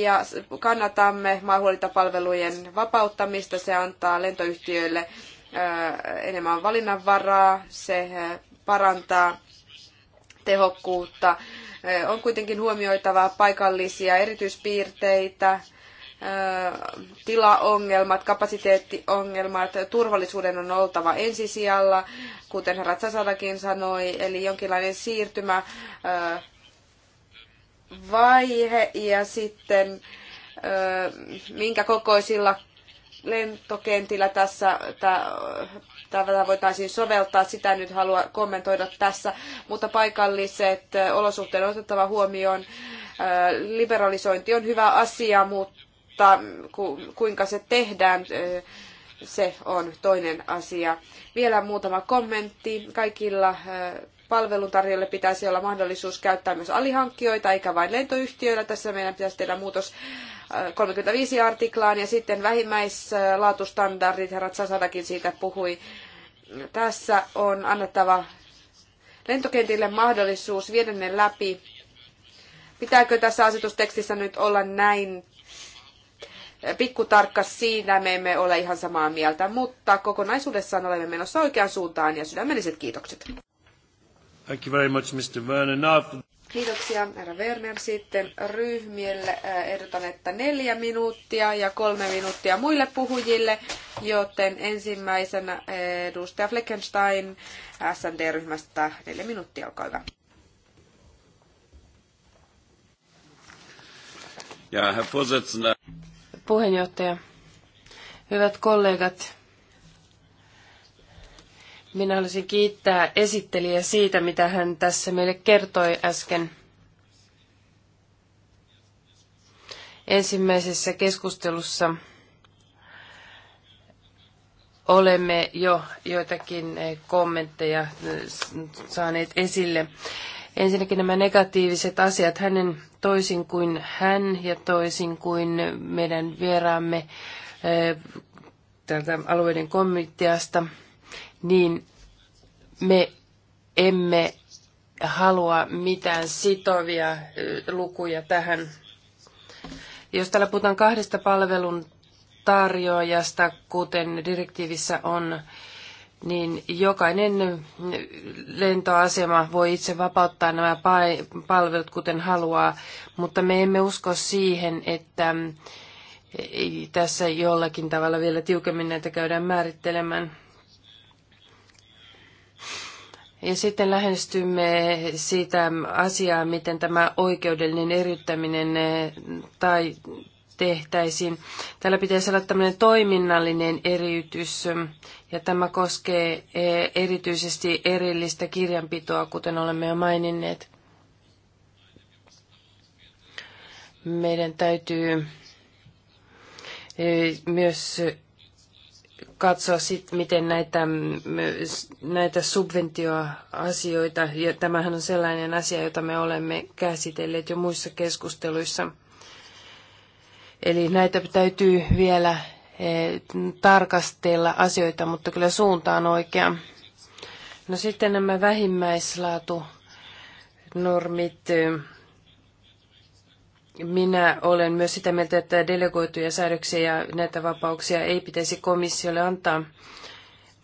Ja kannatamme maahuolintapalvelujen vapauttamista. Se antaa lentoyhtiöille enemmän valinnanvaraa, se parantaa tehokkuutta. On kuitenkin huomioitava paikallisia erityispiirteitä, tilaongelmat, kapasiteettiongelmat, turvallisuuden on oltava ensisijalla, kuten Ratsasadakin sanoi, eli jonkinlainen siirtymä vaihe ja sitten minkä kokoisilla lentokentillä tässä tätä voitaisiin soveltaa. Sitä nyt halua kommentoida tässä, mutta paikalliset olosuhteet on otettava huomioon. Liberalisointi on hyvä asia, mutta kuinka se tehdään, se on toinen asia. Vielä muutama kommentti. Kaikilla palveluntarjoajille pitäisi olla mahdollisuus käyttää myös alihankkijoita, eikä vain lentoyhtiöillä. Tässä meidän pitäisi tehdä muutos 35 äh, artiklaan ja sitten vähimmäislaatustandardit, herrat Sasadakin siitä puhui. Tässä on annettava lentokentille mahdollisuus viedä ne läpi. Pitääkö tässä asetustekstissä nyt olla näin pikkutarkka siinä, me emme ole ihan samaa mieltä, mutta kokonaisuudessaan olemme menossa oikeaan suuntaan ja sydämelliset kiitokset. Thank you very much, Mr. Werner. Now Kiitoksia, herra Werner. Sitten ryhmille eh, ehdotan, että neljä minuuttia ja kolme minuuttia muille puhujille, joten ensimmäisenä edustaja Fleckenstein SND-ryhmästä neljä minuuttia, olkaa hyvä. Ja, herr Puheenjohtaja, hyvät kollegat, minä haluaisin kiittää esittelijä siitä, mitä hän tässä meille kertoi äsken. Ensimmäisessä keskustelussa olemme jo joitakin eh, kommentteja eh, saaneet esille. Ensinnäkin nämä negatiiviset asiat, hänen toisin kuin hän ja toisin kuin meidän vieraamme eh, täältä alueiden komiteasta niin me emme halua mitään sitovia lukuja tähän. Jos täällä puhutaan kahdesta palvelun tarjoajasta, kuten direktiivissä on, niin jokainen lentoasema voi itse vapauttaa nämä palvelut kuten haluaa, mutta me emme usko siihen, että tässä jollakin tavalla vielä tiukemmin näitä käydään määrittelemään. Ja sitten lähestymme siitä asiaa, miten tämä oikeudellinen eriyttäminen eh, tai tehtäisiin. Täällä pitäisi olla tämmöinen toiminnallinen eriytys, ja tämä koskee eh, erityisesti erillistä kirjanpitoa, kuten olemme jo maininneet. Meidän täytyy eh, myös katsoa sitten, miten näitä, näitä subventioasioita, ja tämähän on sellainen asia, jota me olemme käsitelleet jo muissa keskusteluissa. Eli näitä täytyy vielä eh, tarkastella asioita, mutta kyllä suunta on oikea. No sitten nämä vähimmäislaatu normit eh, minä olen myös sitä mieltä, että delegoituja säädöksiä ja näitä vapauksia ei pitäisi komissiolle antaa,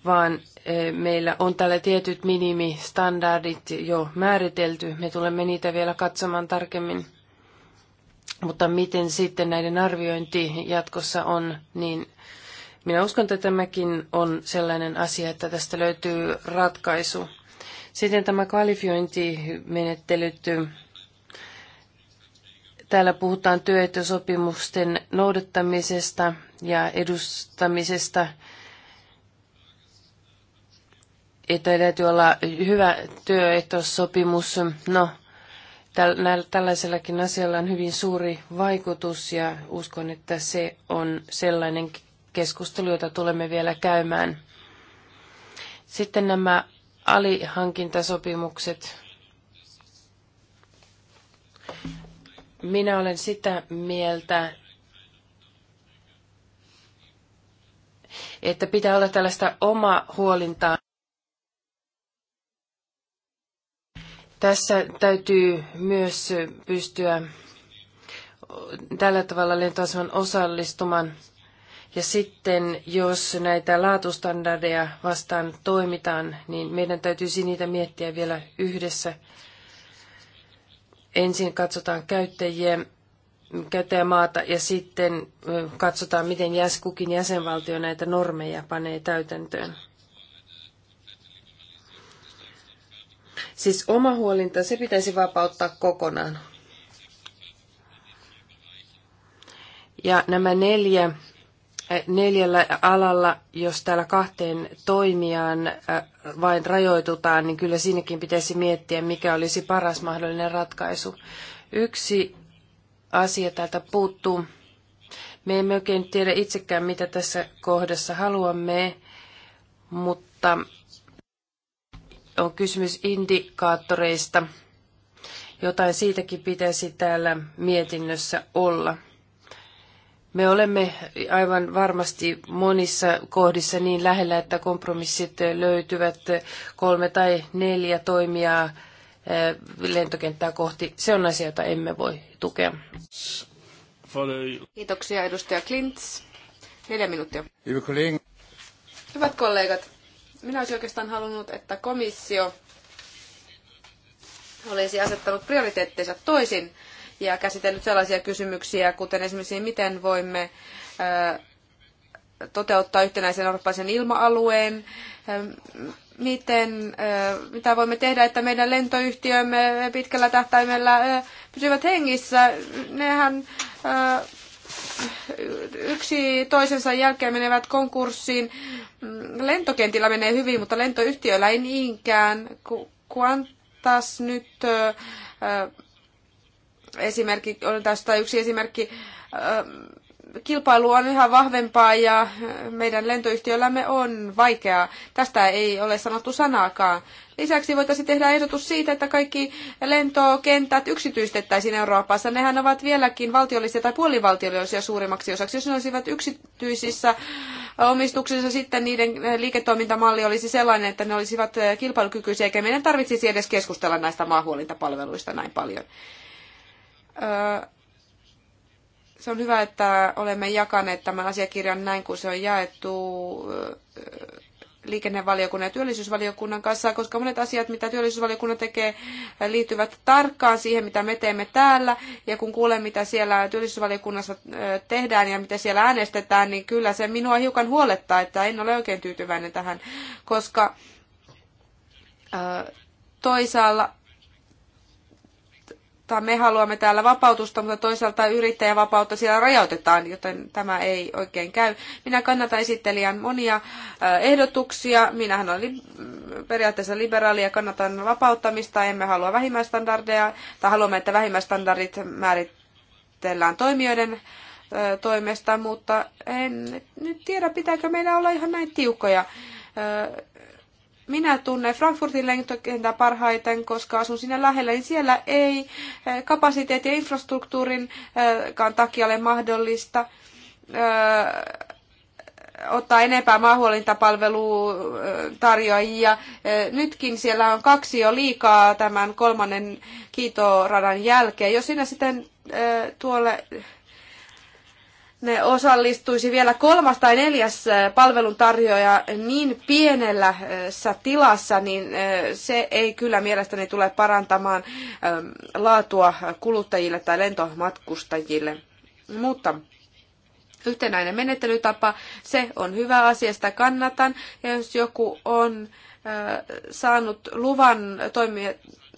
vaan e, meillä on tällä tietyt minimistandardit jo määritelty. Me tulemme niitä vielä katsomaan tarkemmin. Mutta miten sitten näiden arviointi jatkossa on, niin minä uskon, että tämäkin on sellainen asia, että tästä löytyy ratkaisu. Sitten tämä kvalifiointimenettelyt Täällä puhutaan työehtosopimusten noudattamisesta ja edustamisesta. Että täytyy olla hyvä työehtosopimus. No, tällaisellakin asialla on hyvin suuri vaikutus ja uskon, että se on sellainen keskustelu, jota tulemme vielä käymään. Sitten nämä alihankintasopimukset. Minä olen sitä mieltä, että pitää olla tällaista oma huolintaa. Tässä täytyy myös pystyä tällä tavalla lentoaseman osallistumaan. Ja sitten, jos näitä laatustandardeja vastaan toimitaan, niin meidän täytyisi niitä miettiä vielä yhdessä Ensin katsotaan käyttäjiä, käyttäjämaata ja sitten katsotaan, miten jäs, kukin jäsenvaltio näitä normeja panee täytäntöön. Siis oma huolinta, se pitäisi vapauttaa kokonaan. Ja nämä neljä neljällä alalla, jos täällä kahteen toimijaan äh, vain rajoitutaan, niin kyllä siinäkin pitäisi miettiä, mikä olisi paras mahdollinen ratkaisu. Yksi asia täältä puuttuu. Me emme oikein tiedä itsekään, mitä tässä kohdassa haluamme, mutta on kysymys indikaattoreista. Jotain siitäkin pitäisi täällä mietinnössä olla. Me olemme aivan varmasti monissa kohdissa niin lähellä, että kompromissit löytyvät kolme tai neljä toimijaa eh, lentokenttää kohti. Se on asia, jota emme voi tukea. Kiitoksia edustaja Klints. Neljä minuuttia. Hyvät kollegat, minä olisin oikeastaan halunnut, että komissio olisi asettanut prioriteetteensa toisin ja käsitellyt sellaisia kysymyksiä, kuten esimerkiksi miten voimme toteuttaa yhtenäisen eurooppalaisen ilma-alueen, miten, mitä voimme tehdä, että meidän lentoyhtiömme pitkällä tähtäimellä pysyvät hengissä. Nehän yksi toisensa jälkeen menevät konkurssiin. Lentokentillä menee hyvin, mutta lentoyhtiöillä ei niinkään. Kuantas nyt esimerkki, tästä yksi esimerkki, ähm, kilpailu on yhä vahvempaa ja äh, meidän lentoyhtiöllämme on vaikeaa. Tästä ei ole sanottu sanaakaan. Lisäksi voitaisiin tehdä ehdotus siitä, että kaikki lentokentät yksityistettäisiin Euroopassa. Nehän ovat vieläkin valtiollisia tai puolivaltiollisia suurimmaksi osaksi. Jos ne olisivat yksityisissä omistuksissa, sitten niiden liiketoimintamalli olisi sellainen, että ne olisivat kilpailukykyisiä, eikä meidän tarvitsisi edes keskustella näistä maahuolintapalveluista näin paljon se on hyvä, että olemme jakaneet tämän asiakirjan näin, kun se on jaettu liikennevaliokunnan ja työllisyysvaliokunnan kanssa, koska monet asiat, mitä työllisyysvaliokunta tekee, liittyvät tarkkaan siihen, mitä me teemme täällä. Ja kun kuulen, mitä siellä työllisyysvaliokunnassa tehdään ja mitä siellä äänestetään, niin kyllä se minua hiukan huolettaa, että en ole oikein tyytyväinen tähän, koska toisaalla me haluamme täällä vapautusta, mutta toisaalta yrittäjävapautta siellä rajoitetaan, joten tämä ei oikein käy. Minä kannatan esittelijän monia äh, ehdotuksia. Minähän olen mm, periaatteessa liberaali ja kannatan vapauttamista. Emme halua vähimmäisstandardeja, tai haluamme, että vähimmäisstandardit määritellään toimijoiden äh, toimesta, mutta en nyt tiedä, pitääkö meidän olla ihan näin tiukkoja. Äh, minä tunnen Frankfurtin lentokentän parhaiten, koska asun siinä lähellä, niin siellä ei eh, kapasiteetin ja infrastruktuurin eh, takia ole mahdollista eh, ottaa enempää maahuolintapalvelutarjoajia. Nytkin siellä on kaksi jo liikaa tämän kolmannen kiitoradan jälkeen. Jos sinä sitten tuolle ne osallistuisi vielä kolmas tai neljäs palveluntarjoaja niin pienellä tilassa, niin se ei kyllä mielestäni tule parantamaan laatua kuluttajille tai lentomatkustajille. Mutta yhtenäinen menettelytapa, se on hyvä asia, sitä kannatan. Ja jos joku on saanut luvan toimia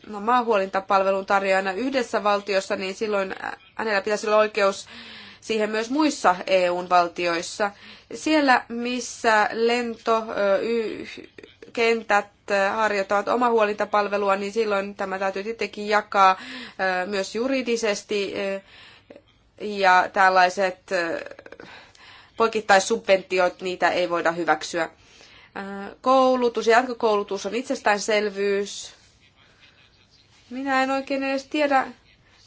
no, maahuolintapalvelun tarjoajana yhdessä valtiossa, niin silloin hänellä pitäisi olla oikeus äh, siihen myös muissa EU-valtioissa. Siellä, missä lentokentät harjoittavat omahuolintapalvelua, niin silloin tämä täytyy tietenkin jakaa myös juridisesti ja tällaiset poikittaissubventiot, niitä ei voida hyväksyä. Koulutus ja jatkokoulutus on itsestäänselvyys. Minä en oikein edes tiedä,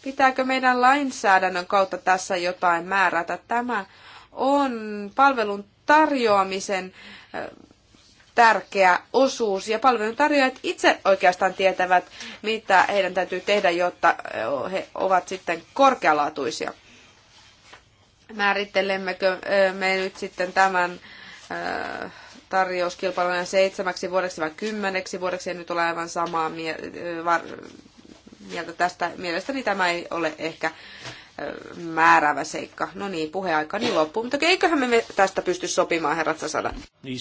Pitääkö meidän lainsäädännön kautta tässä jotain määrätä? Tämä on palvelun tarjoamisen tärkeä osuus ja palvelun tarjoajat itse oikeastaan tietävät, mitä heidän täytyy tehdä, jotta he ovat sitten korkealaatuisia. Määrittelemmekö me nyt sitten tämän tarjouskilpailun seitsemäksi vuodeksi vai kymmeneksi vuodeksi, en nyt ole aivan samaa mieltä tästä. Mielestäni tämä ei ole ehkä määrävä seikka. No niin, puheaika niin loppuu, mutta eiköhän me tästä pysty sopimaan, herrat Sasada. Niin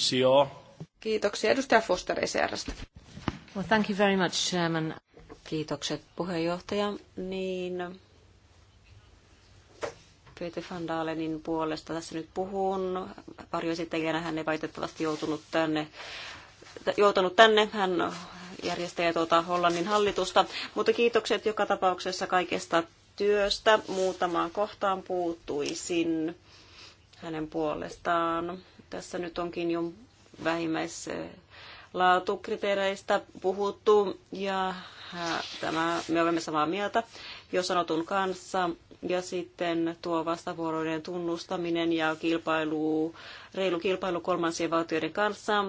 Kiitoksia. Edustaja Foster ECRstä. Well, thank you very much, Chairman. Kiitokset puheenjohtaja. Niin, Peter van Dalenin puolesta tässä nyt puhun. Varjoesittelijänä hän ei valitettavasti joutunut tänne joutunut tänne. Hän järjestäjä tuota Hollannin hallitusta. Mutta kiitokset joka tapauksessa kaikesta työstä. Muutamaan kohtaan puuttuisin hänen puolestaan. Tässä nyt onkin jo vähimmäislaatukriteereistä laatukriteereistä puhuttu ja tämä, me olemme samaa mieltä jo sanotun kanssa. Ja sitten tuo vastavuoroiden tunnustaminen ja kilpailu, reilu kilpailu kolmansien valtioiden kanssa.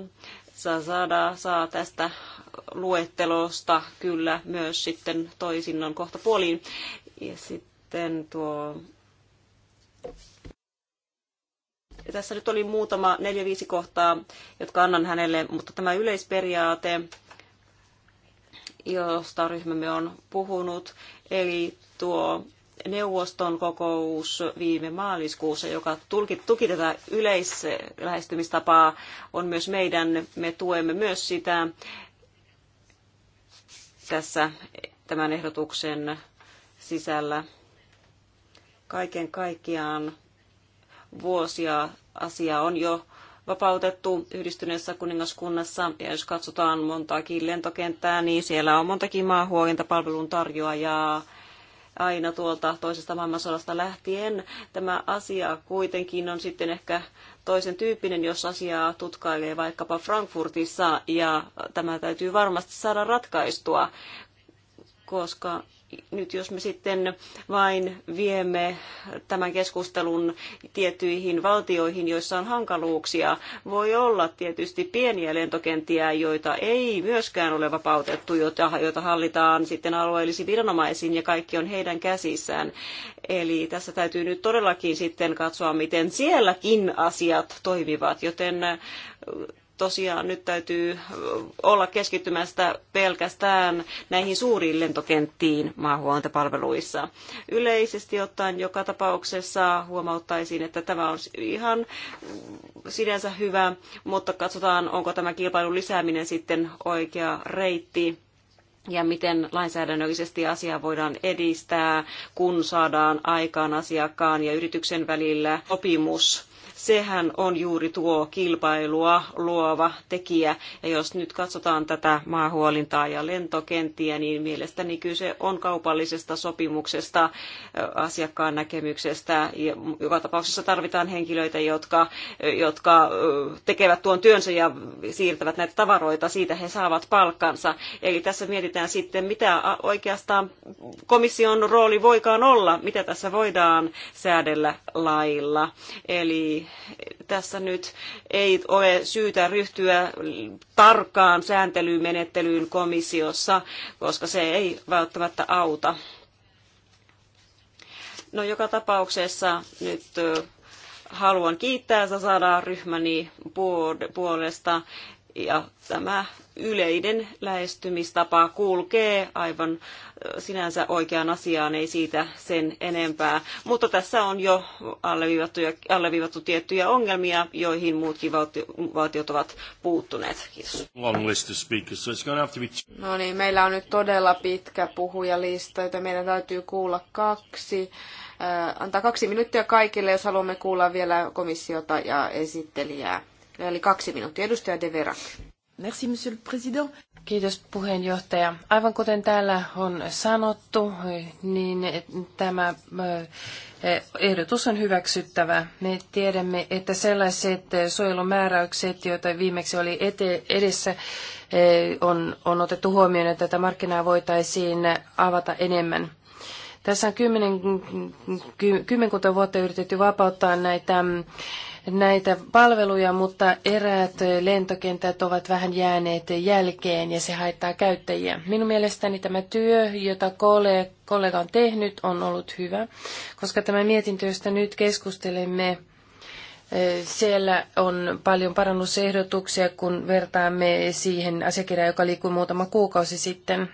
Sasada saa tästä luettelosta kyllä myös sitten toisinnon kohta puoliin. Ja sitten tuo... Ja tässä nyt oli muutama neljä viisi kohtaa, jotka annan hänelle, mutta tämä yleisperiaate, josta ryhmämme on puhunut, eli tuo neuvoston kokous viime maaliskuussa, joka tulki, tuki tätä yleislähestymistapaa, on myös meidän. Me tuemme myös sitä tässä tämän ehdotuksen sisällä. Kaiken kaikkiaan vuosia asia on jo vapautettu yhdistyneessä kuningaskunnassa. Ja jos katsotaan montaakin lentokenttää, niin siellä on montakin maahuojentapalvelun tarjoajaa aina tuolta toisesta maailmansodasta lähtien. Tämä asia kuitenkin on sitten ehkä toisen tyyppinen, jos asiaa tutkailee vaikkapa Frankfurtissa, ja tämä täytyy varmasti saada ratkaistua, koska nyt jos me sitten vain viemme tämän keskustelun tiettyihin valtioihin, joissa on hankaluuksia, voi olla tietysti pieniä lentokenttiä, joita ei myöskään ole vapautettu, joita, joita hallitaan sitten alueellisiin viranomaisiin ja kaikki on heidän käsissään. Eli tässä täytyy nyt todellakin sitten katsoa, miten sielläkin asiat toimivat, joten tosiaan nyt täytyy olla keskittymästä pelkästään näihin suuriin lentokenttiin maahuoltopalveluissa. Yleisesti ottaen joka tapauksessa huomauttaisin, että tämä on ihan sinänsä hyvä, mutta katsotaan, onko tämä kilpailun lisääminen sitten oikea reitti ja miten lainsäädännöllisesti asiaa voidaan edistää, kun saadaan aikaan asiakkaan ja yrityksen välillä sopimus sehän on juuri tuo kilpailua luova tekijä. Ja jos nyt katsotaan tätä maahuolintaa ja lentokenttiä, niin mielestäni kyse on kaupallisesta sopimuksesta, asiakkaan näkemyksestä. Ja joka tapauksessa tarvitaan henkilöitä, jotka, jotka tekevät tuon työnsä ja siirtävät näitä tavaroita. Siitä he saavat palkkansa. Eli tässä mietitään, tiedetään sitten, mitä oikeastaan komission rooli voikaan olla, mitä tässä voidaan säädellä lailla. Eli tässä nyt ei ole syytä ryhtyä tarkkaan sääntelymenettelyyn komissiossa, koska se ei välttämättä auta. No joka tapauksessa nyt haluan kiittää Sasadaa ryhmäni puolesta ja tämä yleinen lähestymistapa kulkee aivan sinänsä oikeaan asiaan, ei siitä sen enempää. Mutta tässä on jo alleviivattu, alleviivattu tiettyjä ongelmia, joihin muutkin valtiot ovat puuttuneet. Kiitos. No niin, meillä on nyt todella pitkä puhujalista, joten meidän täytyy kuulla kaksi antaa kaksi minuuttia kaikille, jos haluamme kuulla vielä komissiota ja esittelijää. Eli kaksi minuuttia. Edustaja De Verac. Merci, monsieur le président. Kiitos puheenjohtaja. Aivan kuten täällä on sanottu, niin tämä ehdotus on hyväksyttävä. Me tiedämme, että sellaiset suojelumääräykset, joita viimeksi oli ete- edessä, on, on otettu huomioon, että tätä markkinaa voitaisiin avata enemmän. Tässä on kymmenen, kymmenkunta vuotta yritetty vapauttaa näitä näitä palveluja, mutta eräät lentokentät ovat vähän jääneet jälkeen ja se haittaa käyttäjiä. Minun mielestäni tämä työ, jota kollega on tehnyt, on ollut hyvä, koska tämä mietintö, josta nyt keskustelemme, eh, siellä on paljon parannusehdotuksia, kun vertaamme siihen asiakirjaan, joka liikkui muutama kuukausi sitten.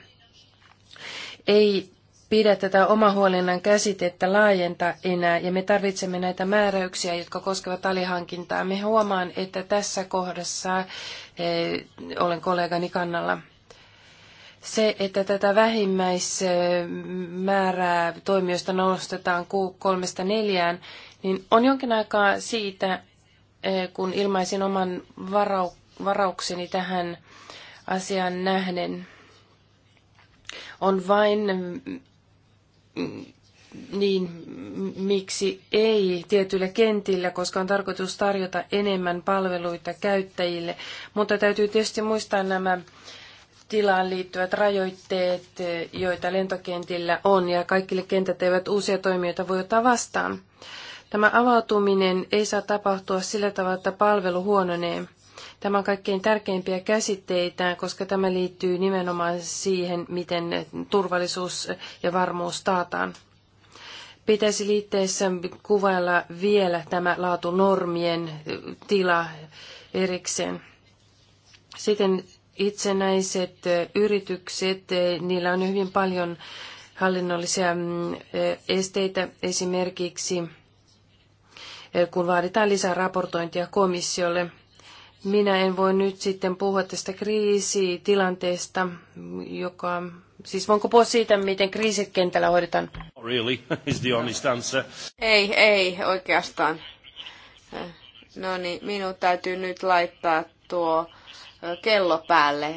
Ei pidä tätä omahuolinnan käsitettä laajenta enää, ja me tarvitsemme näitä määräyksiä, jotka koskevat alihankintaa. Me huomaan, että tässä kohdassa e, olen kollegani kannalla. Se, että tätä vähimmäismäärää toimijoista nostetaan kolmesta neljään, niin on jonkin aikaa siitä, e, kun ilmaisin oman varau- varaukseni tähän asiaan nähden on vain niin miksi ei tietyillä kentillä, koska on tarkoitus tarjota enemmän palveluita käyttäjille. Mutta täytyy tietysti muistaa nämä tilaan liittyvät rajoitteet, joita lentokentillä on, ja kaikille kentät eivät uusia toimijoita voi ottaa vastaan. Tämä avautuminen ei saa tapahtua sillä tavalla, että palvelu huononee. Tämä on kaikkein tärkeimpiä käsitteitä, koska tämä liittyy nimenomaan siihen, miten turvallisuus ja varmuus taataan. Pitäisi liitteessä kuvailla vielä tämä laatunormien tila erikseen. Sitten itsenäiset yritykset, niillä on hyvin paljon hallinnollisia mm, esteitä esimerkiksi, kun vaaditaan lisää raportointia komissiolle. Minä en voi nyt sitten puhua tästä kriisitilanteesta, joka... Siis voinko puhua siitä, miten kriisit kentällä hoidetaan? Really, is the honest answer. Ei, ei, oikeastaan. No niin, minun täytyy nyt laittaa tuo kello päälle.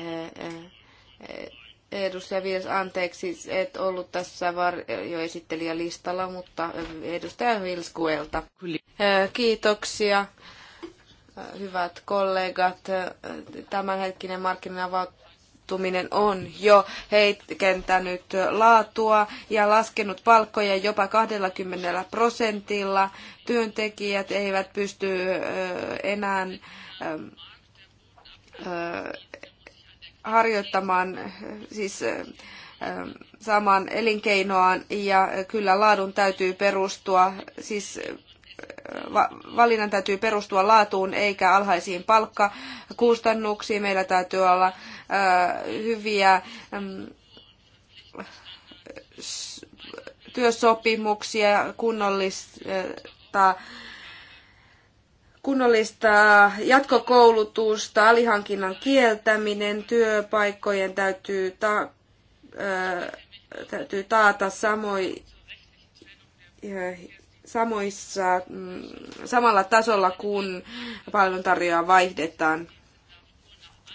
Edustaja Viers, anteeksi, et ollut tässä listalla, mutta edustaja Vilskuelta. Kiitoksia hyvät kollegat, tämänhetkinen avautuminen on jo heikentänyt laatua ja laskenut palkkoja jopa 20 prosentilla. Työntekijät eivät pysty enää harjoittamaan, siis saamaan elinkeinoaan ja kyllä laadun täytyy perustua siis valinnan täytyy perustua laatuun eikä alhaisiin palkkakustannuksiin. Meillä täytyy olla hyviä mm, työsopimuksia, kunnollista kunnollista jatkokoulutusta, alihankinnan kieltäminen, työpaikkojen täytyy, ta, ää, täytyy taata samoin samoissa, mm, samalla tasolla, kun palveluntarjoajaa vaihdetaan.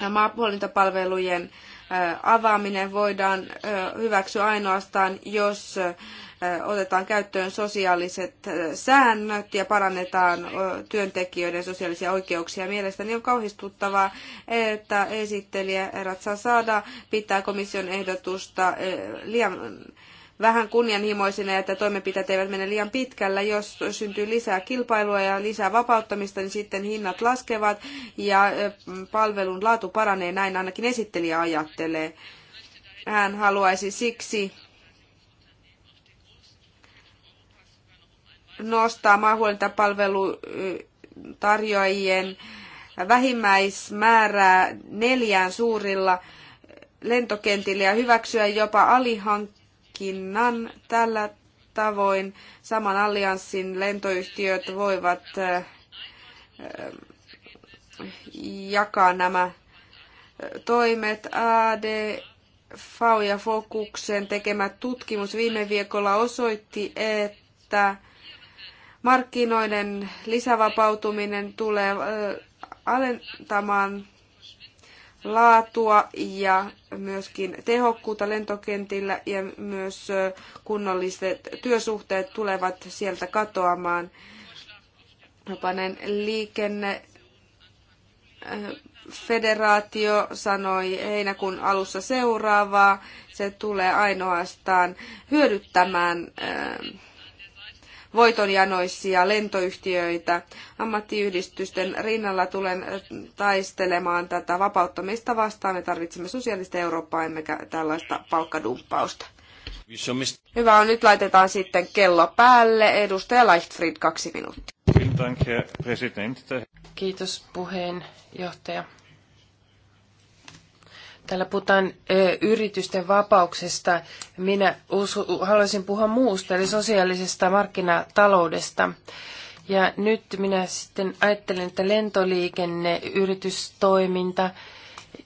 Maapuolintapalvelujen avaaminen voidaan hyväksyä ainoastaan, jos otetaan käyttöön sosiaaliset säännöt ja parannetaan työntekijöiden sosiaalisia oikeuksia. Mielestäni on kauhistuttavaa, että esittelijä Ratsa Saada pitää komission ehdotusta liian vähän kunnianhimoisina, että toimenpiteet eivät mene liian pitkällä. Jos syntyy lisää kilpailua ja lisää vapauttamista, niin sitten hinnat laskevat ja palvelun laatu paranee, näin ainakin esittelijä ajattelee. Hän haluaisi siksi nostaa maahuolintapalvelutarjoajien vähimmäismäärää neljään suurilla lentokentillä ja hyväksyä jopa alihank hankinnan tällä tavoin saman allianssin lentoyhtiöt voivat eh, jakaa nämä eh, toimet. AD FAU ja Fokuksen tekemä tutkimus viime viikolla osoitti, että markkinoiden lisävapautuminen tulee eh, alentamaan laatua ja myöskin tehokkuutta lentokentillä ja myös kunnolliset työsuhteet tulevat sieltä katoamaan. Jopainen liikenne federaatio sanoi heinäkuun alussa seuraavaa. Se tulee ainoastaan hyödyttämään voitonjanoisia lentoyhtiöitä. Ammattiyhdistysten rinnalla tulen taistelemaan tätä vapauttamista vastaan. Me tarvitsemme sosiaalista Eurooppaa, emmekä tällaista palkkadumppausta. Hyvä on, nyt laitetaan sitten kello päälle. Edustaja Leichtfried, kaksi minuuttia. Kiitos puheenjohtaja. Täällä puhutaan yritysten vapauksesta. Minä usu, haluaisin puhua muusta, eli sosiaalisesta markkinataloudesta. Ja nyt minä sitten ajattelen, että lentoliikenne, yritystoiminta,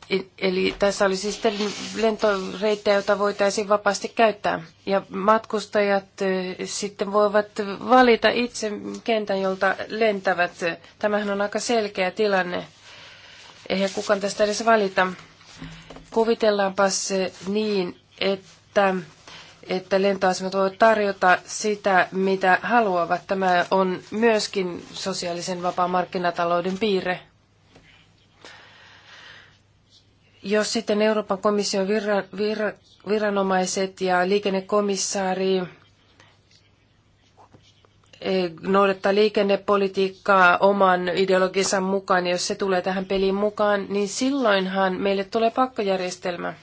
e, eli tässä olisi sitten lentoreittejä, joita voitaisiin vapaasti käyttää. Ja matkustajat sitten voivat valita itse kentän, jolta lentävät. Tämähän on aika selkeä tilanne. Eihän kukaan tästä edes valita. Kuvitellaanpa se niin, että, että lentoasemat voivat tarjota sitä, mitä haluavat. Tämä on myöskin sosiaalisen vapaan markkinatalouden piirre. Jos sitten Euroopan komission viran, vir, viranomaiset ja liikennekomissaari noudattaa liikennepolitiikkaa oman ideologiansa mukaan, jos se tulee tähän peliin mukaan, niin silloinhan meille tulee pakkojärjestelmä.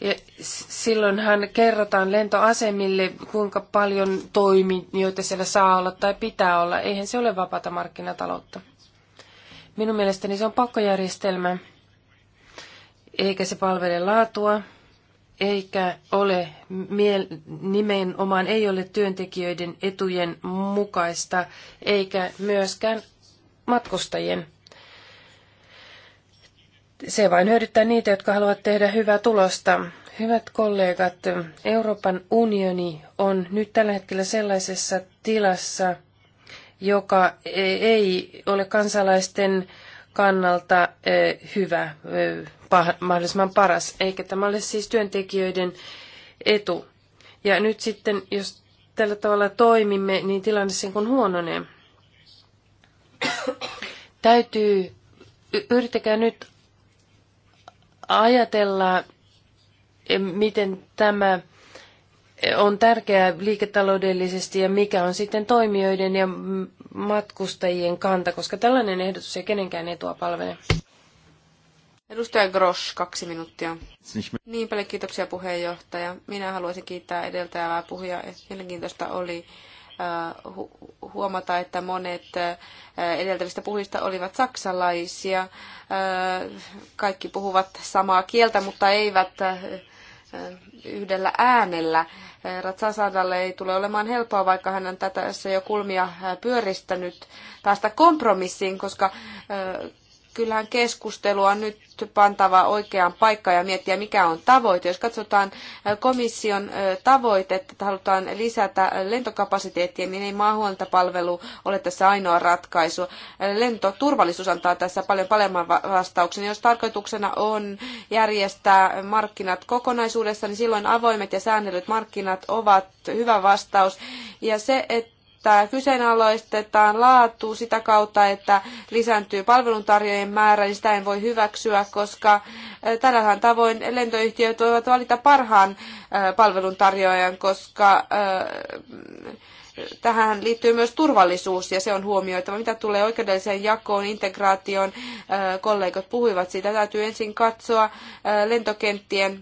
Ja silloinhan kerrotaan lentoasemille, kuinka paljon toimijoita siellä saa olla tai pitää olla. Eihän se ole vapaata markkinataloutta. Minun mielestäni se on pakkojärjestelmä, eikä se palvele laatua eikä ole nimenomaan ei ole työntekijöiden etujen mukaista, eikä myöskään matkustajien. Se vain hyödyttää niitä, jotka haluavat tehdä hyvää tulosta. Hyvät kollegat, Euroopan unioni on nyt tällä hetkellä sellaisessa tilassa, joka e-, ei ole kansalaisten kannalta hyvä, mahdollisimman paras, eikä tämä ole siis työntekijöiden etu. Ja nyt sitten, jos tällä tavalla toimimme, niin tilanne sen kun huononee. Täytyy, yrittäkää nyt ajatella, miten tämä on tärkeää liiketaloudellisesti ja mikä on sitten toimijoiden ja matkustajien kanta, koska tällainen ehdotus ei kenenkään etua palvele. Edustaja Grosch, kaksi minuuttia. Niin paljon kiitoksia puheenjohtaja. Minä haluaisin kiittää edeltäjää puhujaa. Mielenkiintoista oli äh, huomata, että monet äh, edeltävistä puhujista olivat saksalaisia. Äh, kaikki puhuvat samaa kieltä, mutta eivät yhdellä äänellä. Ratsasadalle ei tule olemaan helppoa, vaikka hän on tätä jo kulmia pyöristänyt päästä kompromissiin, koska kyllähän keskustelua on nyt pantava oikeaan paikkaan ja miettiä, mikä on tavoite. Jos katsotaan komission tavoitetta, että halutaan lisätä lentokapasiteettia, niin ei maahuoltapalvelu ole tässä ainoa ratkaisu. Lentoturvallisuus antaa tässä paljon paremman vastauksen. Jos tarkoituksena on järjestää markkinat kokonaisuudessa, niin silloin avoimet ja säännellyt markkinat ovat hyvä vastaus. Ja se, että että kyseenalaistetaan laatu sitä kautta, että lisääntyy palveluntarjoajien määrä, niin sitä en voi hyväksyä, koska tällähän tavoin lentoyhtiöt voivat valita parhaan palveluntarjoajan, koska tähän liittyy myös turvallisuus ja se on huomioitava. Mitä tulee oikeudelliseen jakoon, integraation kollegat puhuivat siitä, täytyy ensin katsoa lentokenttien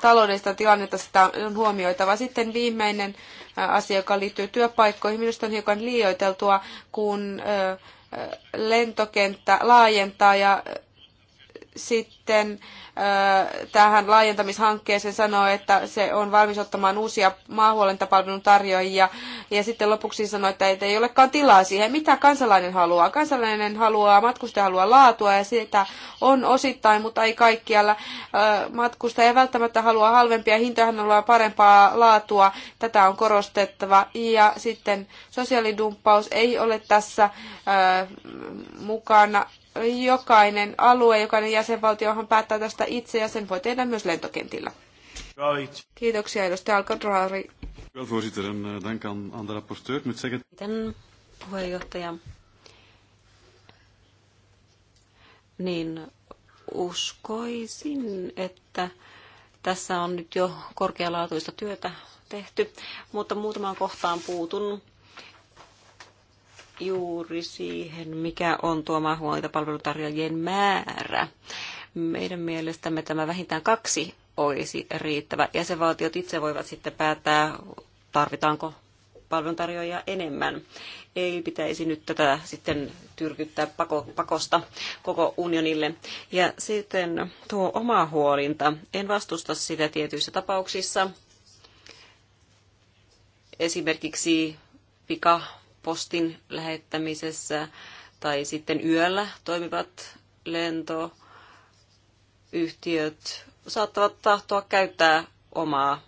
taloudellista tilannetta sitä on huomioitava. Sitten viimeinen asia, joka liittyy työpaikkoihin. Minusta on hiukan liioiteltua, kun lentokenttä laajentaa ja sitten tähän laajentamishankkeeseen sanoi, että se on valmis ottamaan uusia maahuolentapalvelun tarjoajia. Ja sitten lopuksi sanoi, että ei olekaan tilaa siihen, mitä kansalainen haluaa. Kansalainen haluaa, matkustaja haluaa laatua ja sitä on osittain, mutta ei kaikkialla. Matkustaja ei välttämättä halua halvempia hintoja, hän haluaa parempaa laatua. Tätä on korostettava. Ja sitten sosiaalidumppaus ei ole tässä mukana jokainen alue, jokainen jäsenvaltiohan päättää tästä itse ja sen voi tehdä myös lentokentillä. Kiitoksia edustaja Alcadrari. Wel, voorzitter, en eh, dank aan, aan de rapporteur. Ik moet zeggen... Miten puheenjohtaja? Niin uskoisin, että tässä on nyt jo korkealaatuista työtä tehty, mutta muutamaan kohtaan puutun juuri siihen, mikä on tuo maahanmuuttopalvelutarjoajien määrä. Meidän mielestämme tämä vähintään kaksi olisi riittävä. Jäsenvaltiot itse voivat sitten päättää, tarvitaanko palveluntarjoajia enemmän. Ei pitäisi nyt tätä sitten tyrkyttää pako, pakosta koko unionille. Ja sitten tuo oma huolinta. En vastusta sitä tietyissä tapauksissa. Esimerkiksi pika postin lähettämisessä tai sitten yöllä toimivat lentoyhtiöt saattavat tahtoa käyttää omaa,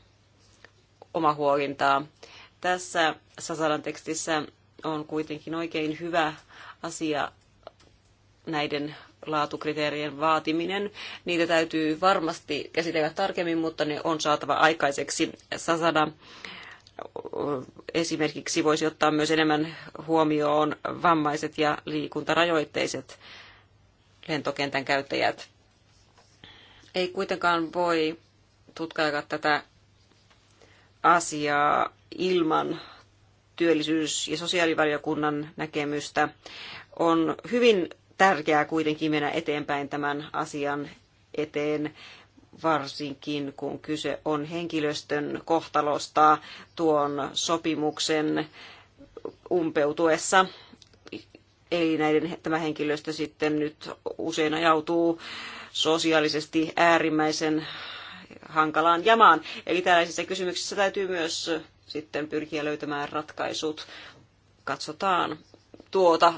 omaa huolintaa. Tässä Sasalan tekstissä on kuitenkin oikein hyvä asia näiden laatukriteerien vaatiminen. Niitä täytyy varmasti käsitellä tarkemmin, mutta ne on saatava aikaiseksi. Sasada esimerkiksi voisi ottaa myös enemmän huomioon vammaiset ja liikuntarajoitteiset lentokentän käyttäjät. Ei kuitenkaan voi tutkailla tätä asiaa ilman työllisyys- ja sosiaalivaliokunnan näkemystä. On hyvin tärkeää kuitenkin mennä eteenpäin tämän asian eteen varsinkin kun kyse on henkilöstön kohtalosta tuon sopimuksen umpeutuessa. Eli näiden, tämä henkilöstö sitten nyt usein ajautuu sosiaalisesti äärimmäisen hankalaan jamaan. Eli tällaisissa kysymyksissä täytyy myös sitten pyrkiä löytämään ratkaisut. Katsotaan tuota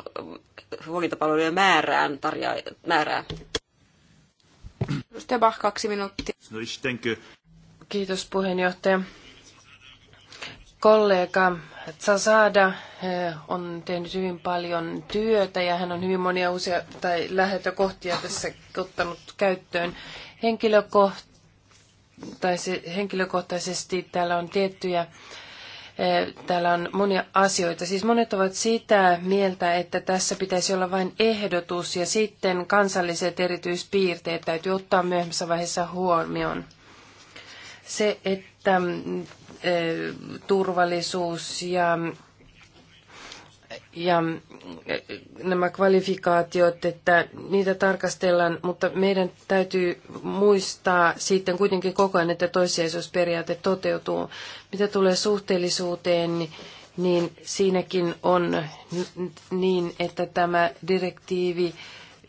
huolintapalvelujen määrään, tarja, määrää. Edustaja Bach, kaksi minuuttia. Kiitos puheenjohtaja. Kollega Zasada eh, on tehnyt hyvin paljon työtä ja hän on hyvin monia uusia tai lähetökohtia tässä ottanut käyttöön. Henkilökohtaisesti, henkilökohtaisesti täällä on tiettyjä Eh, täällä on monia asioita. Siis monet ovat sitä mieltä, että tässä pitäisi olla vain ehdotus ja sitten kansalliset erityispiirteet täytyy ottaa myöhemmässä vaiheessa huomioon. Se, että mm, eh, turvallisuus ja mm, ja eh, nämä kvalifikaatiot, että niitä tarkastellaan, mutta meidän täytyy muistaa sitten kuitenkin koko ajan, että toissijaisuusperiaate toteutuu. Mitä tulee suhteellisuuteen, niin siinäkin on niin, että tämä direktiivi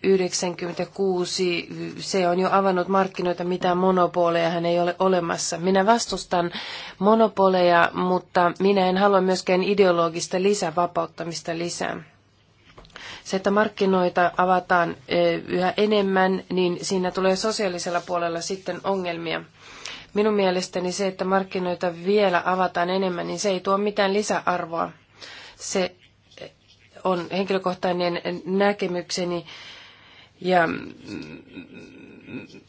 96, se on jo avannut markkinoita, mitä monopoleja hän ei ole olemassa. Minä vastustan monopoleja, mutta minä en halua myöskään ideologista lisävapauttamista lisää. Se, että markkinoita avataan e, yhä enemmän, niin siinä tulee sosiaalisella puolella sitten ongelmia. Minun mielestäni se, että markkinoita vielä avataan enemmän, niin se ei tuo mitään lisäarvoa. Se on henkilökohtainen näkemykseni ja,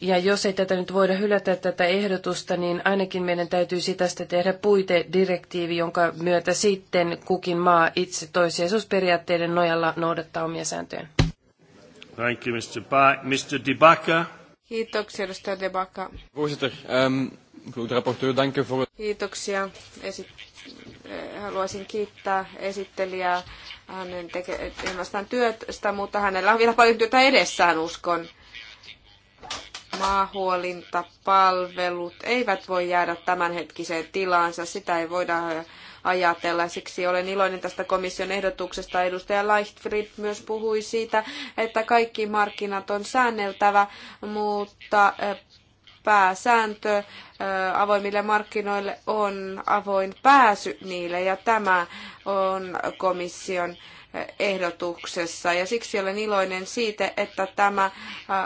ja jos ei tätä nyt voida hylätä tätä ehdotusta, niin ainakin meidän täytyy tästä tehdä puitedirektiivi, jonka myötä sitten kukin maa itse toisiaisuusperiaatteiden nojalla noudattaa omia sääntöjä. Thank you, Mr. Ba- Mr. Dibaka. Kiitoksia, edustaja Debaka. Ehm, de Kiitoksia esit- haluaisin kiittää esittelijää hänen tekemästään työstä, mutta hänellä on vielä paljon työtä edessään, uskon. Maahuolintapalvelut eivät voi jäädä tämänhetkiseen tilaansa, sitä ei voida ajatella. Siksi olen iloinen tästä komission ehdotuksesta. Edustaja Leichtfried myös puhui siitä, että kaikki markkinat on säänneltävä, mutta pääsääntö avoimille markkinoille on avoin pääsy niille ja tämä on komission ehdotuksessa. Ja siksi olen iloinen siitä, että tämä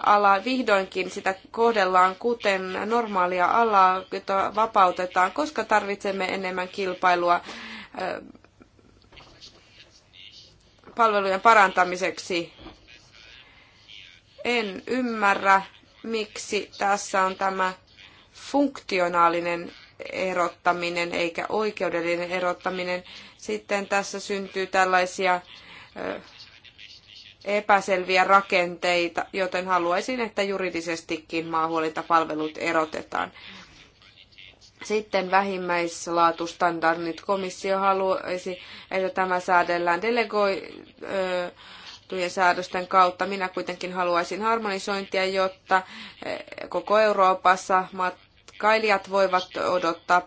ala vihdoinkin sitä kohdellaan kuten normaalia alaa, jota vapautetaan, koska tarvitsemme enemmän kilpailua palvelujen parantamiseksi. En ymmärrä, miksi tässä on tämä funktionaalinen erottaminen eikä oikeudellinen erottaminen. Sitten tässä syntyy tällaisia epäselviä rakenteita, joten haluaisin, että juridisestikin maahuolintapalvelut erotetaan. Sitten vähimmäislaatustandardit. Komissio haluaisi, että tämä säädellään delegoi, tujen säädösten kautta. Minä kuitenkin haluaisin harmonisointia, jotta eh, koko Euroopassa matkailijat voivat odottaa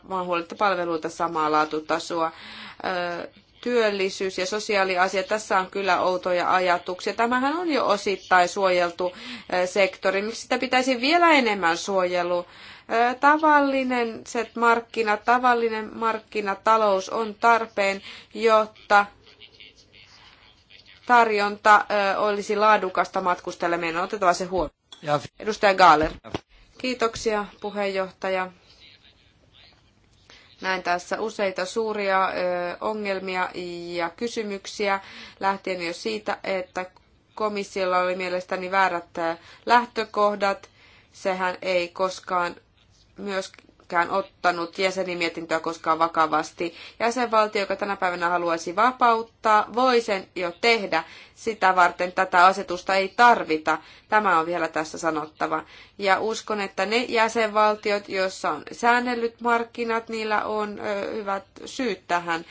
palveluita samaa laatutasoa eh, työllisyys ja sosiaaliasia. Tässä on kyllä outoja ajatuksia. Tämähän on jo osittain suojeltu eh, sektori. Miksi sitä pitäisi vielä enemmän suojelua. Tavallinen markkina, tavallinen markkinatalous on tarpeen, jotta tarjonta olisi laadukasta matkustajalle. Meidän on otettava se huomioon. Edustaja Gaaler. Kiitoksia puheenjohtaja. Näin tässä useita suuria ongelmia ja kysymyksiä lähtien jo siitä, että komissiolla oli mielestäni väärät lähtökohdat. Sehän ei koskaan myös itsekään ottanut jäsenimietintöä koskaan vakavasti. Jäsenvaltio, joka tänä päivänä haluaisi vapauttaa, voi sen jo tehdä. Sitä varten tätä asetusta ei tarvita. Tämä on vielä tässä sanottava. Ja uskon, että ne jäsenvaltiot, joissa on säännellyt markkinat, niillä on ö, hyvät syyt tähän.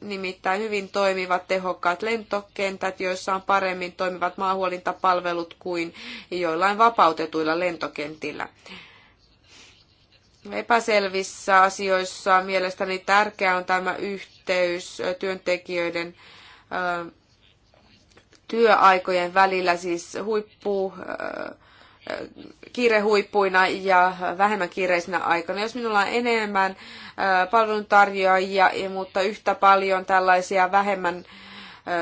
Nimittäin hyvin toimivat tehokkaat lentokentät, joissa on paremmin toimivat maahuolintapalvelut kuin joillain vapautetuilla lentokentillä epäselvissä asioissa mielestäni tärkeä on tämä yhteys työntekijöiden työaikojen välillä, siis huippu, kiirehuippuina ja vähemmän kiireisinä aikana. Jos minulla on enemmän palveluntarjoajia, mutta yhtä paljon tällaisia vähemmän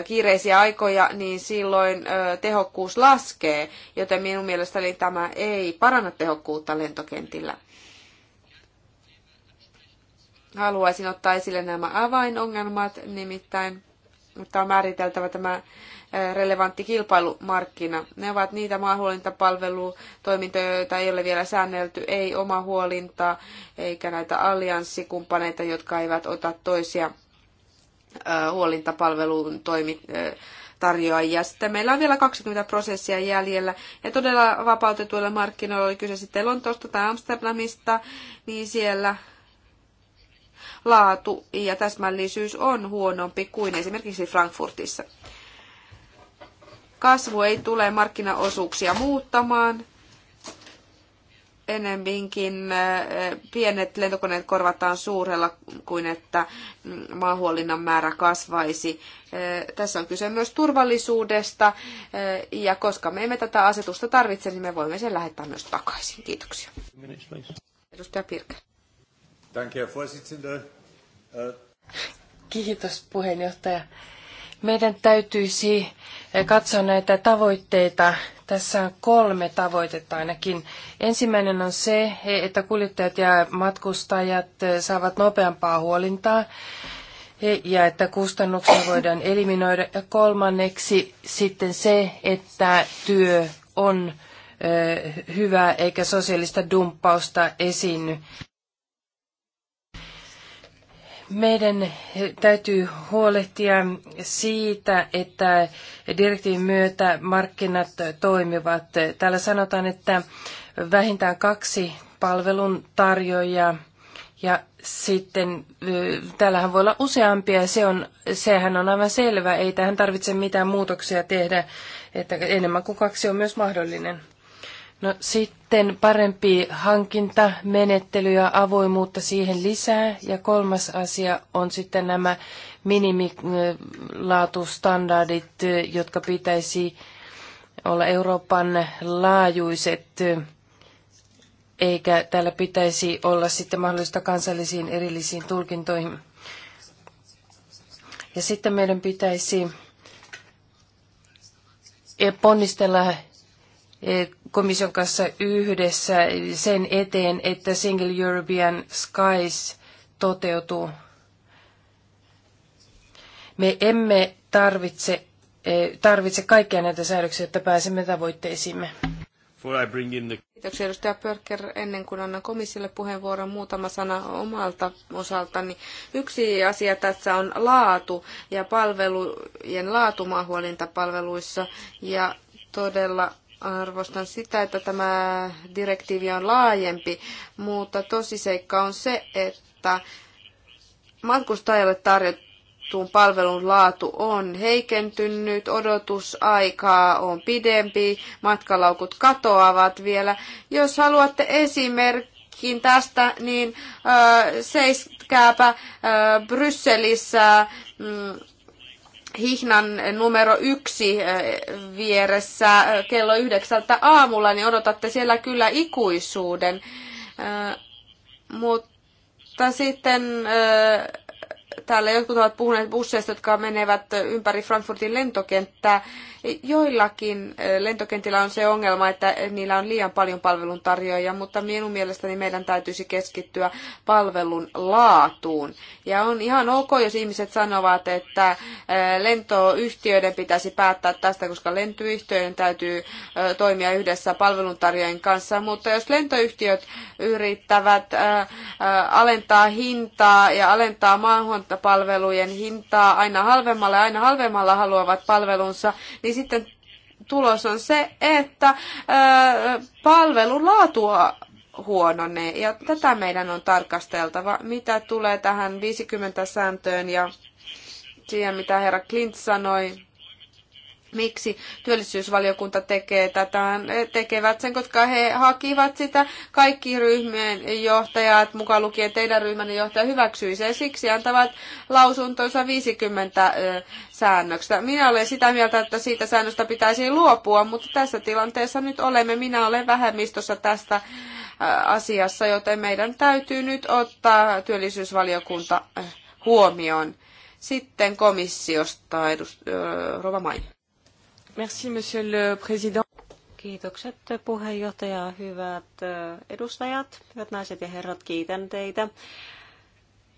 kiireisiä aikoja, niin silloin tehokkuus laskee, joten minun mielestäni tämä ei paranna tehokkuutta lentokentillä haluaisin ottaa esille nämä avainongelmat, nimittäin mutta on määriteltävä tämä relevantti kilpailumarkkina. Ne ovat niitä maahuolintapalvelutoimintoja, joita ei ole vielä säännelty, ei oma huolinta, eikä näitä allianssikumppaneita, jotka eivät ota toisia huolintapalvelun toimintoja tarjoajia. Sitten meillä on vielä 20 prosessia jäljellä. Ja todella vapautetuilla markkinoilla, oli kyse sitten Lontoosta tai Amsterdamista, niin siellä laatu ja täsmällisyys on huonompi kuin esimerkiksi Frankfurtissa. Kasvu ei tule markkinaosuuksia muuttamaan. Enemminkin eh, pienet lentokoneet korvataan suurella kuin että maahuollinnan määrä kasvaisi. Eh, tässä on kyse myös turvallisuudesta eh, ja koska me emme tätä asetusta tarvitse, niin me voimme sen lähettää myös takaisin. Kiitoksia. Edustaja Pirke. Danke, Herr Vorsitzender. Kiitos puheenjohtaja. Meidän täytyisi eh, katsoa näitä tavoitteita. Tässä on kolme tavoitetta ainakin. Ensimmäinen on se, että kuljettajat ja matkustajat eh, saavat nopeampaa huolintaa ja että kustannuksia voidaan eliminoida. Ja kolmanneksi sitten se, että työ on eh, hyvä eikä sosiaalista dumppausta esiinny. Meidän täytyy huolehtia siitä, että direktiivin myötä markkinat toimivat. Täällä sanotaan, että vähintään kaksi palvelun tarjoajaa ja sitten täällähän voi olla useampia, se on, sehän on aivan selvä, ei tähän tarvitse mitään muutoksia tehdä, että enemmän kuin kaksi on myös mahdollinen. No sitten parempi hankinta, menettely ja avoimuutta siihen lisää. Ja kolmas asia on sitten nämä minimilaatustandardit, jotka pitäisi olla Euroopan laajuiset, eikä täällä pitäisi olla sitten mahdollista kansallisiin erillisiin tulkintoihin. Ja sitten meidän pitäisi ponnistella E, komission kanssa yhdessä sen eteen, että Single European Skies toteutuu. Me emme tarvitse, e, tarvitse kaikkia näitä säädöksiä, jotta pääsemme tavoitteisiimme. Kiitoksia edustaja Pörker. Ennen kuin annan komissiolle puheenvuoron, muutama sana omalta osaltani. Yksi asia tässä on laatu ja palvelujen laatu Ja todella arvostan sitä, että tämä direktiivi on laajempi, mutta tosiseikka on se, että matkustajalle tarjottuun palvelun laatu on heikentynyt, odotusaikaa on pidempi, matkalaukut katoavat vielä. Jos haluatte esimerkin tästä, niin äh, seiskääpä äh, Brysselissä mm, hihnan numero yksi eh, vieressä eh, kello yhdeksältä aamulla, niin odotatte siellä kyllä ikuisuuden. Eh, mutta sitten täällä jotkut ovat puhuneet busseista, jotka menevät ympäri Frankfurtin lentokenttää. Joillakin eh, lentokentillä on se ongelma, että niillä on liian paljon palveluntarjoajia, mutta minun mielestäni meidän täytyisi keskittyä palvelun laatuun. Ja on ihan ok, jos ihmiset sanovat, että eh, lentoyhtiöiden pitäisi päättää tästä, koska lentoyhtiöiden täytyy eh, toimia yhdessä palveluntarjoajien kanssa, mutta jos lentoyhtiöt yrittävät alentaa hintaa ja alentaa maahanmuuttopalvelujen hintaa aina halvemmalle, aina halvemmalla haluavat palvelunsa, niin niin sitten tulos on se, että palvelun laatua huononee. Ja tätä meidän on tarkasteltava, mitä tulee tähän 50 sääntöön ja siihen, mitä herra Klint sanoi miksi työllisyysvaliokunta tekee tätä. Tekevät sen, koska he hakivat sitä. Kaikki ryhmien johtajat, mukaan lukien teidän ryhmänne johtaja, hyväksyi sen. Siksi antavat lausuntonsa 50 säännöksestä. Minä olen sitä mieltä, että siitä säännöstä pitäisi luopua, mutta tässä tilanteessa nyt olemme. Minä olen vähemmistössä tästä asiassa, joten meidän täytyy nyt ottaa työllisyysvaliokunta huomioon. Sitten komissiosta, edust- Rova Merci, monsieur le président. Kiitokset puheenjohtaja, hyvät äh, edustajat, hyvät naiset ja herrat, kiitän teitä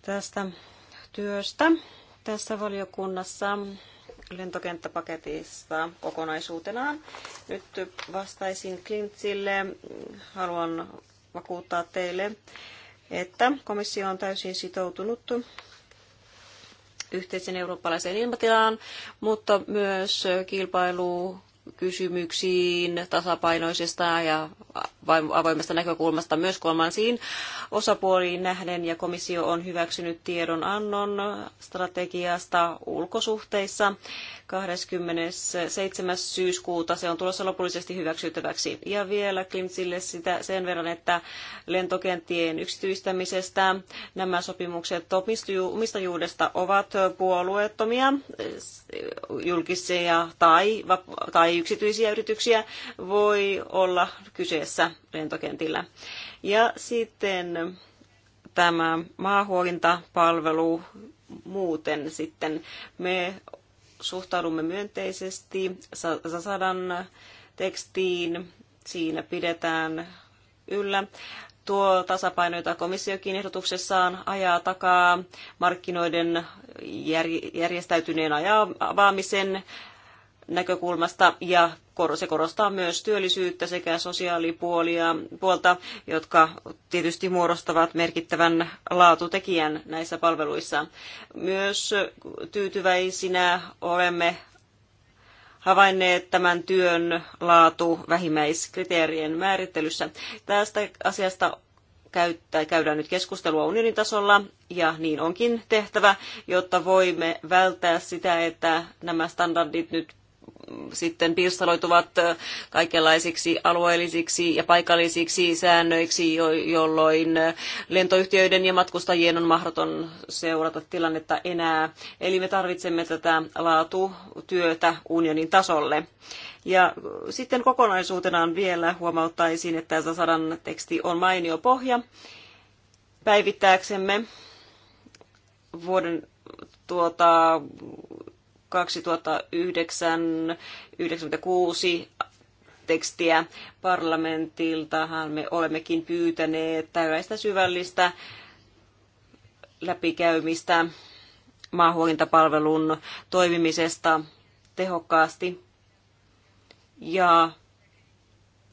tästä työstä tässä valiokunnassa lentokenttäpaketista kokonaisuutenaan. Nyt vastaisin Klintsille. Haluan vakuuttaa teille, että komissio on täysin sitoutunut yhteisen eurooppalaiseen ilmatilaan, mutta myös kilpailu kysymyksiin tasapainoisesta ja avoimesta näkökulmasta myös kolmansiin osapuoliin nähden ja komissio on hyväksynyt tiedonannon strategiasta ulkosuhteissa 27. syyskuuta se on tulossa lopullisesti hyväksyttäväksi. Ja vielä Klimtsille sitä sen verran, että lentokenttien yksityistämisestä nämä sopimukset omistajuudesta ovat puolueettomia julkisia tai, tai yksityisiä yrityksiä voi olla kyseessä lentokentillä. Ja sitten tämä maahuolintapalvelu muuten sitten. Me suhtaudumme myönteisesti Sasadan tekstiin. Siinä pidetään yllä tuo tasapaino, jota komissiokin ehdotuksessaan ajaa takaa markkinoiden järjestäytyneen avaamisen näkökulmasta ja se korostaa myös työllisyyttä sekä sosiaalipuolia, puolta, jotka tietysti muodostavat merkittävän laatutekijän näissä palveluissa. Myös tyytyväisinä olemme havainneet tämän työn laatu vähimmäiskriteerien määrittelyssä. Tästä asiasta käydään nyt keskustelua unionin tasolla ja niin onkin tehtävä, jotta voimme välttää sitä, että nämä standardit nyt sitten pirstaloituvat kaikenlaisiksi alueellisiksi ja paikallisiksi säännöiksi, jolloin lentoyhtiöiden ja matkustajien on mahdoton seurata tilannetta enää. Eli me tarvitsemme tätä laatutyötä unionin tasolle. Ja sitten kokonaisuutenaan vielä huomauttaisin, että tässä sadan teksti on mainio pohja päivittääksemme vuoden tuota, 2009 96 tekstiä parlamentiltahan me olemmekin pyytäneet tällaista syvällistä läpikäymistä maahuolintapalvelun toimimisesta tehokkaasti ja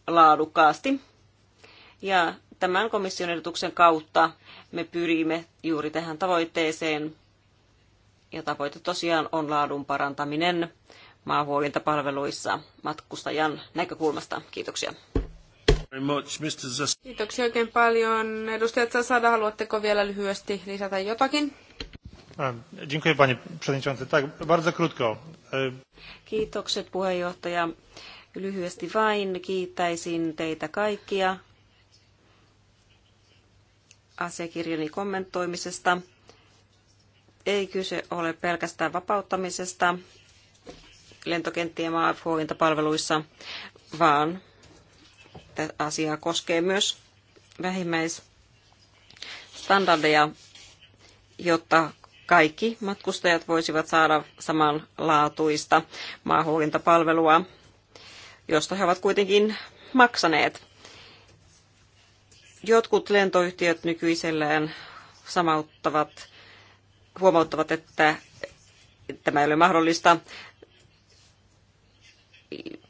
laadukkaasti. Ja tämän komission ehdotuksen kautta me pyrimme juuri tähän tavoitteeseen ja tavoite tosiaan on laadun parantaminen maahuolintapalveluissa matkustajan näkökulmasta. Kiitoksia. Kiitoksia oikein paljon. Edustajat Zasada, haluatteko vielä lyhyesti lisätä jotakin? E, Kiitokset puheenjohtaja. Lyhyesti vain kiittäisin teitä kaikkia asiakirjani kommentoimisesta ei kyse ole pelkästään vapauttamisesta lentokenttien maahuolintapalveluissa, vaan tätä asiaa koskee myös vähimmäisstandardeja, jotta kaikki matkustajat voisivat saada samanlaatuista maahuolintapalvelua, josta he ovat kuitenkin maksaneet. Jotkut lentoyhtiöt nykyisellään samauttavat huomauttavat, että tämä ei ole mahdollista.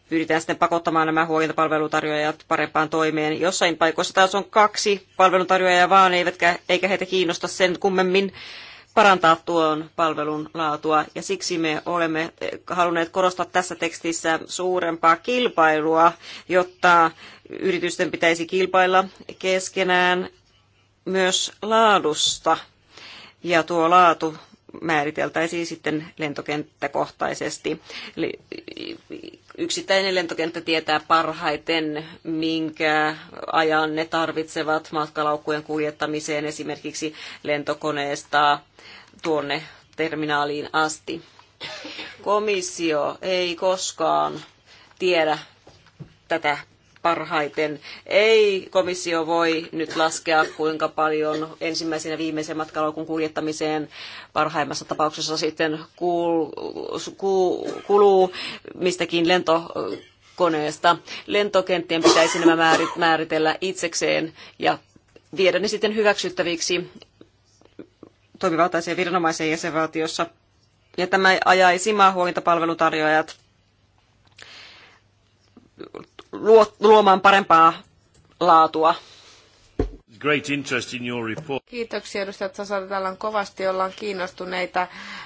Pyritään sitten pakottamaan nämä huolintapalvelutarjoajat parempaan toimeen. Jossain paikoissa taas on kaksi palveluntarjoajaa vaan, eivätkä, eikä heitä kiinnosta sen kummemmin parantaa tuon palvelun laatua. Ja siksi me olemme halunneet korostaa tässä tekstissä suurempaa kilpailua, jotta yritysten pitäisi kilpailla keskenään myös laadusta ja tuo laatu määriteltäisiin sitten lentokenttäkohtaisesti. Eli yksittäinen lentokenttä tietää parhaiten, minkä ajan ne tarvitsevat matkalaukkujen kuljettamiseen esimerkiksi lentokoneesta tuonne terminaaliin asti. Komissio ei koskaan tiedä tätä parhaiten. Ei komissio voi nyt laskea, kuinka paljon ensimmäisenä ja viimeisen matkalaukun kuljettamiseen parhaimmassa tapauksessa sitten kuluu mistäkin lento koneesta. Lentokenttien pitäisi nämä määritellä itsekseen ja viedä ne sitten hyväksyttäviksi toimivaltaisia viranomaisen jäsenvaltiossa. Ja tämä ajaisi maahuolintapalvelutarjoajat luomaan parempaa laatua. Great interest in your report. Kiitoksia edustajat Sasalta. Täällä on kovasti ollaan kiinnostuneita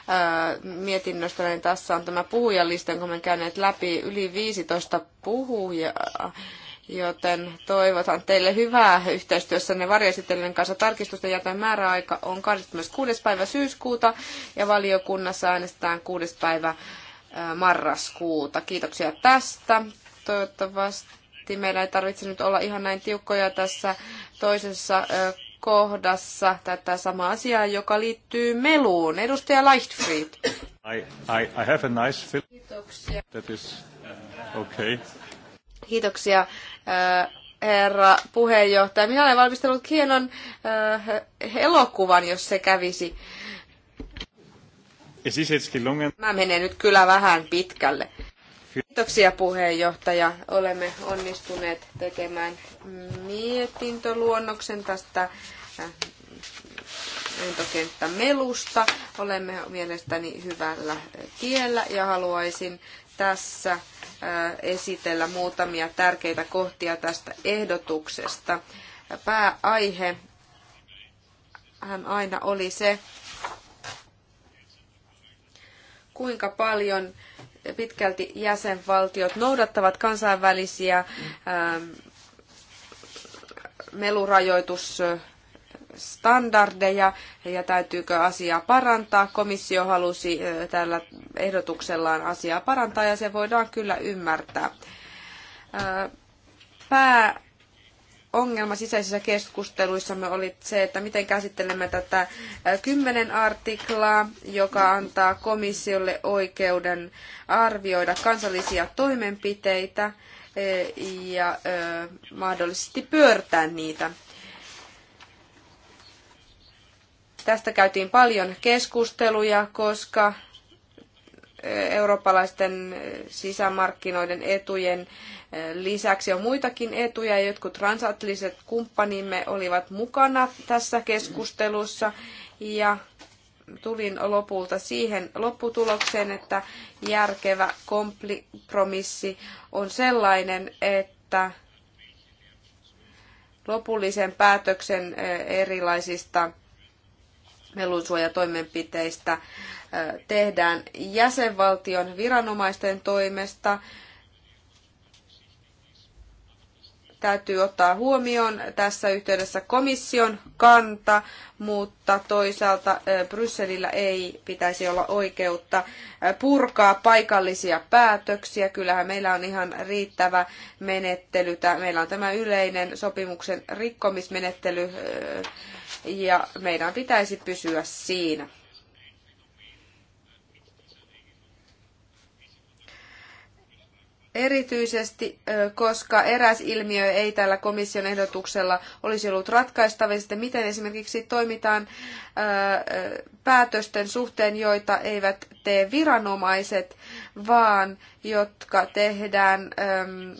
ää, äh, mietinnöstä. Niin tässä on tämä puhujalista, kun me käyneet läpi yli 15 puhujaa. Joten toivotan teille hyvää yhteistyössä ne varjoesittelijän kanssa. Tarkistusten jätön määräaika on 26. päivä syyskuuta ja valiokunnassa äänestetään 6. päivä äh, marraskuuta. Kiitoksia tästä. Toivottavasti meillä ei tarvitse nyt olla ihan näin tiukkoja tässä toisessa kohdassa tätä samaa asiaa, joka liittyy meluun. Edustaja Leichtfried. I, I, I have a nice film. Kiitoksia. That is uh, okay. Kiitoksia, herra puheenjohtaja. Minä olen valmistellut hienon elokuvan, jos se kävisi. Mä menen nyt kyllä vähän pitkälle. Kiitoksia puheenjohtaja. Olemme onnistuneet tekemään mietintöluonnoksen tästä äh, lentokenttä melusta. Olemme mielestäni hyvällä tiellä ja haluaisin tässä äh, esitellä muutamia tärkeitä kohtia tästä ehdotuksesta. Pääaihe hän aina oli se, kuinka paljon pitkälti jäsenvaltiot noudattavat kansainvälisiä ähm, melurajoitusstandardeja ja täytyykö asiaa parantaa. Komissio halusi äh, tällä ehdotuksellaan asiaa parantaa ja se voidaan kyllä ymmärtää. Äh, pää ongelma sisäisissä keskusteluissamme oli se, että miten käsittelemme tätä kymmenen artiklaa, joka antaa komissiolle oikeuden arvioida kansallisia toimenpiteitä ja mahdollisesti pyörtää niitä. Tästä käytiin paljon keskusteluja, koska eurooppalaisten sisämarkkinoiden etujen e, lisäksi on muitakin etuja. Jotkut transatlanttiset kumppanimme olivat mukana tässä keskustelussa ja tulin lopulta siihen lopputulokseen, että järkevä kompromissi on sellainen, että lopullisen päätöksen e, erilaisista melunsuojatoimenpiteistä tehdään jäsenvaltion viranomaisten toimesta. Täytyy ottaa huomioon tässä yhteydessä komission kanta, mutta toisaalta Brysselillä ei pitäisi olla oikeutta purkaa paikallisia päätöksiä. Kyllähän meillä on ihan riittävä menettely. Meillä on tämä yleinen sopimuksen rikkomismenettely ja meidän pitäisi pysyä siinä. Erityisesti, koska eräs ilmiö ei tällä komission ehdotuksella olisi ollut ratkaistavista, miten esimerkiksi toimitaan päätösten suhteen, joita eivät tee viranomaiset, vaan jotka tehdään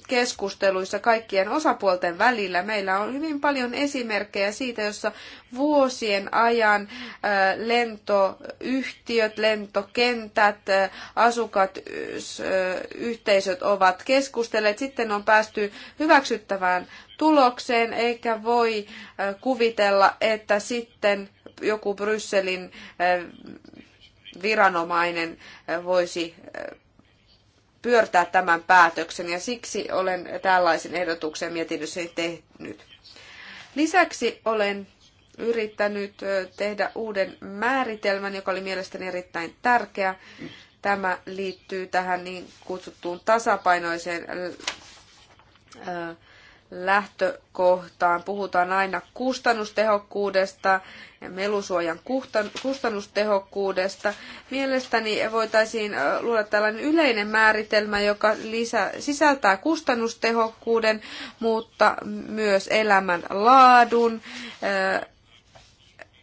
keskusteluissa kaikkien osapuolten välillä. Meillä on hyvin paljon esimerkkejä siitä, jossa vuosien ajan lentoyhtiöt, lentokentät, asukat, yhteisöt ovat keskustelleet. Sitten on päästy hyväksyttävään tulokseen, eikä voi kuvitella, että sitten joku Brysselin viranomainen voisi pyörtää tämän päätöksen ja siksi olen tällaisen ehdotuksen mietinnössäni tehnyt. Lisäksi olen yrittänyt tehdä uuden määritelmän, joka oli mielestäni erittäin tärkeä. Tämä liittyy tähän niin kutsuttuun tasapainoiseen lähtökohtaan. Puhutaan aina kustannustehokkuudesta ja melusuojan kustannustehokkuudesta. Mielestäni voitaisiin luoda tällainen yleinen määritelmä, joka lisä, sisältää kustannustehokkuuden, mutta myös elämän laadun,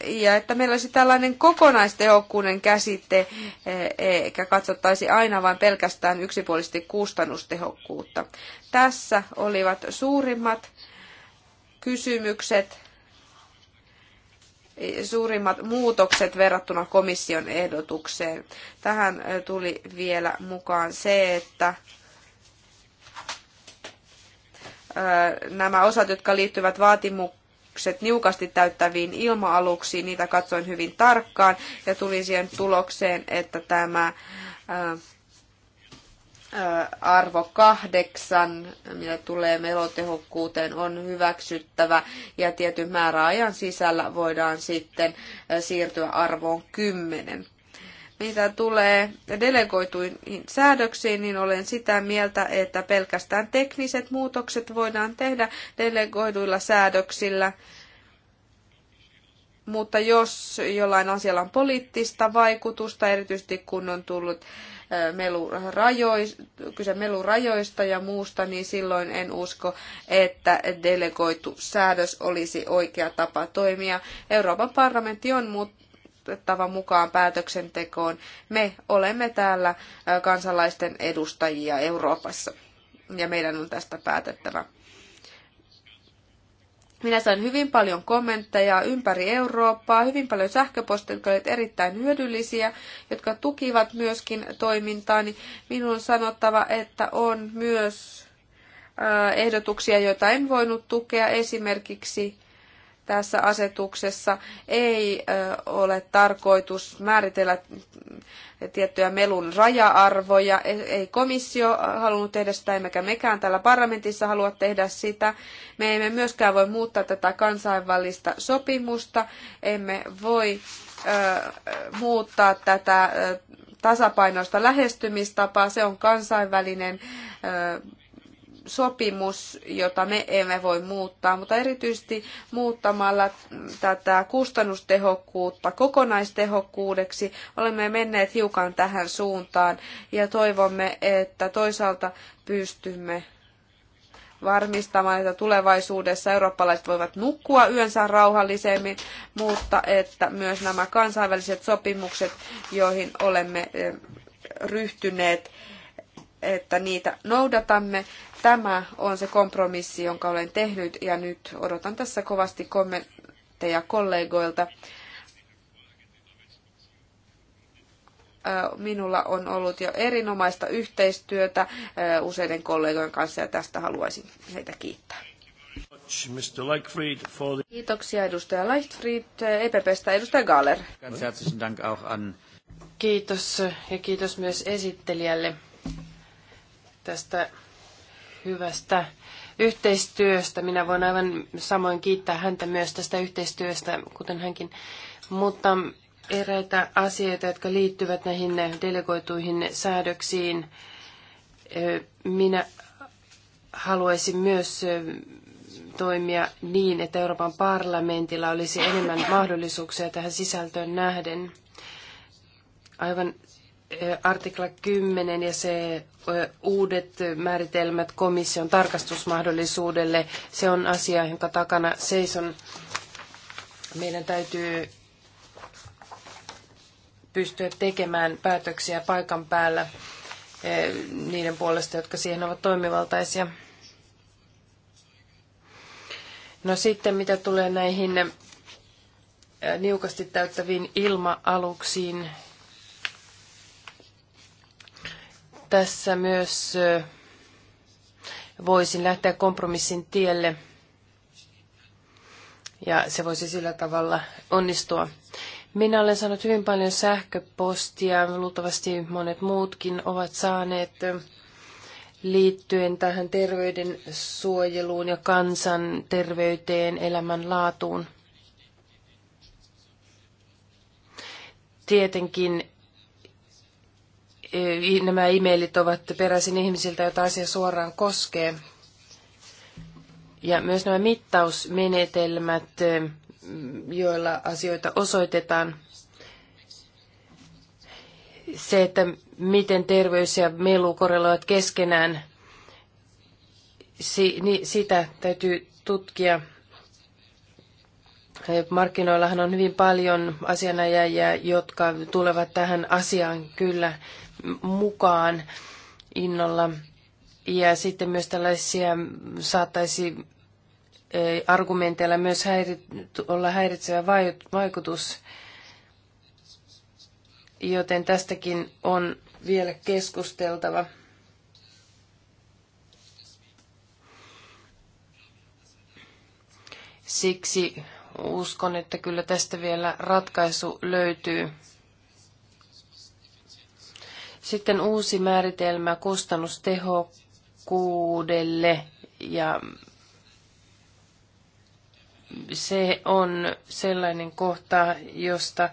ja että meillä olisi tällainen kokonaistehokkuuden käsite, eh, eikä katsottaisi aina vain pelkästään yksipuolisesti kustannustehokkuutta. Tässä olivat suurimmat kysymykset, suurimmat muutokset verrattuna komission ehdotukseen. Tähän eh, tuli vielä mukaan se, että eh, nämä osat, jotka liittyvät vaatimuksiin, vaatimukset niukasti täyttäviin ilma-aluksiin. Niitä katsoin hyvin tarkkaan ja tulin siihen tulokseen, että tämä arvo kahdeksan, mitä tulee melotehokkuuteen, on hyväksyttävä ja tietyn määräajan sisällä voidaan sitten siirtyä arvoon kymmenen. Mitä tulee delegoituihin säädöksiin, niin olen sitä mieltä, että pelkästään tekniset muutokset voidaan tehdä delegoiduilla säädöksillä. Mutta jos jollain asialla on poliittista vaikutusta, erityisesti kun on tullut melurajoista, kyse melurajoista ja muusta, niin silloin en usko, että delegoitu säädös olisi oikea tapa toimia. Euroopan parlamentti on muuttunut otettava mukaan päätöksentekoon. Me olemme täällä kansalaisten edustajia Euroopassa ja meidän on tästä päätettävä. Minä sain hyvin paljon kommentteja ympäri Eurooppaa, hyvin paljon sähköposteja, jotka olivat erittäin hyödyllisiä, jotka tukivat myöskin toimintaani. Minun on sanottava, että on myös ehdotuksia, joita en voinut tukea, esimerkiksi tässä asetuksessa ei ole tarkoitus määritellä tiettyjä melun raja-arvoja. E, ei komissio halunnut tehdä sitä, emmekä mekään täällä parlamentissa halua tehdä sitä. Me emme myöskään voi muuttaa tätä kansainvälistä sopimusta, emme voi muuttaa tätä tasapainoista lähestymistapaa. Se on kansainvälinen sopimus, jota me emme voi muuttaa, mutta erityisesti muuttamalla tätä kustannustehokkuutta kokonaistehokkuudeksi olemme menneet hiukan tähän suuntaan ja toivomme, että toisaalta pystymme varmistamaan, että tulevaisuudessa eurooppalaiset voivat nukkua yönsä rauhallisemmin, mutta että myös nämä kansainväliset sopimukset, joihin olemme eh, ryhtyneet, että niitä noudatamme. Tämä on se kompromissi, jonka olen tehnyt ja nyt odotan tässä kovasti kommentteja kollegoilta. Minulla on ollut jo erinomaista yhteistyötä useiden kollegojen kanssa ja tästä haluaisin heitä kiittää. Kiitoksia edustaja Leichtfried, EPPstä edustaja Galler. Kiitos ja kiitos myös esittelijälle tästä hyvästä yhteistyöstä. Minä voin aivan samoin kiittää häntä myös tästä yhteistyöstä, kuten hänkin. Mutta eräitä asioita, jotka liittyvät näihin delegoituihin säädöksiin, minä haluaisin myös toimia niin, että Euroopan parlamentilla olisi enemmän mahdollisuuksia tähän sisältöön nähden. Aivan artikla 10 ja se uudet määritelmät komission tarkastusmahdollisuudelle, se on asia, jonka takana seison. Meidän täytyy pystyä tekemään päätöksiä paikan päällä niiden puolesta, jotka siihen ovat toimivaltaisia. No sitten mitä tulee näihin niukasti täyttäviin ilma-aluksiin, tässä myös voisin lähteä kompromissin tielle ja se voisi sillä tavalla onnistua. Minä olen saanut hyvin paljon sähköpostia, luultavasti monet muutkin ovat saaneet liittyen tähän terveyden suojeluun ja kansan terveyteen, elämänlaatuun. Tietenkin nämä e-mailit ovat peräisin ihmisiltä, joita asia suoraan koskee. Ja myös nämä mittausmenetelmät, joilla asioita osoitetaan. Se, että miten terveys ja melu korreloivat keskenään, sitä täytyy tutkia Markkinoillahan on hyvin paljon asianajajia, jotka tulevat tähän asiaan kyllä mukaan innolla. Ja sitten myös tällaisia saattaisi e, argumenteilla myös häirit olla häiritsevä vaikutus, joten tästäkin on vielä keskusteltava. Siksi uskon, että kyllä tästä vielä ratkaisu löytyy. Sitten uusi määritelmä kustannustehokkuudelle ja se on sellainen kohta, josta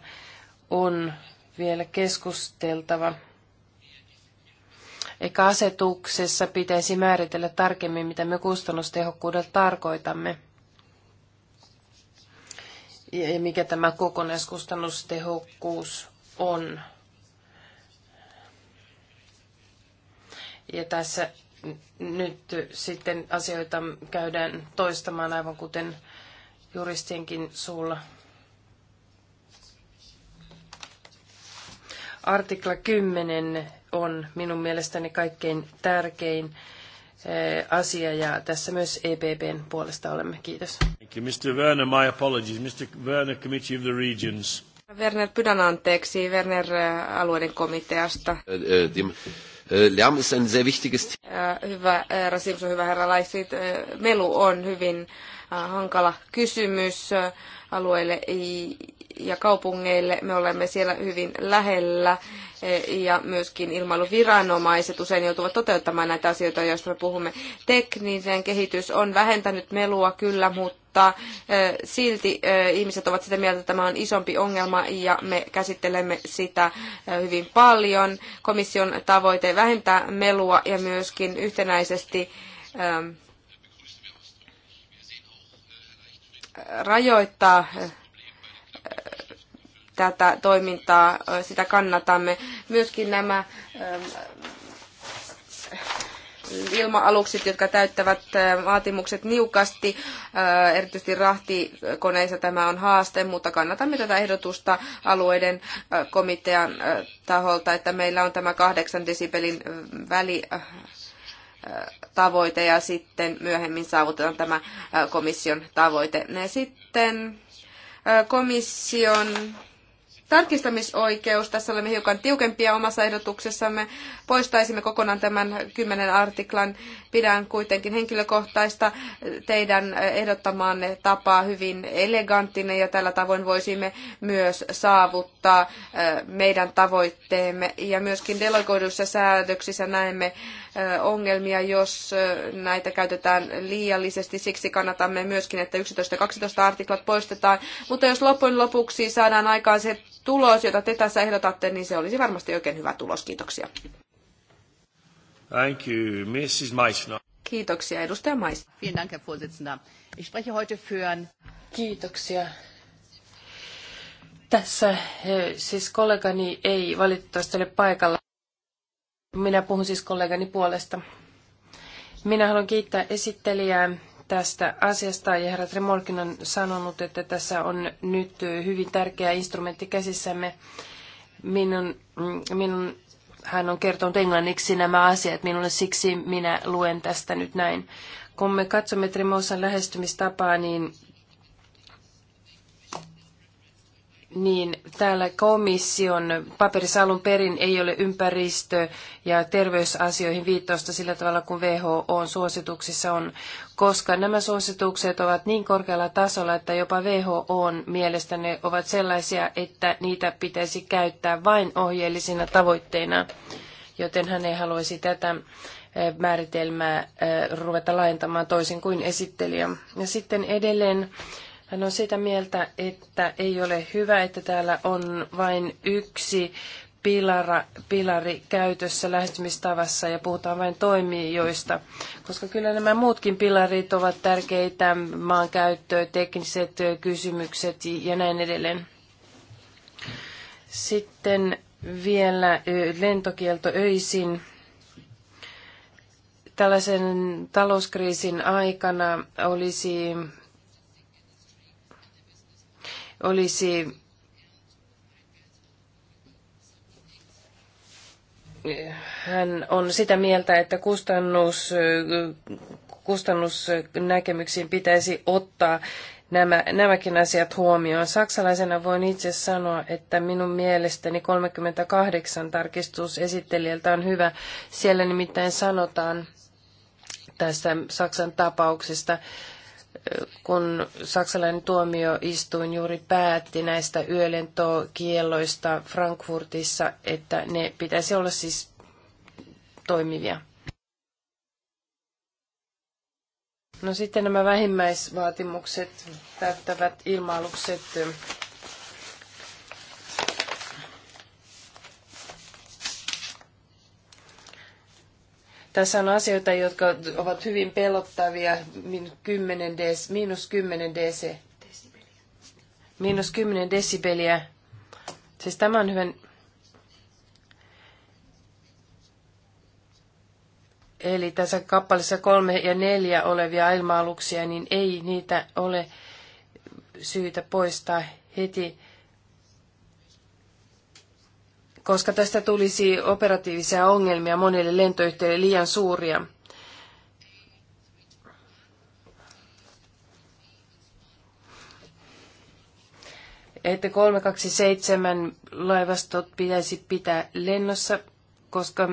on vielä keskusteltava. Eikä asetuksessa pitäisi määritellä tarkemmin, mitä me kustannustehokkuudella tarkoitamme ja mikä tämä kokonaiskustannustehokkuus on. Ja tässä nyt sitten asioita käydään toistamaan aivan kuten juristienkin suulla. Artikla 10 on minun mielestäni kaikkein tärkein Eh, asia ja tässä myös EPPn puolesta olemme. Kiitos. Thank you, Mr. Werner, my apologies. Mr. Werner, Committee of the Regions. Werner, pyydän anteeksi Werner eh, alueiden komiteasta. Lärm ist ein sehr wichtiges Hyvä herra hyvä herra Laisit. Eh, melu on hyvin hankala kysymys alueille ja kaupungeille. Me olemme siellä hyvin lähellä e, ja myöskin ilmailuviranomaiset usein joutuvat toteuttamaan näitä asioita, joista me puhumme. Tekninen kehitys on vähentänyt melua kyllä, mutta e, silti e, ihmiset ovat sitä mieltä, että tämä on isompi ongelma ja me käsittelemme sitä hyvin paljon. Komission tavoite vähentää melua ja myöskin yhtenäisesti rajoittaa eh, tätä toimintaa, eh, sitä kannatamme. Myöskin nämä eh, ilma-alukset, jotka täyttävät vaatimukset niukasti, erityisesti rahtikoneissa tämä on haaste, mutta kannatamme tätä ehdotusta alueiden komitean taholta, että meillä on tämä kahdeksan desibelin väli tavoite ja sitten myöhemmin saavutetaan tämä komission tavoite. Ne sitten komission tarkistamisoikeus. Tässä olemme hiukan tiukempia omassa ehdotuksessamme. Poistaisimme kokonaan tämän 10 artiklan. Pidän kuitenkin henkilökohtaista teidän ehdottamaanne tapaa hyvin eleganttinen ja tällä tavoin voisimme myös saavuttaa meidän tavoitteemme. Ja myöskin delegoiduissa säädöksissä näemme ongelmia, jos näitä käytetään liiallisesti. Siksi kannatamme myöskin, että 11 ja 12 artiklat poistetaan. Mutta jos loppujen lopuksi saadaan aikaan se tulos, jota te tässä ehdotatte, niin se olisi varmasti oikein hyvä tulos. Kiitoksia. Thank you, Mrs. Meissner. Kiitoksia, edustaja Mais. Vielen Kiitoksia. Tässä siis kollegani ei valitettavasti ole paikalla. Minä puhun siis kollegani puolesta. Minä haluan kiittää esittelijää tästä asiasta ja herra Tremolkin on sanonut, että tässä on nyt hyvin tärkeä instrumentti käsissämme. Minun, minun, hän on kertonut englanniksi nämä asiat minulle, siksi minä luen tästä nyt näin. Kun me katsomme Tremosan lähestymistapaa, niin niin täällä komission paperissa alun perin ei ole ympäristö- ja terveysasioihin viittausta sillä tavalla kuin WHOn suosituksissa on, koska nämä suositukset ovat niin korkealla tasolla, että jopa WHOn mielestä ne ovat sellaisia, että niitä pitäisi käyttää vain ohjeellisina tavoitteina, joten hän ei haluaisi tätä eh, määritelmää eh, ruveta laajentamaan toisin kuin esittelijä. Ja sitten edelleen hän no, on sitä mieltä, että ei ole hyvä, että täällä on vain yksi pilara, pilari käytössä lähestymistavassa ja puhutaan vain toimijoista, koska kyllä nämä muutkin pilarit ovat tärkeitä, maankäyttö, tekniset kysymykset ja näin edelleen. Sitten vielä lentokielto öisin. Tällaisen talouskriisin aikana olisi olisi hän on sitä mieltä, että kustannus, kustannusnäkemyksiin pitäisi ottaa nämä, nämäkin asiat huomioon. Saksalaisena voin itse sanoa, että minun mielestäni 38 tarkistus esittelijältä on hyvä. Siellä nimittäin sanotaan tästä Saksan tapauksesta, kun saksalainen tuomioistuin juuri päätti näistä yölentokielloista Frankfurtissa, että ne pitäisi olla siis toimivia. No sitten nämä vähimmäisvaatimukset täyttävät ilma Tässä on asioita, jotka ovat hyvin pelottavia, 10 dc, miinus 10 dc, miinus 10 desibeliä. Siis tämä on hyvän... Eli tässä kappalissa kolme ja neljä olevia ilma-aluksia, niin ei niitä ole syytä poistaa heti koska tästä tulisi operatiivisia ongelmia monille lentoyhtiöille liian suuria. että 327 laivastot pitäisi pitää lennossa, koska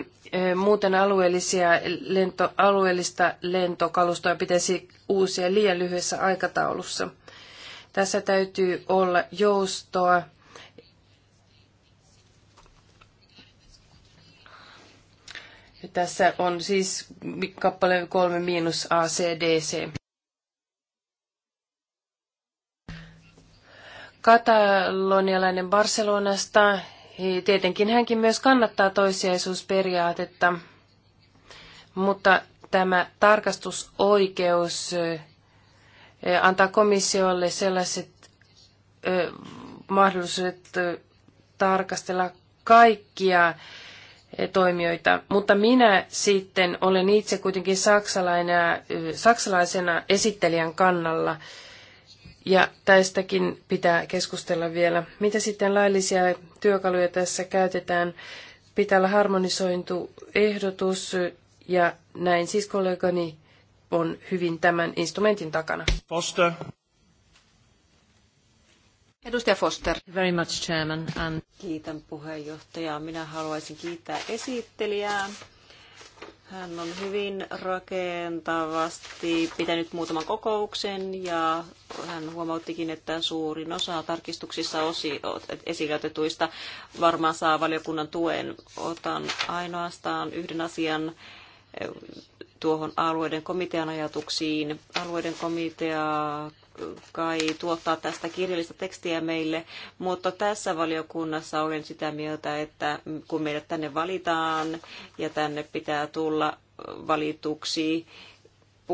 muuten alueellisia lento, alueellista lentokalustoa pitäisi uusia liian lyhyessä aikataulussa. Tässä täytyy olla joustoa Tässä on siis kappale 3 miinus ACDC. Katalonialainen Barcelonasta, tietenkin hänkin myös kannattaa toissijaisuusperiaatetta, mutta tämä tarkastusoikeus eh, antaa komissiolle sellaiset eh, mahdollisuudet eh, tarkastella kaikkia toimijoita. Mutta minä sitten olen itse kuitenkin saksalaisena, saksalaisena esittelijän kannalla. Ja tästäkin pitää keskustella vielä. Mitä sitten laillisia työkaluja tässä käytetään? Pitää olla harmonisointu ehdotus ja näin siis kollegani on hyvin tämän instrumentin takana. Edustaja Foster. Very much chairman and... Kiitän puheenjohtajaa. Minä haluaisin kiittää esittelijää. Hän on hyvin rakentavasti pitänyt muutaman kokouksen ja hän huomauttikin, että suurin osa tarkistuksissa osi, esille otetuista varmaan saa valiokunnan tuen. Otan ainoastaan yhden asian tuohon alueiden komitean ajatuksiin. Alueiden komitea kai tuottaa tästä kirjallista tekstiä meille, mutta tässä valiokunnassa olen sitä mieltä, että kun meidät tänne valitaan ja tänne pitää tulla valituksi,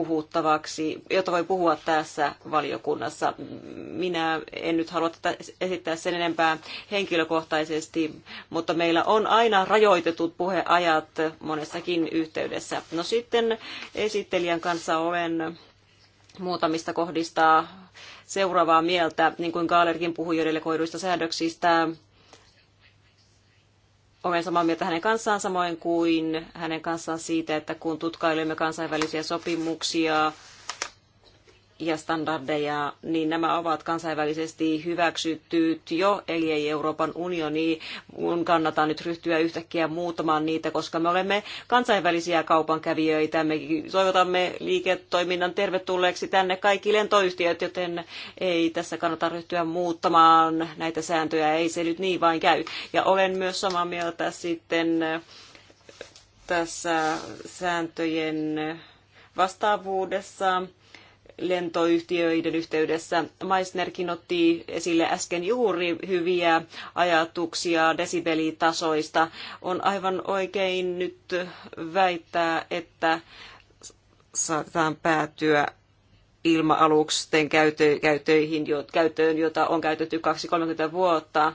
puhuttavaksi, jota voi puhua tässä valiokunnassa. Minä en nyt halua tätä esittää sen enempää henkilökohtaisesti, mutta meillä on aina rajoitetut puheajat monessakin yhteydessä. No sitten esittelijän kanssa olen muutamista kohdista seuraavaa mieltä, niin kuin Kaalerkin puhui edellä koiduista säädöksistä olen samaa mieltä hänen kanssaan samoin kuin hänen kanssaan siitä, että kun tutkailemme kansainvälisiä sopimuksia, ja standardeja, niin nämä ovat kansainvälisesti hyväksyttyt jo, eli ei Euroopan unioni mun kannata nyt ryhtyä yhtäkkiä muuttamaan niitä, koska me olemme kansainvälisiä kaupankävijöitä. Me toivotamme liiketoiminnan tervetulleeksi tänne kaikki lentoyhtiöt, joten ei tässä kannata ryhtyä muuttamaan näitä sääntöjä, ei se nyt niin vain käy. Ja olen myös samaa mieltä sitten tässä sääntöjen vastaavuudessa lentoyhtiöiden yhteydessä. Meissnerkin otti esille äsken juuri hyviä ajatuksia desibelitasoista. On aivan oikein nyt väittää, että saatetaan päätyä ilma-alusten käytöihin, käyttöön, jota on käytetty 20 30 vuotta.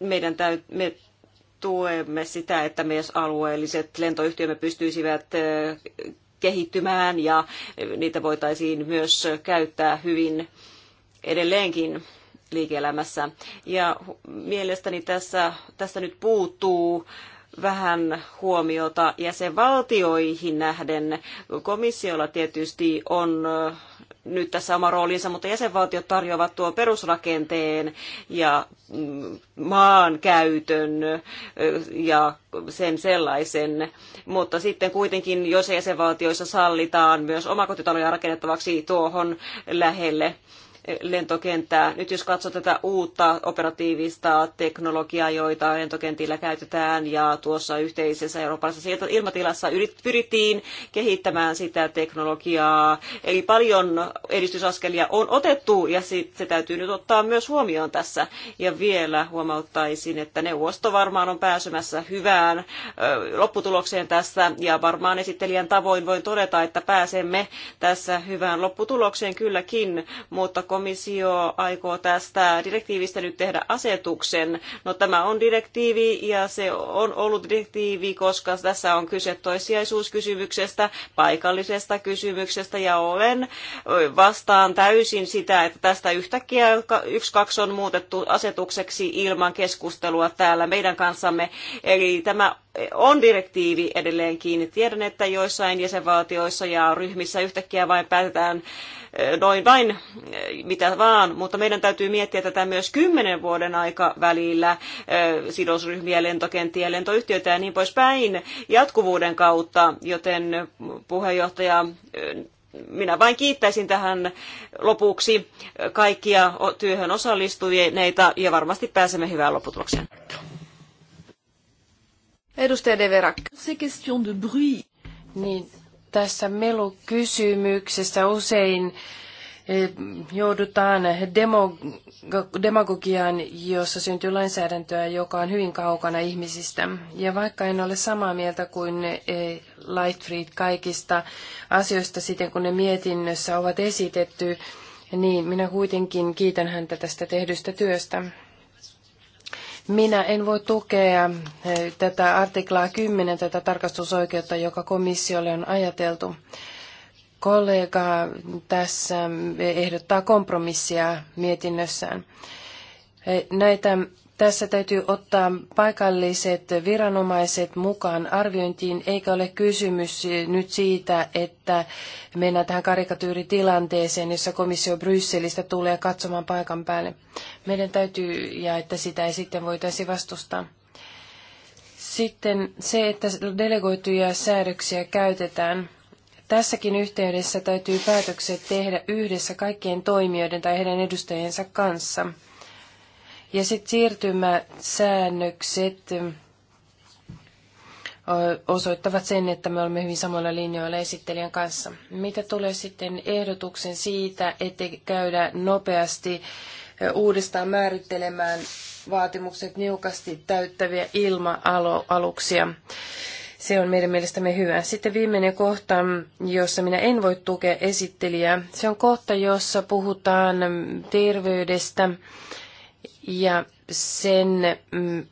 Meidän täytyy me tuemme sitä, että myös alueelliset lentoyhtiömme pystyisivät kehittymään ja niitä voitaisiin myös käyttää hyvin edelleenkin liike-elämässä. Ja mielestäni tässä, tässä nyt puuttuu vähän huomiota jäsenvaltioihin nähden. Komissiolla tietysti on nyt tässä oma roolinsa, mutta jäsenvaltiot tarjoavat tuon perusrakenteen ja mm, maan käytön ja sen sellaisen. Mutta sitten kuitenkin, jos jäsenvaltioissa sallitaan myös omakotitaloja rakennettavaksi tuohon lähelle lentokenttää. Nyt jos katsoo tätä uutta operatiivista teknologiaa, joita lentokentillä käytetään ja tuossa yhteisessä eurooppalaisessa ilmatilassa pyrittiin kehittämään sitä teknologiaa. Eli paljon edistysaskelia on otettu ja se täytyy nyt ottaa myös huomioon tässä. Ja vielä huomauttaisin, että neuvosto varmaan on pääsemässä hyvään lopputulokseen tässä ja varmaan esittelijän tavoin voin todeta, että pääsemme tässä hyvään lopputulokseen kylläkin, mutta komissio aikoo tästä direktiivistä nyt tehdä asetuksen. No tämä on direktiivi ja se on ollut direktiivi, koska tässä on kyse toissijaisuuskysymyksestä, paikallisesta kysymyksestä ja olen vastaan täysin sitä, että tästä yhtäkkiä yksi kaksi on muutettu asetukseksi ilman keskustelua täällä meidän kanssamme. Eli tämä on direktiivi edelleen kiinni. Tiedän, että joissain jäsenvaltioissa ja ryhmissä yhtäkkiä vain päätetään noin vain mitä vaan, mutta meidän täytyy miettiä tätä myös kymmenen vuoden aika välillä sidosryhmiä, lentokenttiä, lentoyhtiöitä ja niin poispäin jatkuvuuden kautta, joten puheenjohtaja minä vain kiittäisin tähän lopuksi kaikkia työhön osallistujia ja varmasti pääsemme hyvään lopputulokseen. Edustaja Deverak. Se question de bruit. Niin, tässä melukysymyksessä usein eh, joudutaan demo, demagogiaan, jossa syntyy lainsäädäntöä, joka on hyvin kaukana ihmisistä. Ja vaikka en ole samaa mieltä kuin eh, Lightfried kaikista asioista siten, kun ne mietinnössä ovat esitetty, niin minä kuitenkin kiitän häntä tästä tehdystä työstä. Minä en voi tukea eh, tätä artiklaa 10, tätä tarkastusoikeutta, joka komissiolle on ajateltu. Kollega tässä ehdottaa kompromissia mietinnössään. Eh, näitä tässä täytyy ottaa paikalliset viranomaiset mukaan arviointiin, eikä ole kysymys nyt siitä, että mennään tähän karikatyyritilanteeseen, jossa komissio Brysselistä tulee katsomaan paikan päälle. Meidän täytyy, ja että sitä ei sitten voitaisi vastustaa. Sitten se, että delegoituja säädöksiä käytetään. Tässäkin yhteydessä täytyy päätökset tehdä yhdessä kaikkien toimijoiden tai heidän edustajiensa kanssa – ja sitten siirtymäsäännökset osoittavat sen, että me olemme hyvin samoilla linjoilla esittelijän kanssa. Mitä tulee sitten ehdotuksen siitä, ettei käydä nopeasti uudestaan määrittelemään vaatimukset niukasti täyttäviä ilma-aluksia. Se on meidän mielestämme hyvä. Sitten viimeinen kohta, jossa minä en voi tukea esittelijää, se on kohta, jossa puhutaan terveydestä ja sen mm,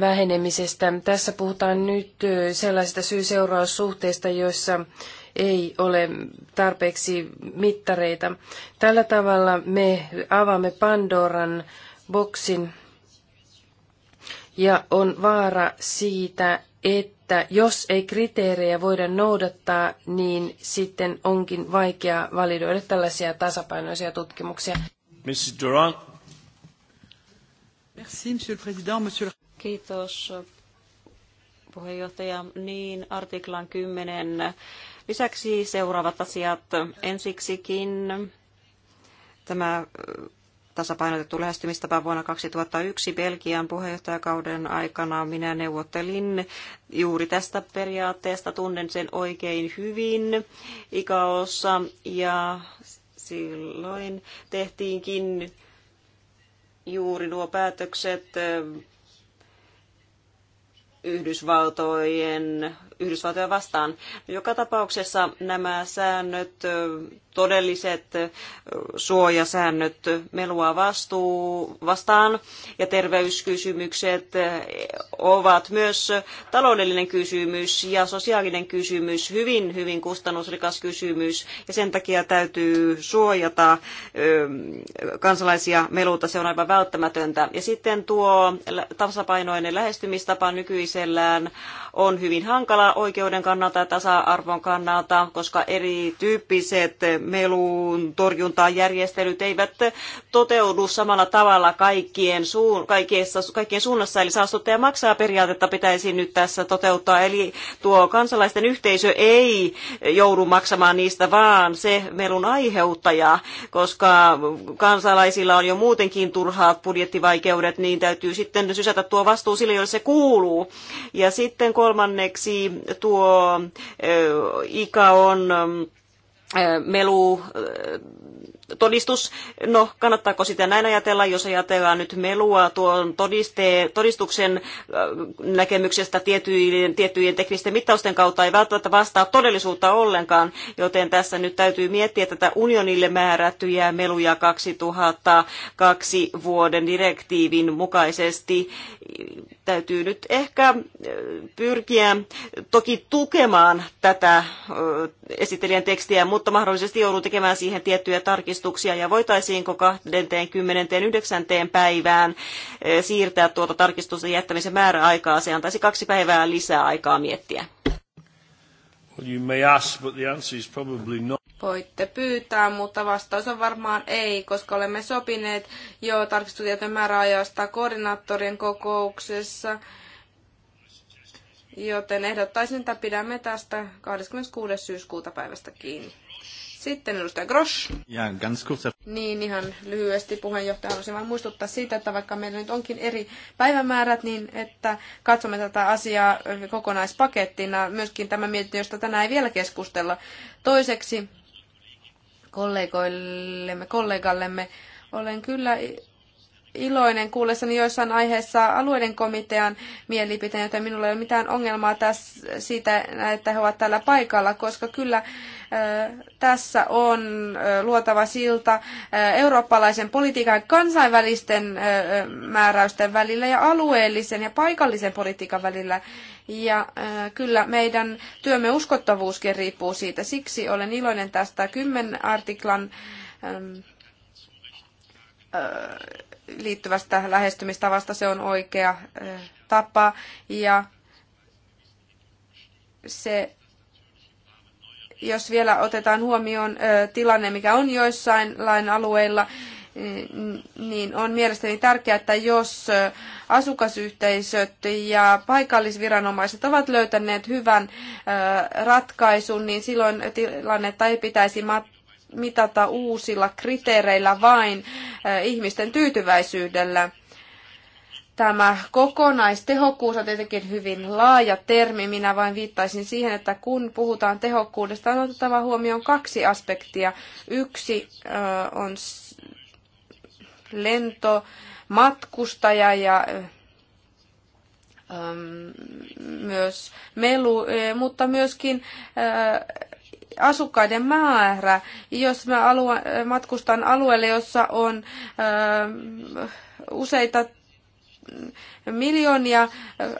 vähenemisestä. Tässä puhutaan nyt sellaisista syy-seuraussuhteista, joissa ei ole tarpeeksi mittareita. Tällä tavalla me avaamme Pandoran boksin ja on vaara siitä, että jos ei kriteerejä voida noudattaa, niin sitten onkin vaikea validoida tällaisia tasapainoisia tutkimuksia. Mrs. Durant, Merci, monsieur le puheenjohtaja. Niin, artiklan kymmenen Lisäksi seuraavat asiat. Ensiksikin tämä äh, tasapainotettu lähestymistapa vuonna 2001 Belgian puheenjohtajakauden aikana. Minä neuvottelin juuri tästä periaatteesta, tunnen sen oikein hyvin ikaossa ja silloin tehtiinkin juuri nuo päätökset Yhdysvaltojen Yhdysvaltoja vastaan. Joka tapauksessa nämä säännöt, todelliset suojasäännöt melua vastuu vastaan ja terveyskysymykset ovat myös taloudellinen kysymys ja sosiaalinen kysymys, hyvin, hyvin kustannusrikas kysymys ja sen takia täytyy suojata kansalaisia melulta, se on aivan välttämätöntä. Ja sitten tuo tasapainoinen lähestymistapa nykyisellään on hyvin hankala oikeuden kannalta ja tasa-arvon kannalta, koska erityyppiset melun torjuntajärjestelyt eivät toteudu samalla tavalla kaikkien, suun, kaikkien suunnassa, eli saastuttaja maksaa periaatetta pitäisi nyt tässä toteuttaa, eli tuo kansalaisten yhteisö ei joudu maksamaan niistä, vaan se melun aiheuttaja, koska kansalaisilla on jo muutenkin turhaat budjettivaikeudet, niin täytyy sitten sysätä tuo vastuu sille, jolle se kuuluu. Ja sitten Kolmanneksi tuo ikä on melu todistus. No, kannattaako sitä näin ajatella, jos ajatellaan nyt melua tuon todiste, todistuksen näkemyksestä tiettyjen, tiettyjen teknisten mittausten kautta ei välttämättä vastaa todellisuutta ollenkaan, joten tässä nyt täytyy miettiä tätä unionille määrättyjä meluja 2002 vuoden direktiivin mukaisesti täytyy nyt ehkä pyrkiä toki tukemaan tätä esittelijän tekstiä, mutta mahdollisesti joudun tekemään siihen tiettyjä tarkistuksia ja voitaisiinko 29. päivään siirtää tuota tarkistusten jättämisen määräaikaa. Se antaisi kaksi päivää lisää aikaa miettiä. Well, you may ask, but the answer is probably not voitte pyytää, mutta vastaus on varmaan ei, koska olemme sopineet jo tarkistustietojen määräajasta koordinaattorien kokouksessa. Joten ehdottaisin, että pidämme tästä 26. syyskuuta päivästä kiinni. Sitten edustaja Grosch. Ja, ganz kurz. Niin, ihan lyhyesti puheenjohtaja haluaisin vain muistuttaa siitä, että vaikka meillä nyt onkin eri päivämäärät, niin että katsomme tätä asiaa kokonaispakettina. Myöskin tämä mietintö, josta tänään ei vielä keskustella. Toiseksi kollegoillemme, kollegallemme. Olen kyllä iloinen kuullessani joissain aiheessa alueiden komitean mielipiteen, joten minulla ei ole mitään ongelmaa tässä, siitä, että he ovat täällä paikalla, koska kyllä äh, tässä on äh, luotava silta äh, eurooppalaisen politiikan kansainvälisten määräysten välillä ja alueellisen ja paikallisen politiikan välillä. Ja äh, kyllä meidän työmme uskottavuuskin riippuu siitä. Siksi olen iloinen tästä 10 artiklan ähm, äh, liittyvästä lähestymistavasta. Se on oikea äh, tapa. Ja se jos vielä otetaan huomioon tilanne, mikä on joissain lain alueilla, niin on mielestäni tärkeää, että jos asukasyhteisöt ja paikallisviranomaiset ovat löytäneet hyvän ratkaisun, niin silloin tilannetta ei pitäisi mitata uusilla kriteereillä vain ihmisten tyytyväisyydellä tämä kokonaistehokkuus on tietenkin hyvin laaja termi. Minä vain viittaisin siihen, että kun puhutaan tehokkuudesta, on otettava huomioon kaksi aspektia. Yksi on lentomatkustaja ja myös melu, mutta myöskin asukkaiden määrä. Jos mä alue, matkustan alueelle, jossa on useita miljoonia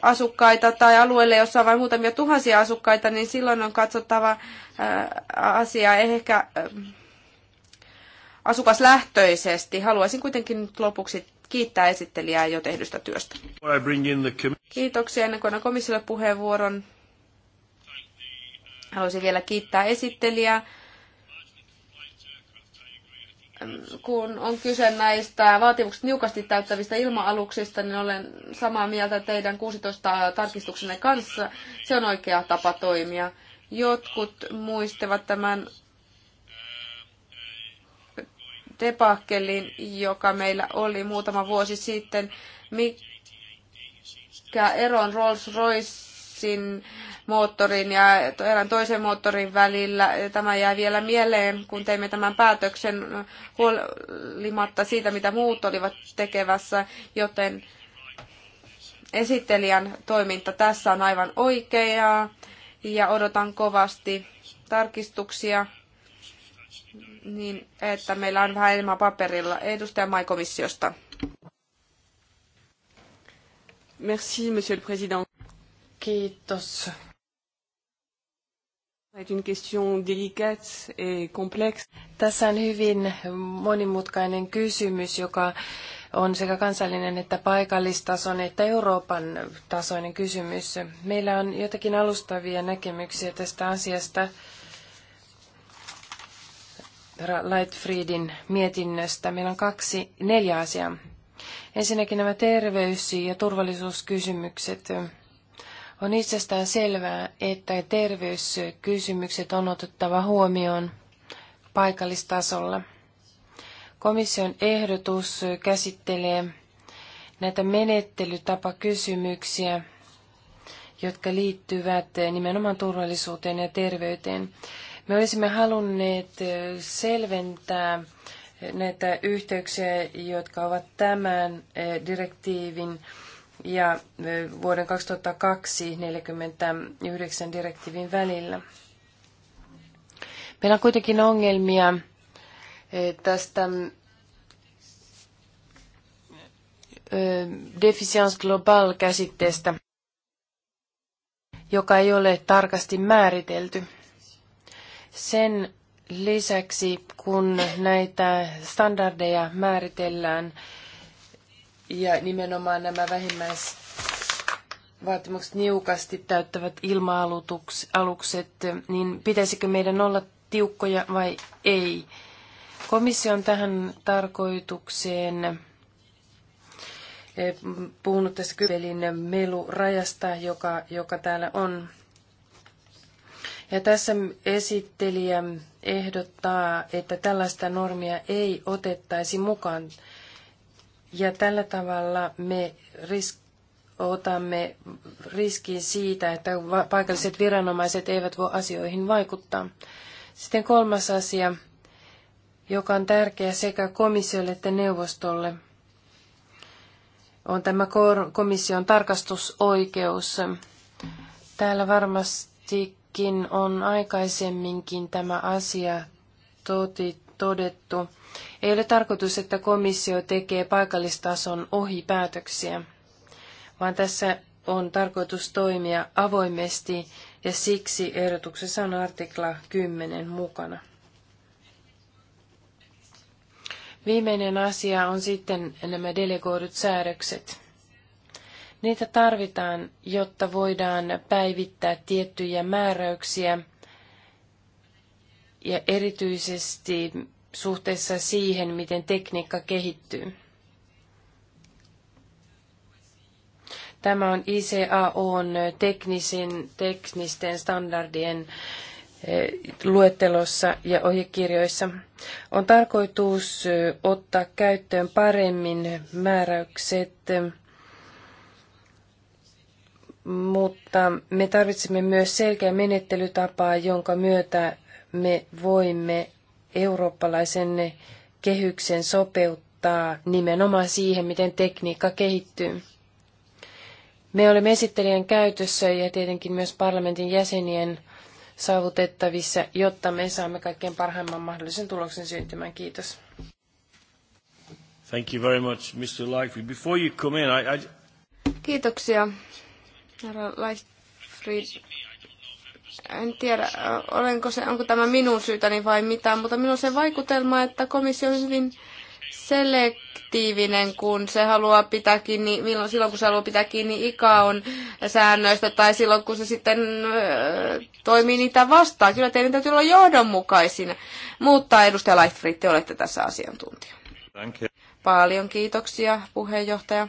asukkaita tai alueelle, jossa on vain muutamia tuhansia asukkaita, niin silloin on katsottava asia ehkä asukaslähtöisesti. Haluaisin kuitenkin nyt lopuksi kiittää esittelijää jo tehdystä työstä. Kiitoksia ennen kuin komissiolle puheenvuoron. Haluaisin vielä kiittää esittelijää. Kun on kyse näistä vaatimukset niukasti täyttävistä ilma-aluksista, niin olen samaa mieltä teidän 16 tarkistuksenne kanssa. Se on oikea tapa toimia. Jotkut muistavat tämän debakkelin, joka meillä oli muutama vuosi sitten, mikä ero on Rolls-Roycein moottorin ja erään toisen moottorin välillä. Tämä jäi vielä mieleen, kun teimme tämän päätöksen huolimatta siitä, mitä muut olivat tekevässä, joten esittelijän toiminta tässä on aivan oikeaa ja odotan kovasti tarkistuksia niin että meillä on vähän enemmän paperilla. Edustaja Mai komissiosta. Merci, monsieur le président. Kiitos. Tässä on hyvin monimutkainen kysymys, joka on sekä kansallinen että paikallistason että Euroopan tasoinen kysymys. Meillä on jotakin alustavia näkemyksiä tästä asiasta herra Lightfriedin mietinnöstä. Meillä on kaksi, neljä asiaa. Ensinnäkin nämä terveys- ja turvallisuuskysymykset. On itsestään selvää, että terveyskysymykset on otettava huomioon paikallistasolla. Komission ehdotus käsittelee näitä menettelytapakysymyksiä, jotka liittyvät nimenomaan turvallisuuteen ja terveyteen. Me olisimme halunneet selventää näitä yhteyksiä, jotka ovat tämän direktiivin ja vuoden 2002-49 direktiivin välillä. Meillä on kuitenkin ongelmia tästä deficience global käsitteestä, joka ei ole tarkasti määritelty. Sen lisäksi, kun näitä standardeja määritellään ja nimenomaan nämä vähimmäisvaatimukset niukasti täyttävät ilma-alukset, niin pitäisikö meidän olla tiukkoja vai ei? Komissio on tähän tarkoitukseen eh, puhunut tästä kypelin melurajasta, joka, joka täällä on ja tässä esittelijä ehdottaa, että tällaista normia ei otettaisi mukaan. Ja tällä tavalla me risk, otamme riskin siitä, että paikalliset viranomaiset eivät voi asioihin vaikuttaa. Sitten kolmas asia, joka on tärkeä sekä komissiolle että neuvostolle, on tämä komission tarkastusoikeus. Täällä varmasti Täälläkin on aikaisemminkin tämä asia toti, todettu. Ei ole tarkoitus, että komissio tekee paikallistason ohipäätöksiä, vaan tässä on tarkoitus toimia avoimesti ja siksi ehdotuksessa on artikla 10 mukana. Viimeinen asia on sitten nämä delegoidut säädökset. Niitä tarvitaan, jotta voidaan päivittää tiettyjä määräyksiä ja erityisesti suhteessa siihen, miten tekniikka kehittyy. Tämä on ICAOn teknisin, teknisten standardien e, luettelossa ja ohjekirjoissa. On tarkoitus ottaa käyttöön paremmin määräykset mutta me tarvitsemme myös selkeä menettelytapaa, jonka myötä me voimme eurooppalaisen kehyksen sopeuttaa nimenomaan siihen, miten tekniikka kehittyy. Me olemme esittelijän käytössä ja tietenkin myös parlamentin jäsenien saavutettavissa, jotta me saamme kaikkein parhaimman mahdollisen tuloksen syntymään. Kiitos. Thank you very much, Mr. Lightfield. Before you come in, I, I... Kiitoksia. Herra Lightfried, en tiedä, olenko se, onko tämä minun syytäni vai mitä, mutta minun se vaikutelma, että komissio on hyvin selektiivinen, kun se haluaa pitää kiinni, milloin, silloin kun se haluaa pitää kiinni ikaon säännöistä tai silloin kun se sitten öö, toimii niitä vastaan. Kyllä teidän täytyy olla johdonmukaisina. Mutta edustaja Leifrit, te olette tässä asiantuntija. Paljon kiitoksia puheenjohtaja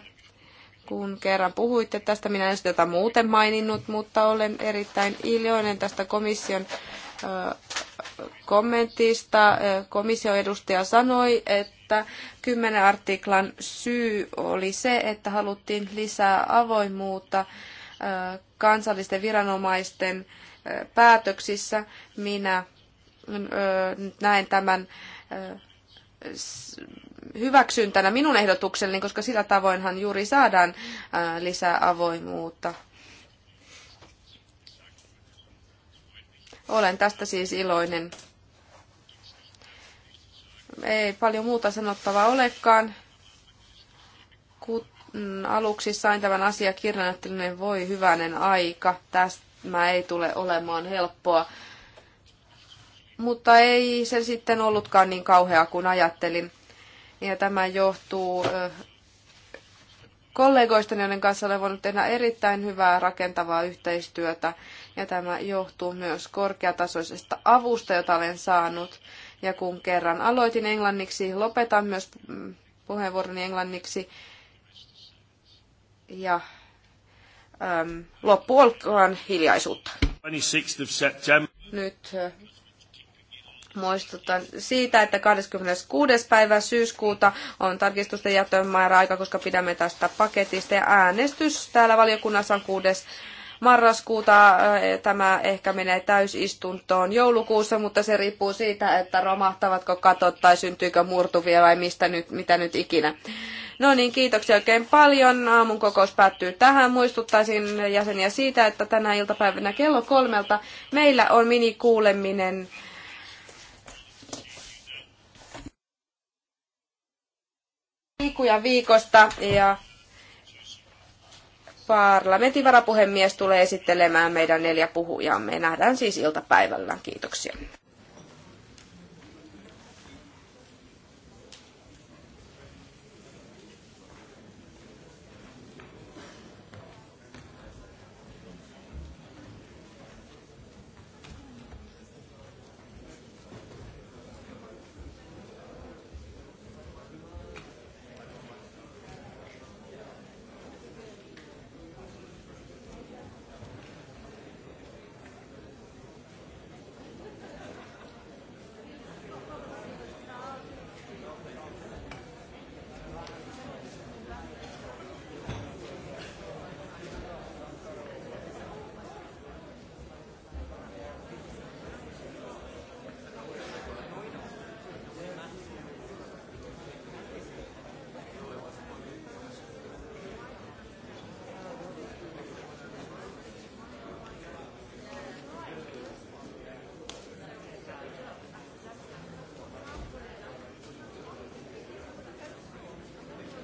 kun kerran puhuitte tästä. Minä en sitä muuten maininnut, mutta olen erittäin iloinen tästä komission kommentista. Komission edustaja sanoi, että kymmenen artiklan syy oli se, että haluttiin lisää avoimuutta kansallisten viranomaisten päätöksissä. Minä näen tämän hyväksyntänä minun ehdotukselleni, koska sillä tavoinhan juuri saadaan lisää avoimuutta. Olen tästä siis iloinen. Ei paljon muuta sanottavaa olekaan. aluksi sain tämän asiakirjan, että ne voi hyvänen aika. Tämä ei tule olemaan helppoa. Mutta ei se sitten ollutkaan niin kauhea kuin ajattelin ja tämä johtuu kollegoista, joiden kanssa olen voinut tehdä erittäin hyvää rakentavaa yhteistyötä. Ja tämä johtuu myös korkeatasoisesta avusta, jota olen saanut. Ja kun kerran aloitin englanniksi, lopetan myös mm, puheenvuoroni englanniksi. Ja ähm, loppu olkoon hiljaisuutta. Nyt Muistutan siitä, että 26. päivä syyskuuta on tarkistusten jätön aika, koska pidämme tästä paketista ja äänestys täällä valiokunnassa on 6 marraskuuta. Äh, tämä ehkä menee täysistuntoon joulukuussa, mutta se riippuu siitä, että romahtavatko katot tai syntyykö murtuvia vai mistä nyt, mitä nyt ikinä. No niin, kiitoksia oikein paljon. Aamun kokous päättyy tähän. Muistuttaisin jäseniä siitä, että tänä iltapäivänä kello kolmelta meillä on minikuuleminen liikuja viikosta ja parlamentin varapuhemies tulee esittelemään meidän neljä puhujaamme Nähdään siis iltapäivällä. Kiitoksia.